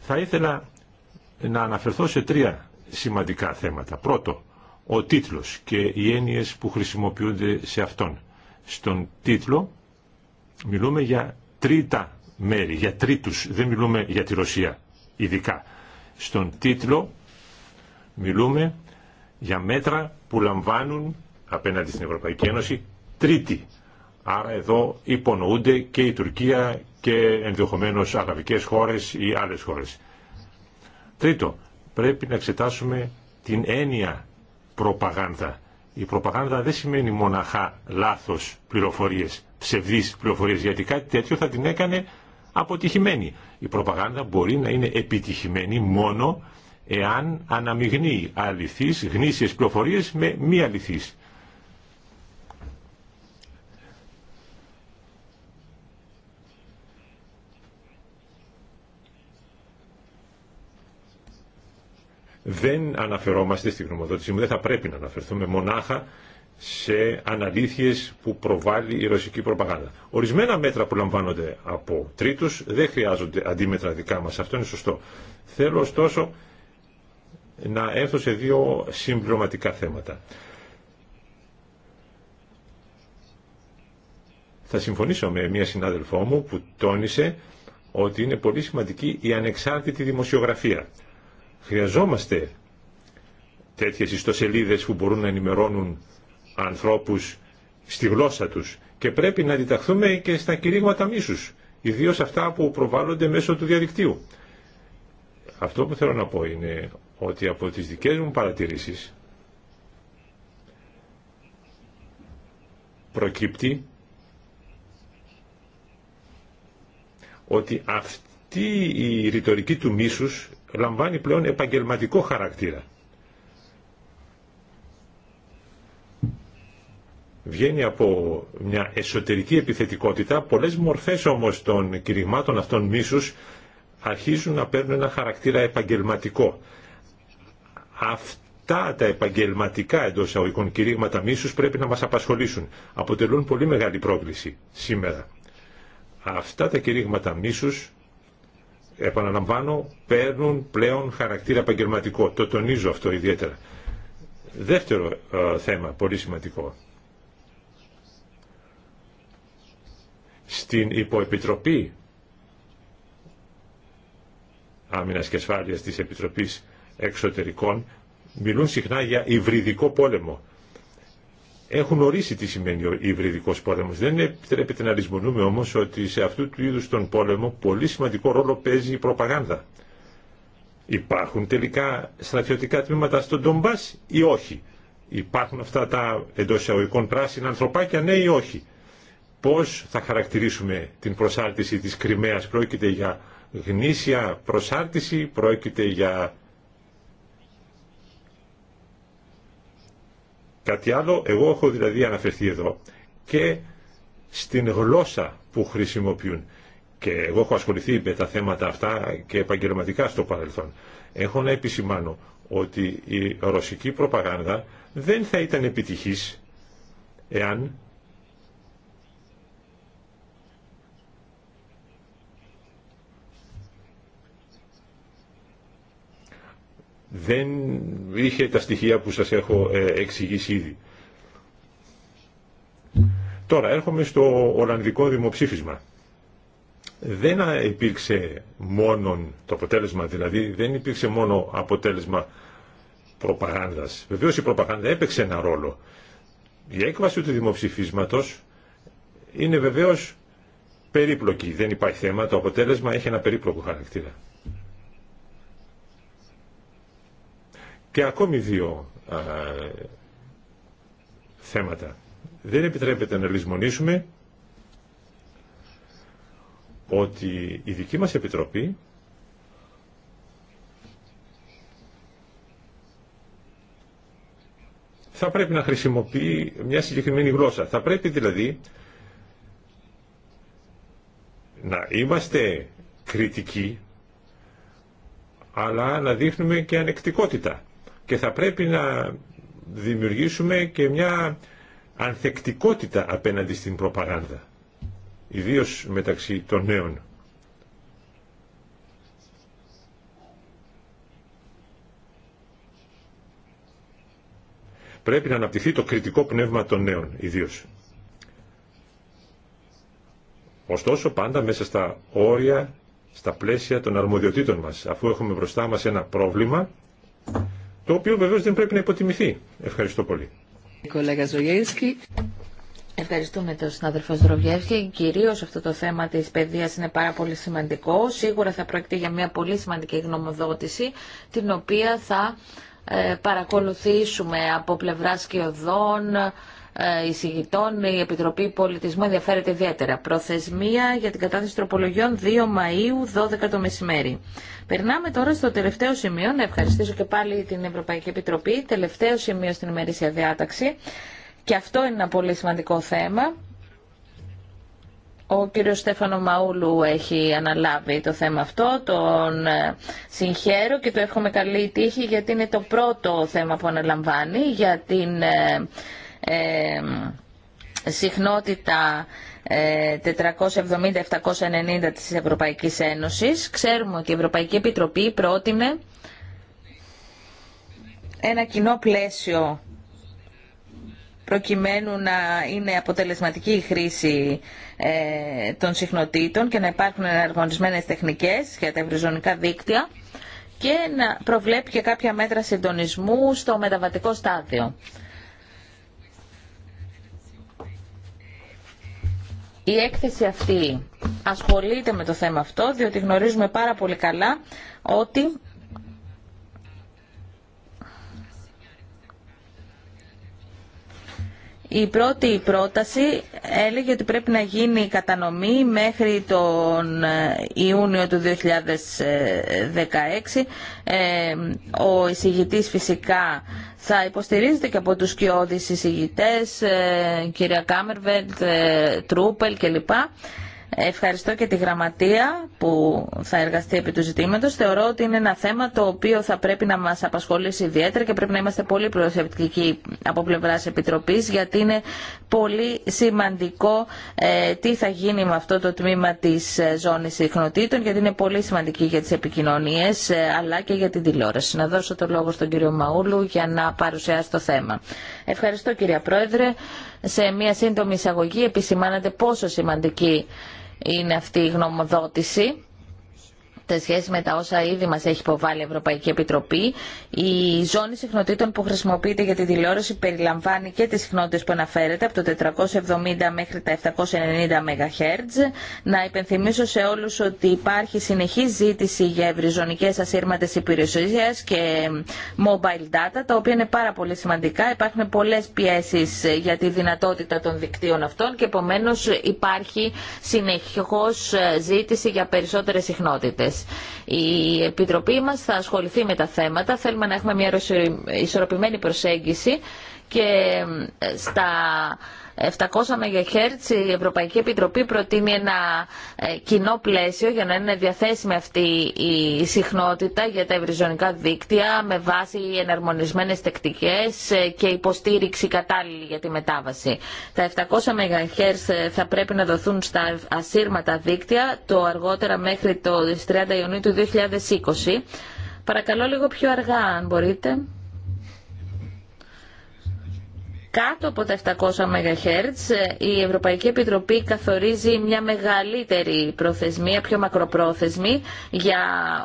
Θα ήθελα να αναφερθώ σε τρία σημαντικά θέματα. Πρώτο, ο τίτλος και οι έννοιες που χρησιμοποιούνται σε αυτόν. Στον τίτλο μιλούμε για τρίτα μέρη, για τρίτους, δεν μιλούμε για τη Ρωσία ειδικά. Στον τίτλο Μιλούμε για μέτρα που λαμβάνουν απέναντι στην Ευρωπαϊκή Ένωση τρίτη. Άρα εδώ υπονοούνται και η Τουρκία και ενδεχομένως αραβικές χώρες ή άλλες χώρες. Τρίτο, πρέπει να εξετάσουμε την έννοια προπαγάνδα. Η προπαγάνδα δεν σημαίνει μοναχά λάθος πληροφορίες, ψευδείς πληροφορίες, γιατί κάτι τέτοιο θα την έκανε αποτυχημένη. Η προπαγάνδα μπορεί να είναι επιτυχημένη μόνο εάν αναμειγνύει αληθείς, γνήσιες πληροφορίες με μη αληθείς. Δεν αναφερόμαστε στη γνωμοδότησή μου, δεν θα πρέπει να αναφερθούμε μονάχα σε αναλήθειες που προβάλλει η ρωσική προπαγάνδα. Ορισμένα μέτρα που λαμβάνονται από τρίτους δεν χρειάζονται αντίμετρα δικά μας. Αυτό είναι σωστό. Θέλω ωστόσο να έρθω σε δύο συμπληρωματικά θέματα. Θα συμφωνήσω με μία συνάδελφό μου που τόνισε ότι είναι πολύ σημαντική η ανεξάρτητη δημοσιογραφία. Χρειαζόμαστε τέτοιες ιστοσελίδες που μπορούν να ενημερώνουν ανθρώπους στη γλώσσα τους και πρέπει να αντιταχθούμε... και στα κηρύγματα μίσους, ιδίως αυτά που προβάλλονται μέσω του διαδικτύου. Αυτό που θέλω να πω είναι ότι από τις δικές μου παρατηρήσεις προκύπτει ότι αυτή η ρητορική του μίσους λαμβάνει πλέον επαγγελματικό χαρακτήρα. Βγαίνει από μια εσωτερική επιθετικότητα, πολλές μορφές όμως των κηρυγμάτων αυτών μίσους αρχίζουν να παίρνουν ένα χαρακτήρα επαγγελματικό. Αυτά τα επαγγελματικά εντό αγωγικών κηρύγματα μίσους πρέπει να μας απασχολήσουν. Αποτελούν πολύ μεγάλη πρόκληση σήμερα. Αυτά τα κηρύγματα μίσους, επαναλαμβάνω, παίρνουν πλέον χαρακτήρα επαγγελματικό. Το τονίζω αυτό ιδιαίτερα. Δεύτερο ε, θέμα, πολύ σημαντικό. Στην υποεπιτροπή Άμυνας και Ασφάλειας της Επιτροπής Εξωτερικών μιλούν συχνά για υβριδικό πόλεμο. Έχουν ορίσει τι σημαίνει ο υβριδικό πόλεμο. Δεν επιτρέπεται να λησμονούμε όμως ότι σε αυτού του είδου τον πόλεμο πολύ σημαντικό ρόλο παίζει η προπαγάνδα. Υπάρχουν τελικά στρατιωτικά τμήματα στον Ντομπά ή όχι. Υπάρχουν αυτά τα εντό εισαγωγικών πράσινα ανθρωπάκια, ναι ή όχι. Πώ θα χαρακτηρίσουμε την προσάρτηση τη Κρυμαία, πρόκειται για γνήσια προσάρτηση, πρόκειται για κάτι άλλο. Εγώ έχω δηλαδή αναφερθεί εδώ και στην γλώσσα που χρησιμοποιούν. Και εγώ έχω ασχοληθεί με τα θέματα αυτά και επαγγελματικά στο παρελθόν. Έχω να επισημάνω ότι η ρωσική προπαγάνδα δεν θα ήταν επιτυχής εάν δεν είχε τα στοιχεία που σας έχω ε, εξηγήσει ήδη. Τώρα έρχομαι στο Ολλανδικό δημοψήφισμα. Δεν υπήρξε μόνο το αποτέλεσμα, δηλαδή δεν υπήρξε μόνο αποτέλεσμα προπαγάνδας. Βεβαίως η προπαγάνδα έπαιξε ένα ρόλο. Η έκβαση του δημοψηφίσματος είναι βεβαίως περίπλοκη. Δεν υπάρχει θέμα, το αποτέλεσμα έχει ένα περίπλοκο χαρακτήρα. Και ακόμη δύο ε, θέματα. Δεν επιτρέπεται να λησμονήσουμε ότι η δική μας Επιτροπή θα πρέπει να χρησιμοποιεί μια συγκεκριμένη γλώσσα. Θα πρέπει δηλαδή να είμαστε κριτικοί αλλά να δείχνουμε και ανεκτικότητα και θα πρέπει να δημιουργήσουμε και μια ανθεκτικότητα απέναντι στην προπαγάνδα, ιδίως μεταξύ των νέων. Πρέπει να αναπτυχθεί το κριτικό πνεύμα των νέων, ιδίως. Ωστόσο, πάντα μέσα στα όρια, στα πλαίσια των αρμοδιοτήτων μας, αφού έχουμε μπροστά μας ένα πρόβλημα, το οποίο βεβαίως δεν πρέπει να υποτιμηθεί. Ευχαριστώ πολύ.
Ευχαριστούμε τον συνάδελφο Στροβιέφσκη. Κυρίω αυτό το θέμα τη παιδεία είναι πάρα πολύ σημαντικό. Σίγουρα θα πρόκειται για μια πολύ σημαντική γνωμοδότηση, την οποία θα ε, παρακολουθήσουμε από πλευρά σκιωδών, ε, εισηγητών. Η Επιτροπή Πολιτισμού ενδιαφέρεται ιδιαίτερα. Προθεσμία για την κατάθεση τροπολογιών 2 Μαΐου, 12 το μεσημέρι. Περνάμε τώρα στο τελευταίο σημείο. Να ευχαριστήσω και πάλι την Ευρωπαϊκή Επιτροπή. Τελευταίο σημείο στην ημερήσια διάταξη. Και αυτό είναι ένα πολύ σημαντικό θέμα. Ο κύριος Στέφανο Μαούλου έχει αναλάβει το θέμα αυτό, τον ε, συγχαίρω και το εύχομαι καλή τύχη γιατί είναι το πρώτο θέμα που αναλαμβάνει για την ε, ε, συχνότητα 470-790 ε, της Ευρωπαϊκής Ένωσης. Ξέρουμε ότι η Ευρωπαϊκή Επιτροπή πρότεινε ένα κοινό πλαίσιο προκειμένου να είναι αποτελεσματική η χρήση ε, των συχνοτήτων και να υπάρχουν εναρμονισμένες τεχνικές για τα ευρυζωνικά δίκτυα και να προβλέπει και κάποια μέτρα συντονισμού στο μεταβατικό στάδιο. Η έκθεση αυτή ασχολείται με το θέμα αυτό, διότι γνωρίζουμε πάρα πολύ καλά ότι Η πρώτη πρόταση έλεγε ότι πρέπει να γίνει η κατανομή μέχρι τον ε, Ιούνιο του 2016. Ε, ε, ο εισηγητής φυσικά θα υποστηρίζετε και από τους κοιόδης εισηγητές, ε, κυρία Κάμερβεντ, ε, Τρούπελ κλπ. Ευχαριστώ και τη Γραμματεία που θα εργαστεί επί του ζητήματο. Θεωρώ ότι είναι ένα θέμα το οποίο θα πρέπει να μα απασχολήσει ιδιαίτερα και πρέπει να είμαστε πολύ προσεκτικοί από πλευράς Επιτροπής γιατί είναι πολύ σημαντικό ε, τι θα γίνει με αυτό το τμήμα τη ε, ζώνη συχνοτήτων γιατί είναι πολύ σημαντική για τι επικοινωνίε, ε, αλλά και για την τηλεόραση. Να δώσω το λόγο στον κύριο Μαούλου για να παρουσιάσει το θέμα. Ευχαριστώ κύριε Πρόεδρε. Σε μια σύντομη εισαγωγή επισημάνατε πόσο σημαντική είναι αυτή η γνωμοδότηση σε σχέση με τα όσα ήδη μα έχει υποβάλει η Ευρωπαϊκή Επιτροπή. Η ζώνη συχνοτήτων που χρησιμοποιείται για τη τηλεόραση περιλαμβάνει και τι συχνότητε που αναφέρεται από το 470 μέχρι τα 790 MHz. Να υπενθυμίσω σε όλου ότι υπάρχει συνεχή ζήτηση για ευρυζωνικέ ασύρματες υπηρεσίες και mobile data, τα οποία είναι πάρα πολύ σημαντικά. Υπάρχουν πολλέ πιέσει για τη δυνατότητα των δικτύων αυτών και επομένω υπάρχει συνεχώ ζήτηση για περισσότερε συχνότητε. Η Επιτροπή μας θα ασχοληθεί με τα θέματα. Θέλουμε να έχουμε μια ισορροπημένη προσέγγιση και ε, στα 700 MHz η Ευρωπαϊκή Επιτροπή προτείνει ένα ε, κοινό πλαίσιο για να είναι διαθέσιμη αυτή η συχνότητα για τα ευρυζωνικά δίκτυα με βάση εναρμονισμένες τεκτικές ε, και υποστήριξη κατάλληλη για τη μετάβαση. Τα 700 MHz ε, θα πρέπει να δοθούν στα ασύρματα δίκτυα το αργότερα μέχρι το 30 Ιουνίου του 2020. Παρακαλώ λίγο πιο αργά αν μπορείτε. Κάτω από τα 700 MHz ε, η Ευρωπαϊκή Επιτροπή καθορίζει μια μεγαλύτερη προθεσμία, πιο μακροπρόθεσμη για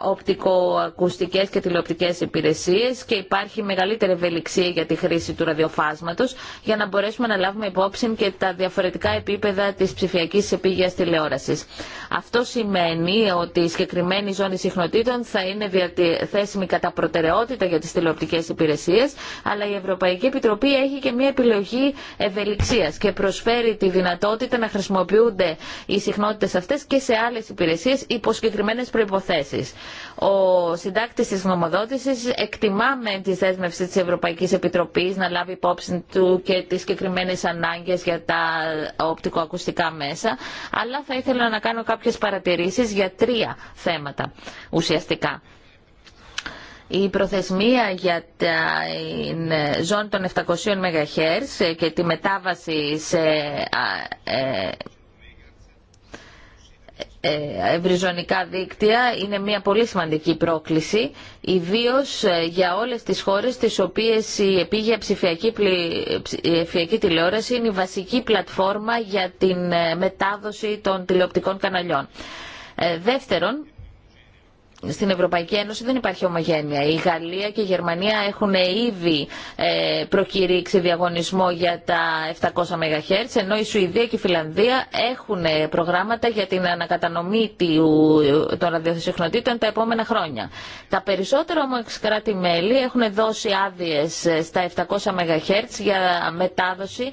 οπτικοακουστικές και τηλεοπτικές υπηρεσίες και υπάρχει μεγαλύτερη ευελιξία για τη χρήση του ραδιοφάσματος για να μπορέσουμε να λάβουμε υπόψη και τα διαφορετικά επίπεδα της ψηφιακής επίγειας τηλεόρασης. Αυτό σημαίνει ότι η συγκεκριμένη ζώνη συχνοτήτων θα είναι διαθέσιμη κατά προτεραιότητα για τις τηλεοπτικές υπηρεσίες αλλά η Ευρωπαϊκή Επιτροπή έχει και μια επιλογή ευελιξίας και προσφέρει τη δυνατότητα να χρησιμοποιούνται οι συχνότητε αυτές και σε άλλες υπηρεσίε, υπό συγκεκριμένε προϋποθέσεις. Ο συντάκτης της νομοδότησης εκτιμά με τη δέσμευση τη Ευρωπαϊκή Επιτροπή να λάβει υπόψη του και τι συγκεκριμένε ανάγκες για τα οπτικοακουστικά μέσα, αλλά θα ήθελα να κάνω κάποιε παρατηρήσει για τρία θέματα ουσιαστικά. Η προθεσμία για τα ζώνη των 700 MHz και τη μετάβαση σε ε, ε, ευρυζωνικά δίκτυα είναι μια πολύ σημαντική πρόκληση, ιδίω ε, για όλες τις χώρες τις οποίες η επίγεια ψηφιακή, ψηφιακή τηλεόραση είναι η βασική πλατφόρμα για την μετάδοση των τηλεοπτικών καναλιών. δεύτερον, στην Ευρωπαϊκή Ένωση δεν υπάρχει ομογένεια. Η Γαλλία και η Γερμανία έχουν ήδη ε, προκηρύξει διαγωνισμό για τα 700 MHz, ενώ η Σουηδία και η Φιλανδία έχουν ε, προγράμματα για την ανακατανομή των ραδιοσυχνοτήτων τα επόμενα χρόνια. Τα περισσότερα όμω κράτη-μέλη έχουν δώσει άδειε ε, στα 700 MHz για μετάδοση,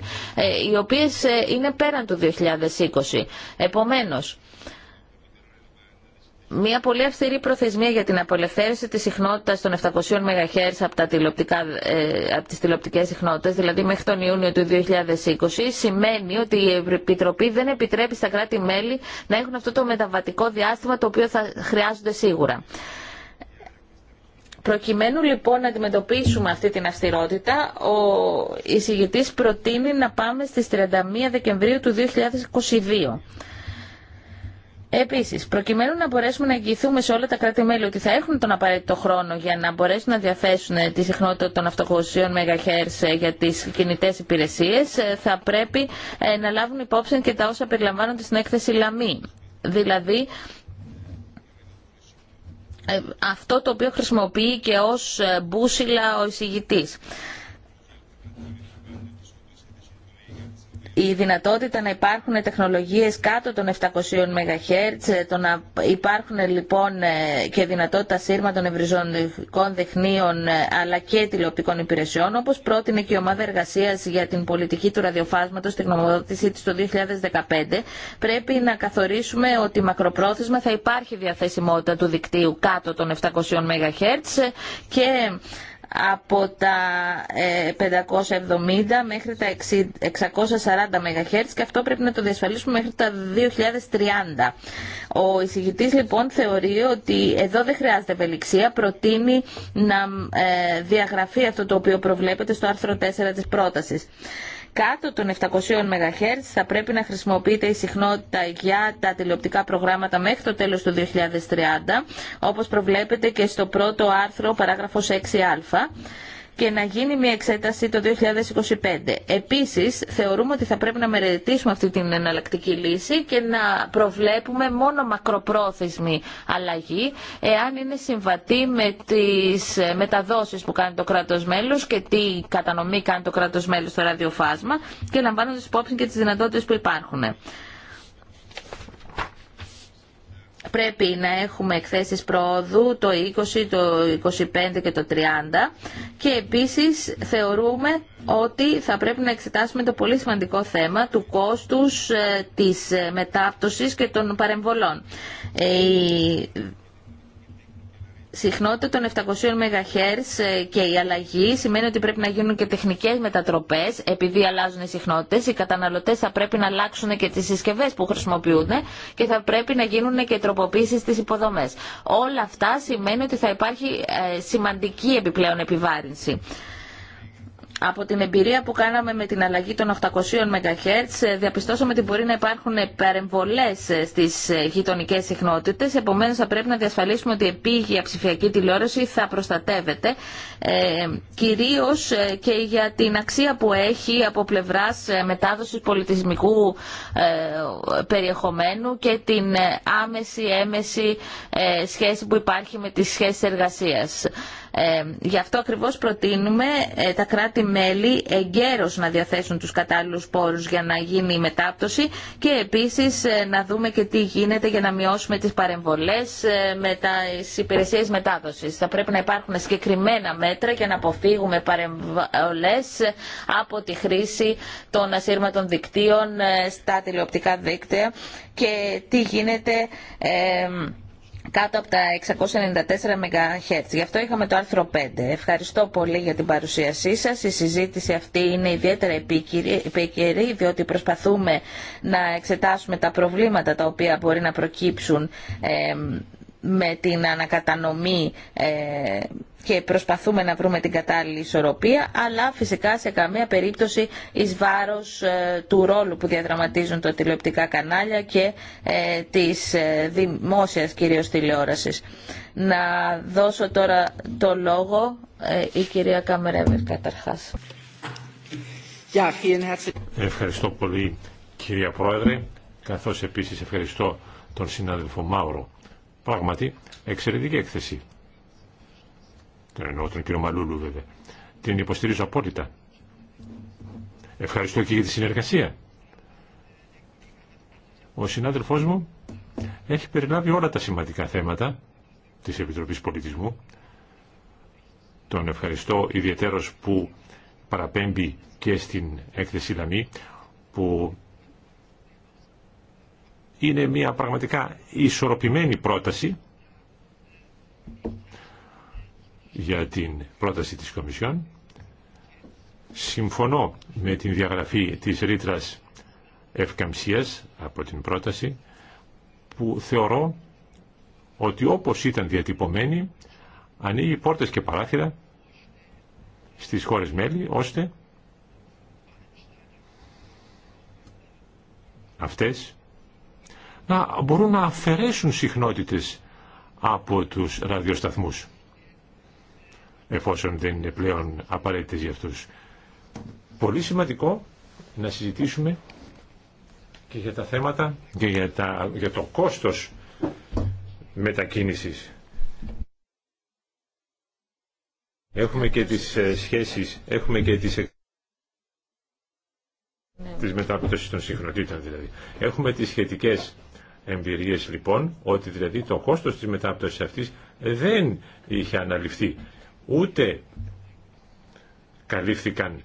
οι οποίε είναι πέραν του 2020. Επομένως, Μία πολύ αυστηρή προθεσμία για την απολευθέρωση της συχνότητας των 700 MHz από, τα τηλεοπτικά, ε, από τις τηλεοπτικές συχνότητες, δηλαδή μέχρι τον Ιούνιο του 2020, σημαίνει ότι η Επιτροπή δεν επιτρέπει στα κράτη-μέλη να έχουν αυτό το μεταβατικό διάστημα το οποίο θα χρειάζονται σίγουρα. Προκειμένου λοιπόν να αντιμετωπίσουμε αυτή την αυστηρότητα, ο εισηγητής προτείνει να πάμε στις 31 Δεκεμβρίου του 2022. Επίση, προκειμένου να μπορέσουμε να εγγυηθούμε σε όλα τα κράτη-μέλη ότι θα έχουν τον απαραίτητο χρόνο για να μπορέσουν να διαθέσουν τη συχνότητα των αυτοχωσίων MHz ε, για τι κινητέ υπηρεσίε, ε, θα πρέπει ε, να λάβουν υπόψη και τα όσα περιλαμβάνονται στην έκθεση ΛΑΜΗ. Δηλαδή, αυτό το οποίο χρησιμοποιεί και ως μπούσιλα ο εισηγητής. η δυνατότητα να υπάρχουν τεχνολογίες κάτω των 700 MHz, ε, το να υπάρχουν ε, λοιπόν ε, και δυνατότητα σύρμα των ευρυζωνικών δεχνίων αλλά και τηλεοπτικών υπηρεσιών, όπως πρότεινε και η ομάδα εργασίας για την πολιτική του ραδιοφάσματος στην γνωμοδότησή της το 2015, πρέπει να καθορίσουμε ότι μακροπρόθεσμα θα υπάρχει διαθεσιμότητα του δικτύου κάτω των 700 MHz και από τα 570 ε, μέχρι τα 640 MHz και αυτό πρέπει να το διασφαλίσουμε μέχρι τα 2030. Ο εισηγητής λοιπόν θεωρεί ότι εδώ δεν χρειάζεται ευελιξία, προτείνει να ε, διαγραφεί αυτό το οποίο προβλέπεται στο άρθρο 4 της πρότασης. Κάτω των 700 MHz θα πρέπει να χρησιμοποιείται η συχνότητα για τα τηλεοπτικά προγράμματα μέχρι το τέλος του 2030, όπως προβλέπεται και στο πρώτο άρθρο παράγραφος 6α και να γίνει μια εξέταση το 2025. Επίσης, θεωρούμε ότι θα πρέπει να μελετήσουμε αυτή την εναλλακτική λύση και να προβλέπουμε μόνο μακροπρόθεσμη αλλαγή, εάν είναι συμβατή με τις μεταδόσεις που κάνει το κράτος μέλος και τι κατανομή κάνει το κράτος μέλος στο ραδιοφάσμα και λαμβάνοντας υπόψη και τις δυνατότητες που υπάρχουν πρέπει να έχουμε εκθέσεις προόδου το 20, το 25 και το 30 και επίσης θεωρούμε ότι θα πρέπει να εξετάσουμε το πολύ σημαντικό θέμα του κόστους ε, της ε, μετάπτωσης και των παρεμβολών. Ε, συχνότητα των 700 MHz ε, και η αλλαγή σημαίνει ότι πρέπει να γίνουν και τεχνικές μετατροπές επειδή αλλάζουν οι συχνότητες. Οι καταναλωτές θα πρέπει να αλλάξουν και τις συσκευές που χρησιμοποιούν και θα πρέπει να γίνουν και τροποποίησεις στις υποδομές. Όλα αυτά σημαίνει ότι θα υπάρχει ε, σημαντική επιπλέον επιβάρυνση. Από την εμπειρία που κάναμε με την αλλαγή των 800 MHz, ε, διαπιστώσαμε ότι μπορεί να υπάρχουν παρεμβολέ ε, στι ε, γειτονικέ συχνότητε. Επομένω, θα πρέπει να διασφαλίσουμε ότι η επίγεια ψηφιακή τηλεόραση θα προστατεύεται, ε, κυρίω και για την αξία που έχει από πλευρά μετάδοση πολιτισμικού περιεχομένου και την άμεση, έμεση σχέση που υπάρχει με τι σχέσει εργασία. Ε, γι' αυτό ακριβώς προτείνουμε ε, τα κράτη-μέλη εγκαίρως να διαθέσουν τους κατάλληλους πόρους για να γίνει η μετάπτωση και επίσης ε, να δούμε και τι γίνεται για να μειώσουμε τις παρεμβολές ε, με τις υπηρεσίες μετάδοσης. Θα πρέπει να υπάρχουν συγκεκριμένα μέτρα για να αποφύγουμε παρεμβολές από τη χρήση των ασύρματων δικτύων στα τηλεοπτικά δίκτυα και τι γίνεται κάτω από τα 694 MHz. Γι' αυτό είχαμε το άρθρο 5. Ευχαριστώ πολύ για την παρουσίασή σας. Η συζήτηση αυτή είναι ιδιαίτερα επίκαιρη, διότι προσπαθούμε να εξετάσουμε τα προβλήματα τα οποία μπορεί να προκύψουν με την ανακατανομή ε, και προσπαθούμε να βρούμε την κατάλληλη ισορροπία, αλλά φυσικά σε καμία περίπτωση εις βάρος ε, του ρόλου που διαδραματίζουν τα τηλεοπτικά κανάλια και ε, της ε, δημόσιας κυρίως τηλεόρασης. Να δώσω τώρα το λόγο η κυρία Καμερέβερ καταρχάς.
Ευχαριστώ πολύ κυρία Πρόεδρε, καθώς επίσης ευχαριστώ τον συνάδελφο Μαύρο Πράγματι, εξαιρετική έκθεση. Τον εννοώ τον κύριο Μαλούλου βέβαια. Την υποστηρίζω απόλυτα. Ευχαριστώ και για τη συνεργασία. Ο συνάδελφός μου έχει περιλάβει όλα τα σημαντικά θέματα της Επιτροπής Πολιτισμού. Τον ευχαριστώ ιδιαίτερος που παραπέμπει και στην έκθεση Λαμή που είναι μια πραγματικά ισορροπημένη πρόταση για την πρόταση της Κομισιόν. Συμφωνώ με την διαγραφή της ρήτρα ευκαμψίας από την πρόταση που θεωρώ ότι όπως ήταν διατυπωμένη ανοίγει πόρτες και παράθυρα στις χώρες μέλη ώστε αυτές να μπορούν να αφαιρέσουν συχνότητες από τους ραδιοσταθμούς εφόσον δεν είναι πλέον απαραίτητες για αυτούς. Πολύ σημαντικό να συζητήσουμε και για τα θέματα και για, το κόστος μετακίνησης. Έχουμε και τις ε, σχέσεις, έχουμε και τις, ναι. τις των συχνοτήτων δηλαδή. Έχουμε τις σχετικές εμπειρίες λοιπόν ότι δηλαδή το κόστος της μετάπτωσης αυτής δεν είχε αναλυφθεί ούτε καλύφθηκαν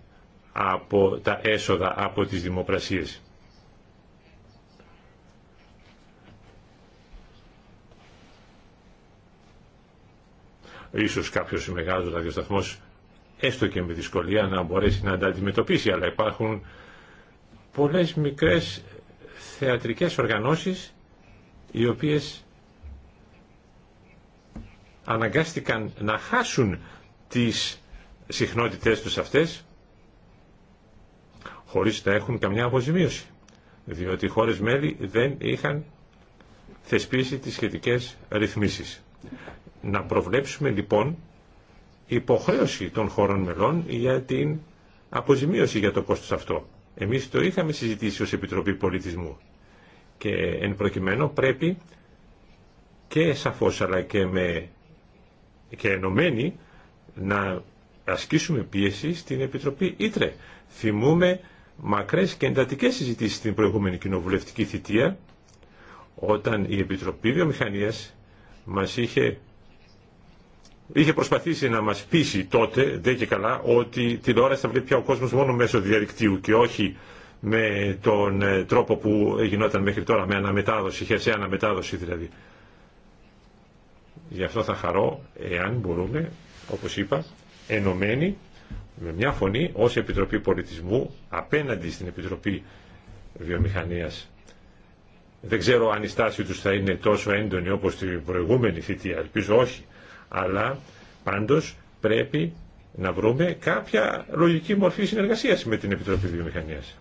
από τα έσοδα από τις δημοπρασίες. Ίσως κάποιος μεγάλος ραδιοσταθμός έστω και με δυσκολία να μπορέσει να τα αντιμετωπίσει αλλά υπάρχουν πολλές μικρές θεατρικές οργανώσεις οι οποίες αναγκάστηκαν να χάσουν τις συχνότητές τους αυτές χωρίς να έχουν καμιά αποζημίωση διότι οι χώρες μέλη δεν είχαν θεσπίσει τις σχετικές ρυθμίσεις. Να προβλέψουμε λοιπόν υποχρέωση των χωρών μελών για την αποζημίωση για το κόστος αυτό. Εμείς το είχαμε συζητήσει ως Επιτροπή Πολιτισμού και εν προκειμένου πρέπει και σαφώς αλλά και, με, και ενωμένοι να ασκήσουμε πίεση στην Επιτροπή Ήτρε. Θυμούμε μακρές και εντατικές συζητήσεις στην προηγούμενη κοινοβουλευτική θητεία όταν η Επιτροπή Βιομηχανίας μας είχε, είχε προσπαθήσει να μας πείσει τότε, δεν και καλά, ότι τηλεόραση θα βλέπει πια ο κόσμος μόνο μέσω διαδικτύου και όχι με τον ε, τρόπο που γινόταν μέχρι τώρα, με αναμετάδοση, χερσαία αναμετάδοση δηλαδή. Γι' αυτό θα χαρώ, εάν μπορούμε, όπως είπα, ενωμένοι με μια φωνή ως Επιτροπή Πολιτισμού απέναντι στην Επιτροπή Βιομηχανίας. Δεν ξέρω αν η στάση τους θα είναι τόσο έντονη όπως την προηγούμενη θητεία, ελπίζω όχι, αλλά πάντως πρέπει να βρούμε κάποια λογική μορφή συνεργασίας με την Επιτροπή Βιομηχανίας.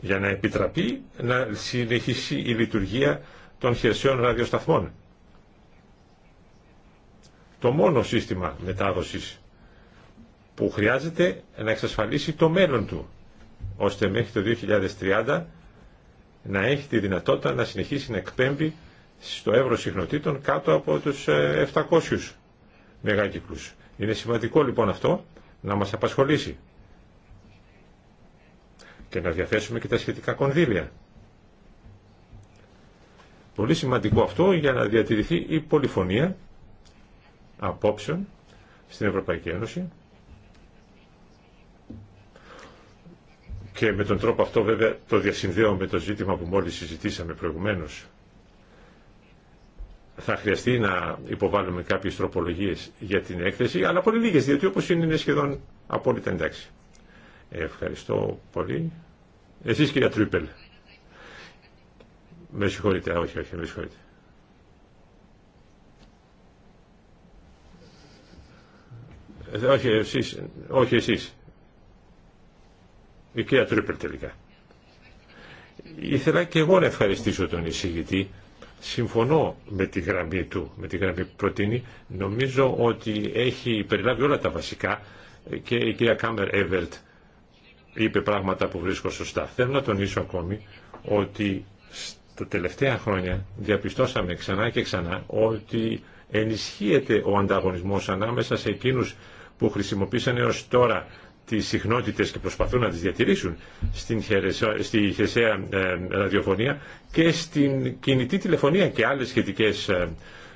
για να επιτραπεί να συνεχίσει η λειτουργία των χερσαίων ραδιοσταθμών. Το μόνο σύστημα μετάδοσης που χρειάζεται να εξασφαλίσει το μέλλον του, ώστε μέχρι το 2030 να έχει τη δυνατότητα να συνεχίσει να εκπέμπει στο εύρο συχνοτήτων κάτω από τους 700 ε, μεγάκυκλους. Είναι σημαντικό λοιπόν αυτό να μας απασχολήσει και να διαθέσουμε και τα σχετικά κονδύλια. Πολύ σημαντικό αυτό για να διατηρηθεί η πολυφωνία απόψεων στην Ευρωπαϊκή Ένωση και με τον τρόπο αυτό βέβαια το διασυνδέω με το ζήτημα που μόλις συζητήσαμε προηγουμένως. Θα χρειαστεί να υποβάλουμε κάποιες τροπολογίες για την έκθεση, αλλά πολύ λίγες, διότι όπως είναι, είναι σχεδόν απόλυτα εντάξει. Ευχαριστώ πολύ. Εσείς κυρία Τρίπελ. Με συγχωρείτε, όχι, όχι, με συγχωρείτε. Ε, όχι εσείς, όχι εσείς. Η κυρία Τρίπελ τελικά. Ήθελα και εγώ να ευχαριστήσω τον εισηγητή. Συμφωνώ με τη γραμμή του, με τη γραμμή που προτείνει. Νομίζω ότι έχει περιλάβει όλα τα βασικά και η κυρία Κάμερ Εβερτ είπε πράγματα που βρίσκω σωστά. Θέλω να τονίσω ακόμη ότι τα τελευταία χρόνια διαπιστώσαμε ξανά και ξανά ότι ενισχύεται ο ανταγωνισμός ανάμεσα σε εκείνους που χρησιμοποίησαν έως τώρα τις συχνότητες και προσπαθούν να τις διατηρήσουν στην στη χερσαία ε, ραδιοφωνία και στην κινητή τηλεφωνία και, άλλες σχετικές, ε,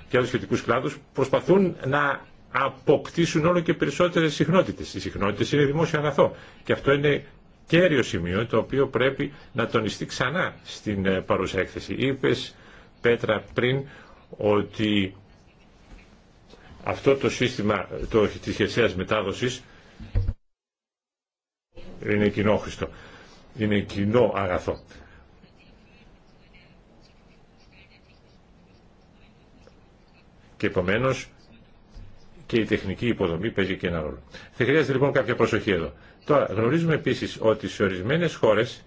και άλλους σχετικούς κλάδους προσπαθούν να αποκτήσουν όλο και περισσότερε συχνότητε. Οι συχνότητε είναι δημόσιο αγαθό και αυτό είναι κέριο σημείο το οποίο πρέπει να τονιστεί ξανά στην ε, παρούσα έκθεση. Είπε, Πέτρα, πριν ότι αυτό το σύστημα το, της χερσαίας μετάδοσης είναι κοινόχρηστο, είναι κοινό αγαθό. Και επομένως και η τεχνική υποδομή παίζει και ένα ρόλο. Θα χρειάζεται λοιπόν κάποια προσοχή εδώ. Τώρα γνωρίζουμε επίσης ότι σε ορισμένες χώρες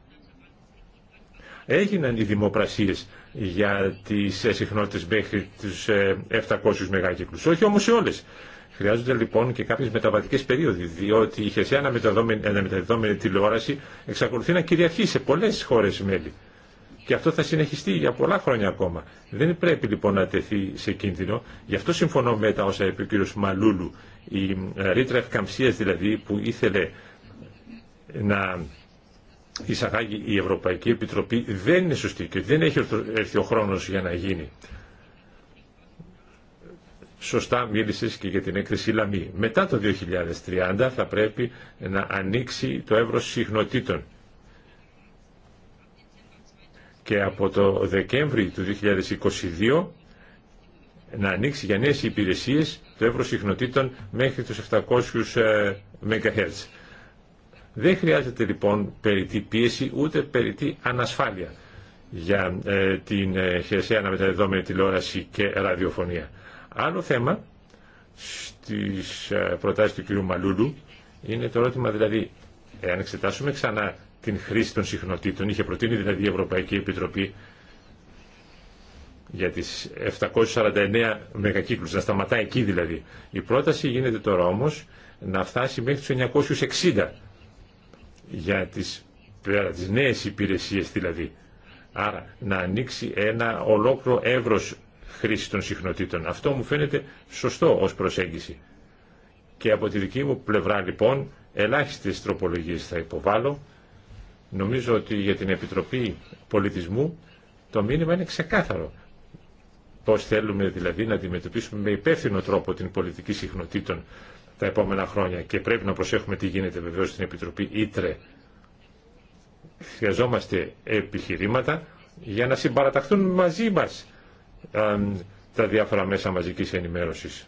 έγιναν οι δημοπρασίε για τις ε, συχνότητε μέχρι τους 700 ε, μεγάκυκλου. Όχι όμως σε όλες. Χρειάζονται λοιπόν και κάποιες μεταβατικές περίοδοι, διότι η χερσαία αναμεταδόμενη τηλεόραση εξακολουθεί να κυριαρχεί σε πολλέ χώρε μέλη. Και αυτό θα συνεχιστεί για πολλά χρόνια ακόμα. Δεν πρέπει λοιπόν να τεθεί σε κίνδυνο. Γι' αυτό συμφωνώ με τα όσα είπε ο κ. Μαλούλου. Η ε, ρήτρα ευκαμψία δηλαδή που ήθελε να εισαγάγει η Ευρωπαϊκή Επιτροπή δεν είναι σωστή και δεν έχει έρθει ο χρόνο για να γίνει. Σωστά μίλησε και για την έκθεση Λαμή. Μετά το 2030 θα πρέπει να ανοίξει το εύρο συχνοτήτων και από το Δεκέμβρη του 2022 να ανοίξει για νέες υπηρεσίες το εύρο συχνοτήτων μέχρι τους 700 ε, MHz. Δεν χρειάζεται λοιπόν περιττή πίεση ούτε περιττή ανασφάλεια για ε, την ε, χερσαία αναμεταδεδόμενη τηλεόραση και ραδιοφωνία. Άλλο θέμα στις προτάσεις του κ. Μαλούλου είναι το ερώτημα δηλαδή εάν εξετάσουμε ξανά την χρήση των συχνοτήτων. Είχε προτείνει δηλαδή η Ευρωπαϊκή Επιτροπή για τις 749 μεγακύκλους, να σταματά εκεί δηλαδή. Η πρόταση γίνεται τώρα όμως να φτάσει μέχρι τους 960 για τις, τις νέες υπηρεσίες δηλαδή. Άρα να ανοίξει ένα ολόκληρο εύρος χρήση των συχνοτήτων. Αυτό μου φαίνεται σωστό ως προσέγγιση. Και από τη δική μου πλευρά λοιπόν ελάχιστες τροπολογίες θα υποβάλω Νομίζω ότι για την Επιτροπή Πολιτισμού το μήνυμα είναι ξεκάθαρο. Πώς θέλουμε δηλαδή να αντιμετωπίσουμε με υπεύθυνο τρόπο την πολιτική συχνοτήτων τα επόμενα χρόνια και πρέπει να προσέχουμε τι γίνεται βεβαίως στην Επιτροπή Ήτρε. Χρειαζόμαστε επιχειρήματα για να συμπαραταχθούν μαζί μας ε, τα διάφορα μέσα μαζικής ενημέρωσης.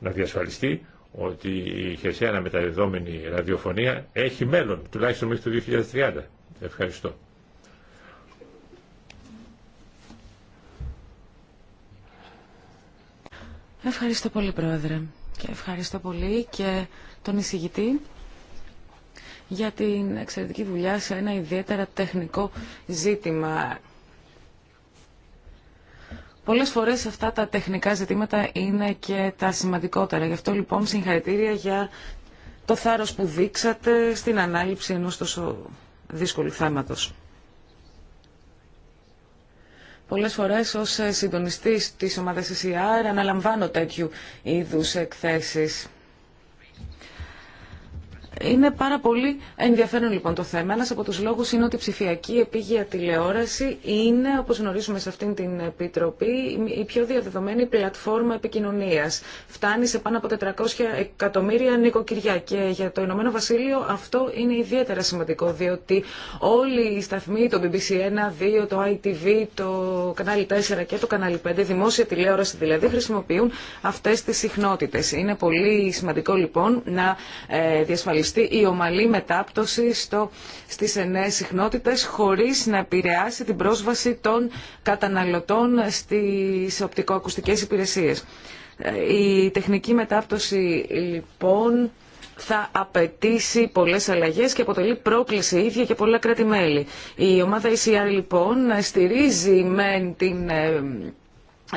Να διασφαλιστεί ότι η χερσαία αναμεταδεδόμενη ραδιοφωνία έχει μέλλον, τουλάχιστον μέχρι το 2030. Ευχαριστώ.
Ευχαριστώ πολύ, Πρόεδρε. Και ευχαριστώ πολύ και τον εισηγητή για την εξαιρετική δουλειά σε ένα ιδιαίτερα τεχνικό ζήτημα. Πολλές φορές αυτά τα τεχνικά ζητήματα είναι και τα σημαντικότερα. Γι' αυτό λοιπόν συγχαρητήρια για το θάρρος που δείξατε στην ανάληψη ενός τόσο δύσκολου θέματος. Πολλές φορές ως συντονιστής της ομάδας SCR e αναλαμβάνω τέτοιου είδους εκθέσεις. Είναι πάρα πολύ ενδιαφέρον λοιπόν το θέμα. Ένα από του λόγου είναι ότι η ψηφιακή επίγεια τηλεόραση είναι, όπω γνωρίζουμε σε αυτήν την επιτροπή, η πιο διαδεδομένη πλατφόρμα επικοινωνία. Φτάνει σε πάνω από 400 εκατομμύρια νοικοκυριά και για το Ηνωμένο Βασίλειο αυτό είναι ιδιαίτερα σημαντικό, διότι όλοι οι σταθμοί, το BBC1, 2, το ITV, το κανάλι 4 και το κανάλι 5, δημόσια τηλεόραση δηλαδή, χρησιμοποιούν αυτέ τι συχνότητε. Είναι πολύ σημαντικό λοιπόν να ε, διασφαλίσουμε η ομαλή μετάπτωση στο, στις συχνότητε συχνότητες χωρίς να επηρεάσει την πρόσβαση των καταναλωτών στις οπτικοακουστικές υπηρεσίες. Ε, η τεχνική μετάπτωση λοιπόν θα απαιτήσει πολλέ αλλαγέ και αποτελεί πρόκληση ίδια για πολλά κράτη-μέλη. Η ομάδα ECR λοιπόν στηρίζει με την ε,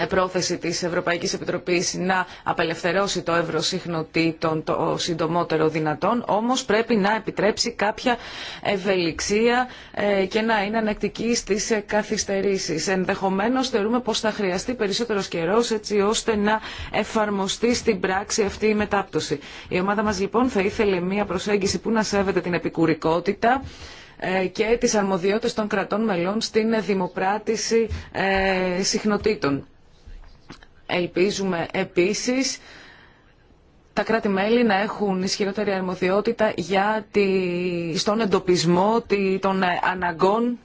ε, πρόθεση της Ευρωπαϊκής Επιτροπής να απελευθερώσει το ευρώ συχνοτήτων το συντομότερο δυνατόν, όμως πρέπει να επιτρέψει κάποια ευελιξία ε, και να είναι ανεκτική στις καθυστερήσεις. Ενδεχομένως θεωρούμε πως θα χρειαστεί περισσότερος καιρός έτσι ώστε να εφαρμοστεί στην πράξη αυτή η μετάπτωση. Η ομάδα μας λοιπόν θα ήθελε μια προσέγγιση που να σέβεται την επικουρικότητα ε, και τις αρμοδιότητες των κρατών μελών στην δημοπράτηση συχνοτήτων Ελπίζουμε επίσης τα κράτη-μέλη να έχουν ισχυρότερη αρμοδιότητα για τη, στον εντοπισμό των ε, αναγκών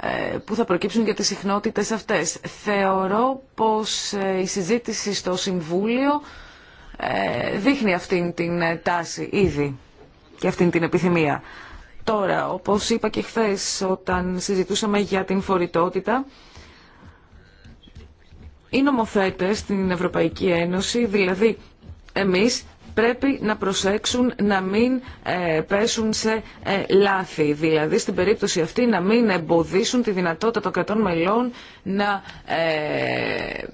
ε, που θα προκύψουν για τις συχνότητες αυτές. Θεωρώ πως ε, η συζήτηση στο Συμβούλιο δείχνει αυτήν την τάση ήδη και αυτήν την επιθυμία. Τώρα, όπως είπα και χθες όταν συζητούσαμε για την φορητότητα, οι νομοθέτες στην Ευρωπαϊκή Ένωση, δηλαδή εμείς, πρέπει να προσέξουν να μην ε, πέσουν σε ε, λάθη. Δηλαδή, στην περίπτωση αυτή, να μην εμποδίσουν τη δυνατότητα των κρατών μελών να, ε,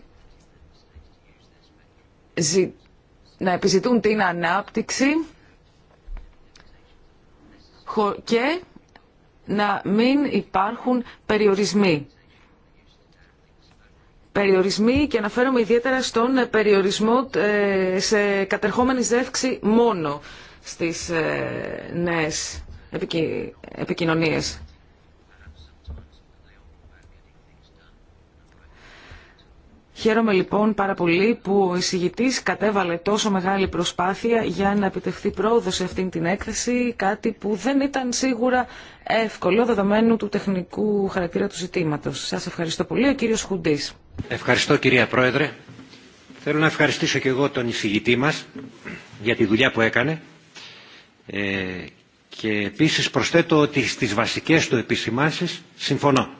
να επιζητούν την ανάπτυξη και να μην υπάρχουν περιορισμοί περιορισμοί και αναφέρομαι ιδιαίτερα στον περιορισμό ε, σε κατερχόμενη ζεύξη μόνο στις ε, νέες επικοινωνίες. Χαίρομαι λοιπόν πάρα πολύ που ο εισηγητής κατέβαλε τόσο μεγάλη προσπάθεια για να επιτευχθεί πρόοδο σε αυτήν την έκθεση, κάτι που δεν ήταν σίγουρα εύκολο δεδομένου του τεχνικού χαρακτήρα του ζητήματος. Σας ευχαριστώ πολύ, ο κύριος Χουντής.
Ευχαριστώ κυρία Πρόεδρε. Θέλω να ευχαριστήσω και εγώ τον εισηγητή μας για τη δουλειά που έκανε ε, και επίσης προσθέτω ότι στις βασικές του επισημάνσεις συμφωνώ.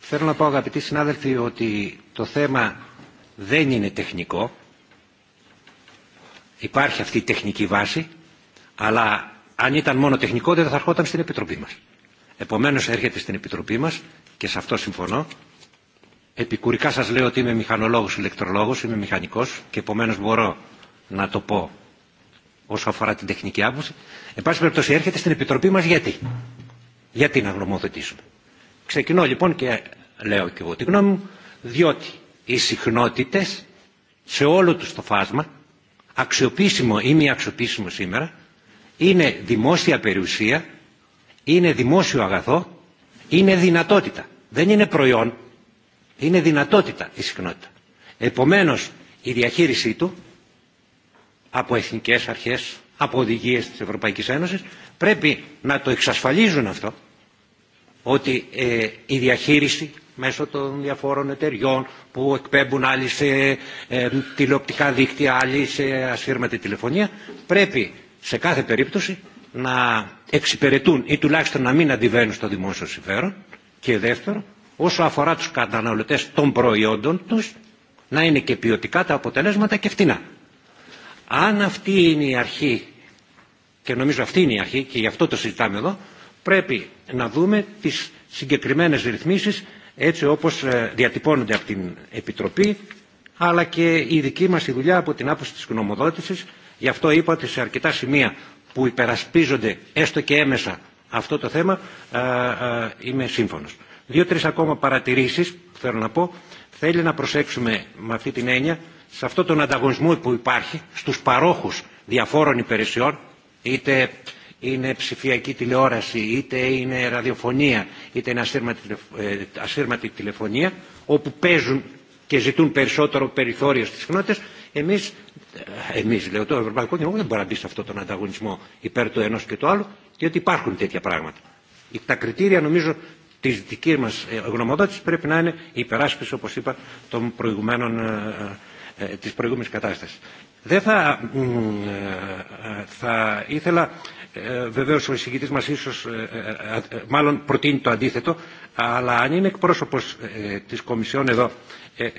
Θέλω να πω αγαπητοί συνάδελφοι ότι το θέμα δεν είναι τεχνικό. Υπάρχει αυτή η τεχνική βάση, αλλά αν ήταν μόνο τεχνικό δεν θα ερχόταν στην Επιτροπή μας. Επομένως έρχεται στην Επιτροπή μας και σε αυτό συμφωνώ Επικουρικά σας λέω ότι είμαι μηχανολόγος, ηλεκτρολόγος, είμαι μηχανικός και επομένως μπορώ να το πω όσο αφορά την τεχνική άποψη. Εν πάση περιπτώσει έρχεται στην Επιτροπή μας γιατί. Γιατί να γνωμοθετήσουμε. Ξεκινώ λοιπόν και λέω και εγώ τη γνώμη μου, διότι οι συχνότητες σε όλο τους το φάσμα, αξιοποιήσιμο ή μη αξιοποιήσιμο σήμερα, είναι δημόσια περιουσία, είναι δημόσιο αγαθό, είναι δυνατότητα. Δεν είναι προϊόν, είναι δυνατότητα η συχνότητα. Επομένως, η διαχείρισή του από εθνικές αρχές, από οδηγίες της Ευρωπαϊκής Ένωσης πρέπει να το εξασφαλίζουν αυτό ότι ε, η διαχείριση μέσω των διαφόρων εταιριών που εκπέμπουν άλλοι σε ε, τηλεοπτικά δίκτυα, άλλοι σε ασύρματη τηλεφωνία, πρέπει σε κάθε περίπτωση να εξυπηρετούν ή τουλάχιστον να μην αντιβαίνουν στο δημόσιο συμφέρον και δεύτερο όσο αφορά τους καταναλωτές των προϊόντων τους, να είναι και ποιοτικά τα αποτελέσματα και φτηνά. Αν αυτή είναι η αρχή, και νομίζω αυτή είναι η αρχή και γι' αυτό το συζητάμε εδώ, πρέπει να δούμε τις συγκεκριμένες ρυθμίσεις έτσι όπως ε, διατυπώνονται από την Επιτροπή, αλλά και η δική μας η δουλειά από την άποψη της γνωμοδότησης. Γι' αυτό είπα ότι σε αρκετά σημεία που υπερασπίζονται έστω και έμεσα αυτό το θέμα, ε, ε, είμαι σύμφωνος δυο τρει ακόμα παρατηρήσει που θέλω να πω. Θέλει να προσέξουμε με αυτή την έννοια σε αυτόν τον ανταγωνισμό που υπάρχει στου παρόχου διαφόρων υπηρεσιών, είτε είναι ψηφιακή τηλεόραση, είτε είναι ραδιοφωνία, είτε είναι ασύρματη ε, τηλεφωνία, όπου παίζουν και ζητούν περισσότερο περιθώριο στις συχνότητες, εμείς, ε, εμείς λέω το Ευρωπαϊκό Κοινοβούλιο δεν μπορεί να μπει σε αυτόν τον ανταγωνισμό υπέρ του ενός και του άλλου, διότι υπάρχουν τέτοια πράγματα. Τα κριτήρια νομίζω της δικής μας ε, γνωμοδότησης πρέπει να είναι η υπεράσπιση, όπως είπα, των προηγουμένων, ε, ε, της προηγούμενης κατάστασης. Δεν θα, θα ήθελα, βεβαίως ο εισηγητής μας ίσως, μάλλον προτείνει το αντίθετο, αλλά αν είναι εκπρόσωπος της Κομισιόν εδώ,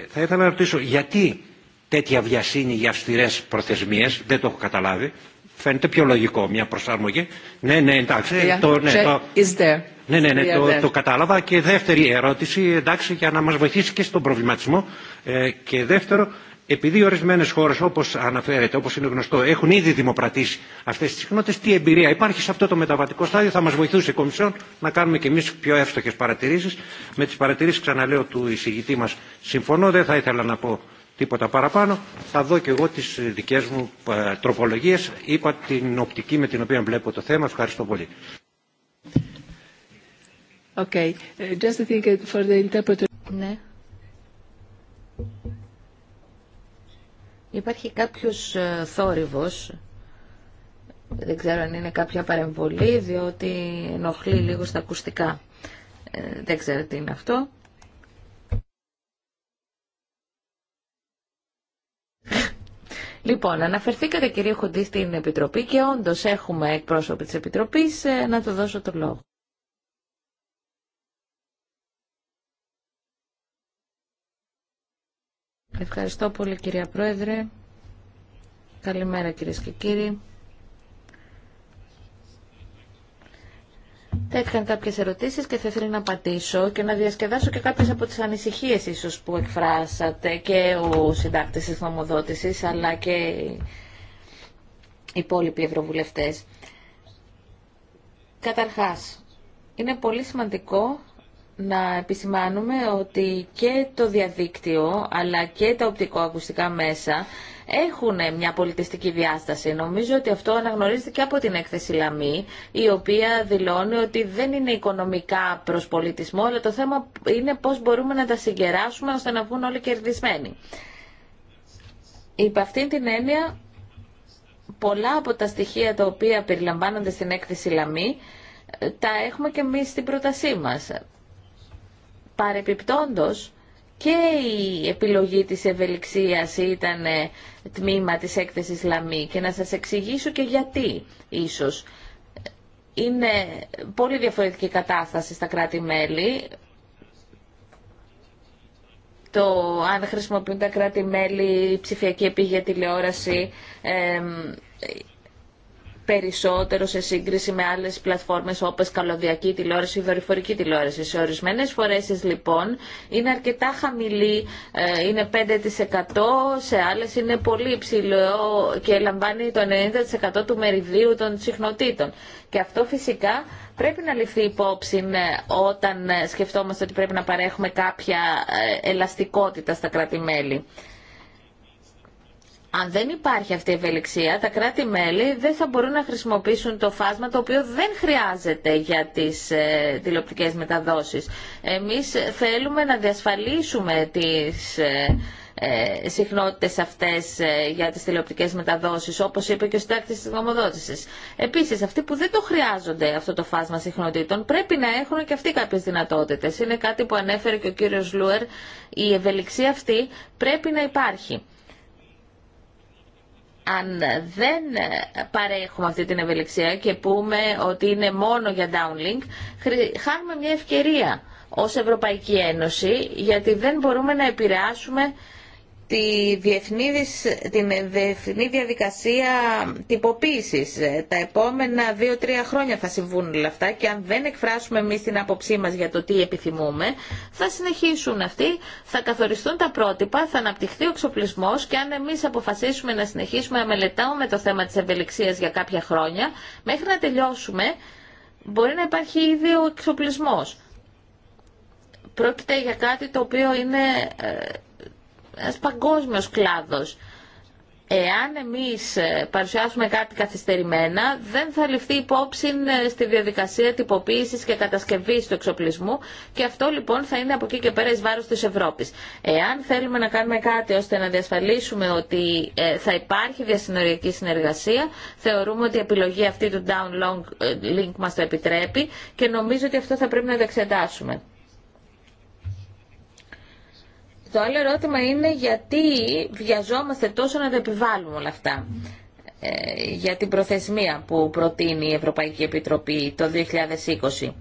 θα ήθελα να ρωτήσω γιατί τέτοια βιασύνη για αυστηρές προθεσμίες, δεν το έχω καταλάβει, Φαίνεται πιο λογικό μια προσαρμογή. Ναι, ναι, εντάξει. Το, ναι, το... Ναι, ναι, ναι, το, το κατάλαβα. Και δεύτερη ερώτηση, εντάξει, για να μας βοηθήσει και στον προβληματισμό. Ε, και δεύτερο, επειδή ορισμένε χώρε, όπω αναφέρεται, όπω είναι γνωστό, έχουν ήδη δημοπρατήσει αυτέ τι συχνότητε, τι εμπειρία υπάρχει σε αυτό το μεταβατικό στάδιο, θα μα βοηθούσε η Κομισιόν να κάνουμε και εμεί πιο εύστοχε παρατηρήσει. Με τι παρατηρήσει, ξαναλέω, του εισηγητή μα συμφωνώ, δεν θα ήθελα να πω τίποτα παραπάνω. Θα δω και εγώ τις δικές μου ε, τροπολογίες. Είπα την οπτική με την οποία βλέπω το θέμα. Ευχαριστώ πολύ.
Okay. Uh, just think for the interpreter... Ναι.
Υπάρχει κάποιος ε, θόρυβος. Δεν ξέρω αν είναι κάποια παρεμβολή, διότι ενοχλεί λίγο στα ακουστικά. Ε, δεν ξέρω τι είναι αυτό. Λοιπόν, αναφερθήκατε κύριε Χοντή στην Επιτροπή και όντως έχουμε εκπρόσωποι της Επιτροπής ε, να το δώσω το λόγο. Ευχαριστώ πολύ κυρία Πρόεδρε. Καλημέρα κυρίες και κύριοι. Έτυχαν κάποιες ερωτήσεις και θα ήθελα να απαντήσω και να διασκεδάσω και κάποιες από τις ανησυχίες ίσως που εκφράσατε και ο συντάκτης της νομοδότησης αλλά και οι υπόλοιποι ευρωβουλευτές. Καταρχάς, είναι πολύ σημαντικό να επισημάνουμε ότι και το διαδίκτυο αλλά και τα οπτικοακουστικά μέσα έχουν μια πολιτιστική διάσταση. Νομίζω ότι αυτό αναγνωρίζεται και από την έκθεση Λαμή, η οποία δηλώνει ότι δεν είναι οικονομικά προ πολιτισμό, αλλά το θέμα είναι πώς μπορούμε να τα συγκεράσουμε ώστε να βγουν όλοι κερδισμένοι. Υπ' αυτήν την έννοια, πολλά από τα στοιχεία τα οποία περιλαμβάνονται στην έκθεση Λαμή, ε, τα έχουμε και εμείς στην πρότασή μας. Παρεπιπτόντος, και η επιλογή της ευελιξίας ήταν ε, τμήμα της έκθεσης Λαμή και να σας εξηγήσω και γιατί ίσως. Είναι πολύ διαφορετική κατάσταση στα κράτη-μέλη. Το αν χρησιμοποιούν τα κράτη-μέλη ψηφιακή επίγεια τηλεόραση, ε, περισσότερο σε σύγκριση με άλλες πλατφόρμες όπως καλωδιακή τηλεόραση ή δορυφορική τηλεόραση. Σε ορισμένες φορές λοιπόν είναι αρκετά χαμηλή, ε, είναι 5% σε άλλες είναι πολύ υψηλό και λαμβάνει το 90% του μεριδίου των συχνοτήτων. Και αυτό φυσικά πρέπει να ληφθεί υπόψη ε, όταν ε, σκεφτόμαστε ότι πρέπει να παρέχουμε κάποια ελαστικότητα στα κράτη-μέλη. Αν δεν υπάρχει αυτή η ευελιξία, τα κράτη-μέλη δεν θα μπορούν να χρησιμοποιήσουν το φάσμα το οποίο δεν χρειάζεται για τις ε, τηλεοπτικές μεταδόσεις. Εμείς θέλουμε να διασφαλίσουμε τις ε, ε, συχνότητες αυτές ε, για τις τηλεοπτικές μεταδόσεις, όπως είπε και ο στέκτης της νομοδότησης. Επίσης, αυτοί που δεν το χρειάζονται αυτό το φάσμα συχνοτήτων, πρέπει να έχουν και αυτοί κάποιες δυνατότητες. Είναι κάτι που ανέφερε και ο κύριος Λούερ, η ευελιξία αυτή πρέπει να υπάρχει αν δεν παρέχουμε αυτή την ευελιξία και πούμε ότι είναι μόνο για downlink, χάνουμε μια ευκαιρία ως Ευρωπαϊκή Ένωση, γιατί δεν μπορούμε να επηρεάσουμε τη διεθνή, την διεθνή διαδικασία τυποποίηση. Ε, τα επόμενα δύο-τρία χρόνια θα συμβούν όλα αυτά και αν δεν εκφράσουμε εμεί την άποψή μα για το τι επιθυμούμε, θα συνεχίσουν αυτοί, θα καθοριστούν τα πρότυπα, θα αναπτυχθεί ο εξοπλισμό. και αν εμείς αποφασίσουμε να συνεχίσουμε να μελετάμε το θέμα τη ευελιξίας για κάποια χρόνια, μέχρι να τελειώσουμε μπορεί να υπάρχει ήδη ο εξοπλισμό. Πρόκειται για κάτι το οποίο είναι ε, ένας παγκόσμιος κλάδος. Εάν εμείς ε, παρουσιάσουμε κάτι καθυστερημένα, δεν θα ληφθεί υπόψη ε, στη διαδικασία τυποποίησης και κατασκευής του εξοπλισμού και αυτό λοιπόν θα είναι από εκεί και πέρα εις βάρος της Ευρώπης. Εάν θέλουμε να κάνουμε κάτι ώστε να διασφαλίσουμε ότι ε, θα υπάρχει διασυνοριακή συνεργασία, θεωρούμε ότι η επιλογή αυτή του link μας το επιτρέπει και νομίζω ότι αυτό θα πρέπει να το εξετάσουμε. Το άλλο ερώτημα είναι γιατί βιαζόμαστε τόσο να τα επιβάλλουμε όλα αυτά ε, για την προθεσμία που προτείνει η Ευρωπαϊκή Επιτροπή το 2020.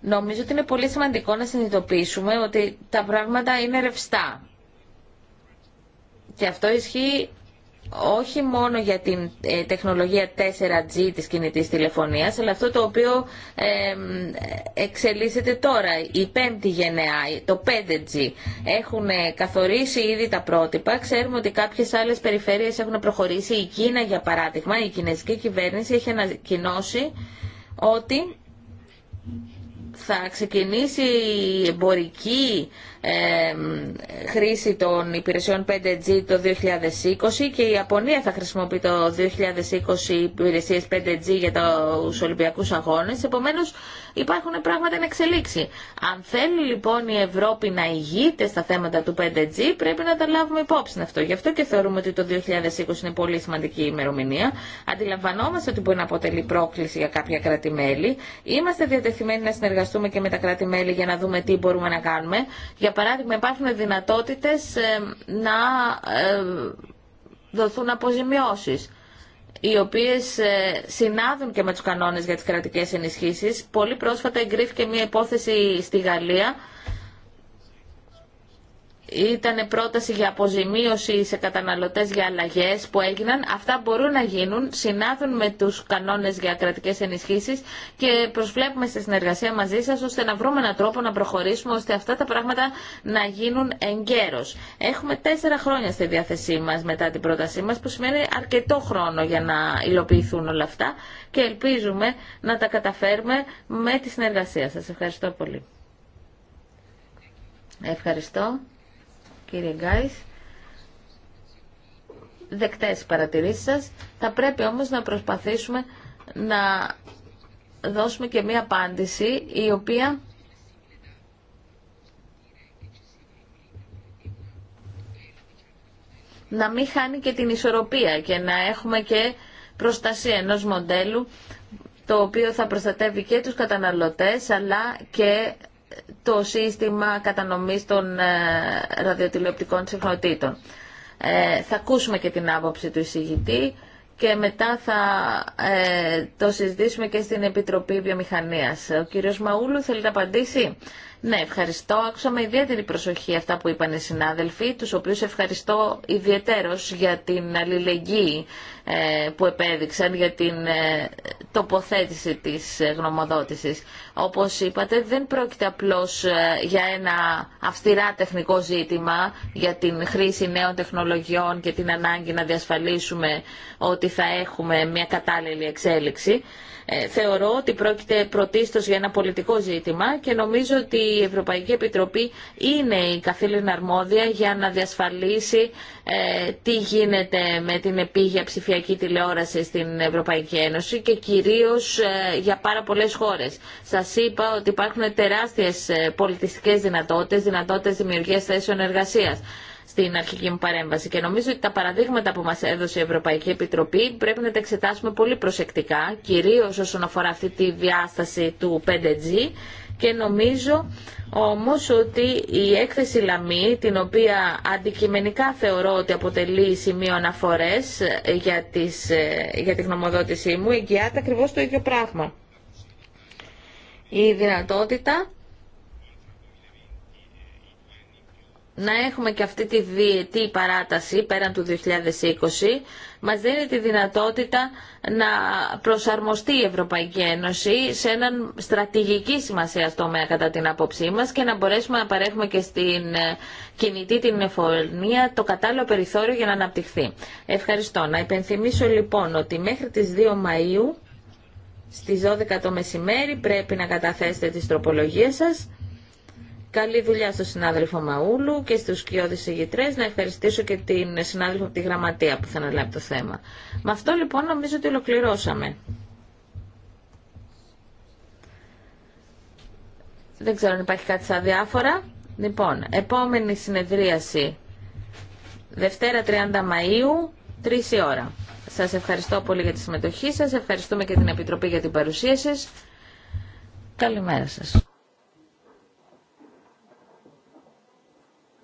Νομίζω ότι είναι πολύ σημαντικό να συνειδητοποιήσουμε ότι τα πράγματα είναι ρευστά. Και αυτό ισχύει όχι μόνο για την ε, τεχνολογία 4G της κινητής τηλεφωνίας, αλλά αυτό το οποίο ε, εξελίσσεται τώρα, η πέμπτη γενεά, το 5G. Έχουν καθορίσει ήδη τα πρότυπα. Ξέρουμε ότι κάποιες άλλες περιφέρειες έχουν προχωρήσει. Η Κίνα, για παράδειγμα, η κινέζικη κυβέρνηση έχει ανακοινώσει ότι θα ξεκινήσει η εμπορική χρήση των υπηρεσιών 5G το 2020 και η Ιαπωνία θα χρησιμοποιεί το 2020 υπηρεσίες 5G για τους Ολυμπιακούς Αγώνες. Επομένως υπάρχουν πράγματα να εξελίξει. Αν θέλει λοιπόν η Ευρώπη να ηγείται στα θέματα του 5G πρέπει να τα λάβουμε υπόψη αυτό. Γι' αυτό και θεωρούμε ότι το 2020 είναι πολύ σημαντική ημερομηνία. Αντιλαμβανόμαστε ότι μπορεί να αποτελεί πρόκληση για κάποια κράτη-μέλη. Είμαστε διατεθειμένοι να συνεργαστούμε και με τα κράτη-μέλη για να δούμε τι μπορούμε να κάνουμε. Για παράδειγμα, υπάρχουν δυνατότητες ε, να ε, δοθούν αποζημιώσεις οι οποίες ε, συνάδουν και με τους κανόνες για τις κρατικές ενισχύσεις. Πολύ πρόσφατα εγκρίθηκε μια υπόθεση στη Γαλλία ήταν πρόταση για αποζημίωση σε καταναλωτές για αλλαγές που έγιναν. Αυτά μπορούν να γίνουν, συνάδουν με τους κανόνες για κρατικές ενισχύσεις και προσβλέπουμε στη συνεργασία μαζί σας ώστε να βρούμε έναν τρόπο να προχωρήσουμε ώστε αυτά τα πράγματα να γίνουν εγκαίρως. Έχουμε τέσσερα χρόνια στη διάθεσή μας μετά την πρότασή μας που σημαίνει αρκετό χρόνο για να υλοποιηθούν όλα αυτά και ελπίζουμε να τα καταφέρουμε με τη συνεργασία σας. Ευχαριστώ πολύ. Ευχαριστώ κύριε Γκάις, δεκτές παρατηρήσεις σας. Θα πρέπει όμως να προσπαθήσουμε να δώσουμε και μία απάντηση η οποία να μην χάνει και την ισορροπία και να έχουμε και προστασία ενός μοντέλου το οποίο θα προστατεύει και τους καταναλωτές αλλά και το σύστημα κατανομής των ε, ραδιοτηλεοπτικών συχνοτήτων. Ε, θα ακούσουμε και την άποψη του εισηγητή και μετά θα ε, το συζητήσουμε και στην Επιτροπή Βιομηχανίας. Ο κύριος Μαούλου θέλει να απαντήσει. Ναι, ευχαριστώ. Άκουσα με ιδιαίτερη προσοχή αυτά που είπαν οι συνάδελφοι, τους οποίους ευχαριστώ ιδιαίτερως για την αλληλεγγύη ε, που επέδειξαν για την ε, τοποθέτηση της ε, γνωμοδότησης. Όπως είπατε, δεν πρόκειται απλώς για ένα αυστηρά τεχνικό ζήτημα για την χρήση νέων τεχνολογιών και την ανάγκη να διασφαλίσουμε ότι θα έχουμε μια κατάλληλη εξέλιξη. Ε, θεωρώ ότι πρόκειται πρωτίστως για ένα πολιτικό ζήτημα και νομίζω ότι η Ευρωπαϊκή Επιτροπή είναι η καθήλυνα αρμόδια για να διασφαλίσει ε, τι γίνεται με την επίγεια ψηφιακή τηλεόραση στην Ευρωπαϊκή Ένωση και κυρίως ε, για πάρα πολλές χώρες. Σας είπα ότι υπάρχουν τεράστιες πολιτιστικές δυνατότητες, δυνατότητες δημιουργίας θέσεων εργασίας στην αρχική μου παρέμβαση. Και νομίζω ότι τα παραδείγματα που μας έδωσε η Ευρωπαϊκή Επιτροπή πρέπει να τα εξετάσουμε πολύ προσεκτικά, κυρίως όσον αφορά αυτή τη διάσταση του 5G και νομίζω όμως ότι η έκθεση Λαμή, την οποία αντικειμενικά θεωρώ ότι αποτελεί σημείο αναφορές για, ε, για τη γνωμοδότησή μου, εγγυάται ακριβώς το ίδιο πράγμα. Η δυνατότητα να έχουμε και αυτή τη διετή παράταση πέραν του 2020 μας δίνει τη δυνατότητα να προσαρμοστεί η Ευρωπαϊκή Ένωση σε έναν στρατηγική σημασία τομέα κατά την απόψή μας και να μπορέσουμε να παρέχουμε και στην ε, κινητή την εφορνία το κατάλληλο περιθώριο για να αναπτυχθεί. Ευχαριστώ. Να υπενθυμίσω λοιπόν ότι μέχρι τις 2 Μαΐου στις 12 το μεσημέρι πρέπει να καταθέσετε τις τροπολογίες σας Καλή δουλειά στον συνάδελφο Μαούλου και στους κοιόδης ηγητρές. Να ευχαριστήσω και την συνάδελφο από τη Γραμματεία που θα αναλάβει το θέμα. Με αυτό λοιπόν νομίζω ότι ολοκληρώσαμε. Δεν ξέρω αν υπάρχει κάτι σαν διάφορα. Λοιπόν, επόμενη συνεδρίαση Δευτέρα 30 Μαΐου, 3 η ώρα. Σας ευχαριστώ πολύ για τη συμμετοχή σας. Ευχαριστούμε και την Επιτροπή για την παρουσία σας. Καλημέρα σας.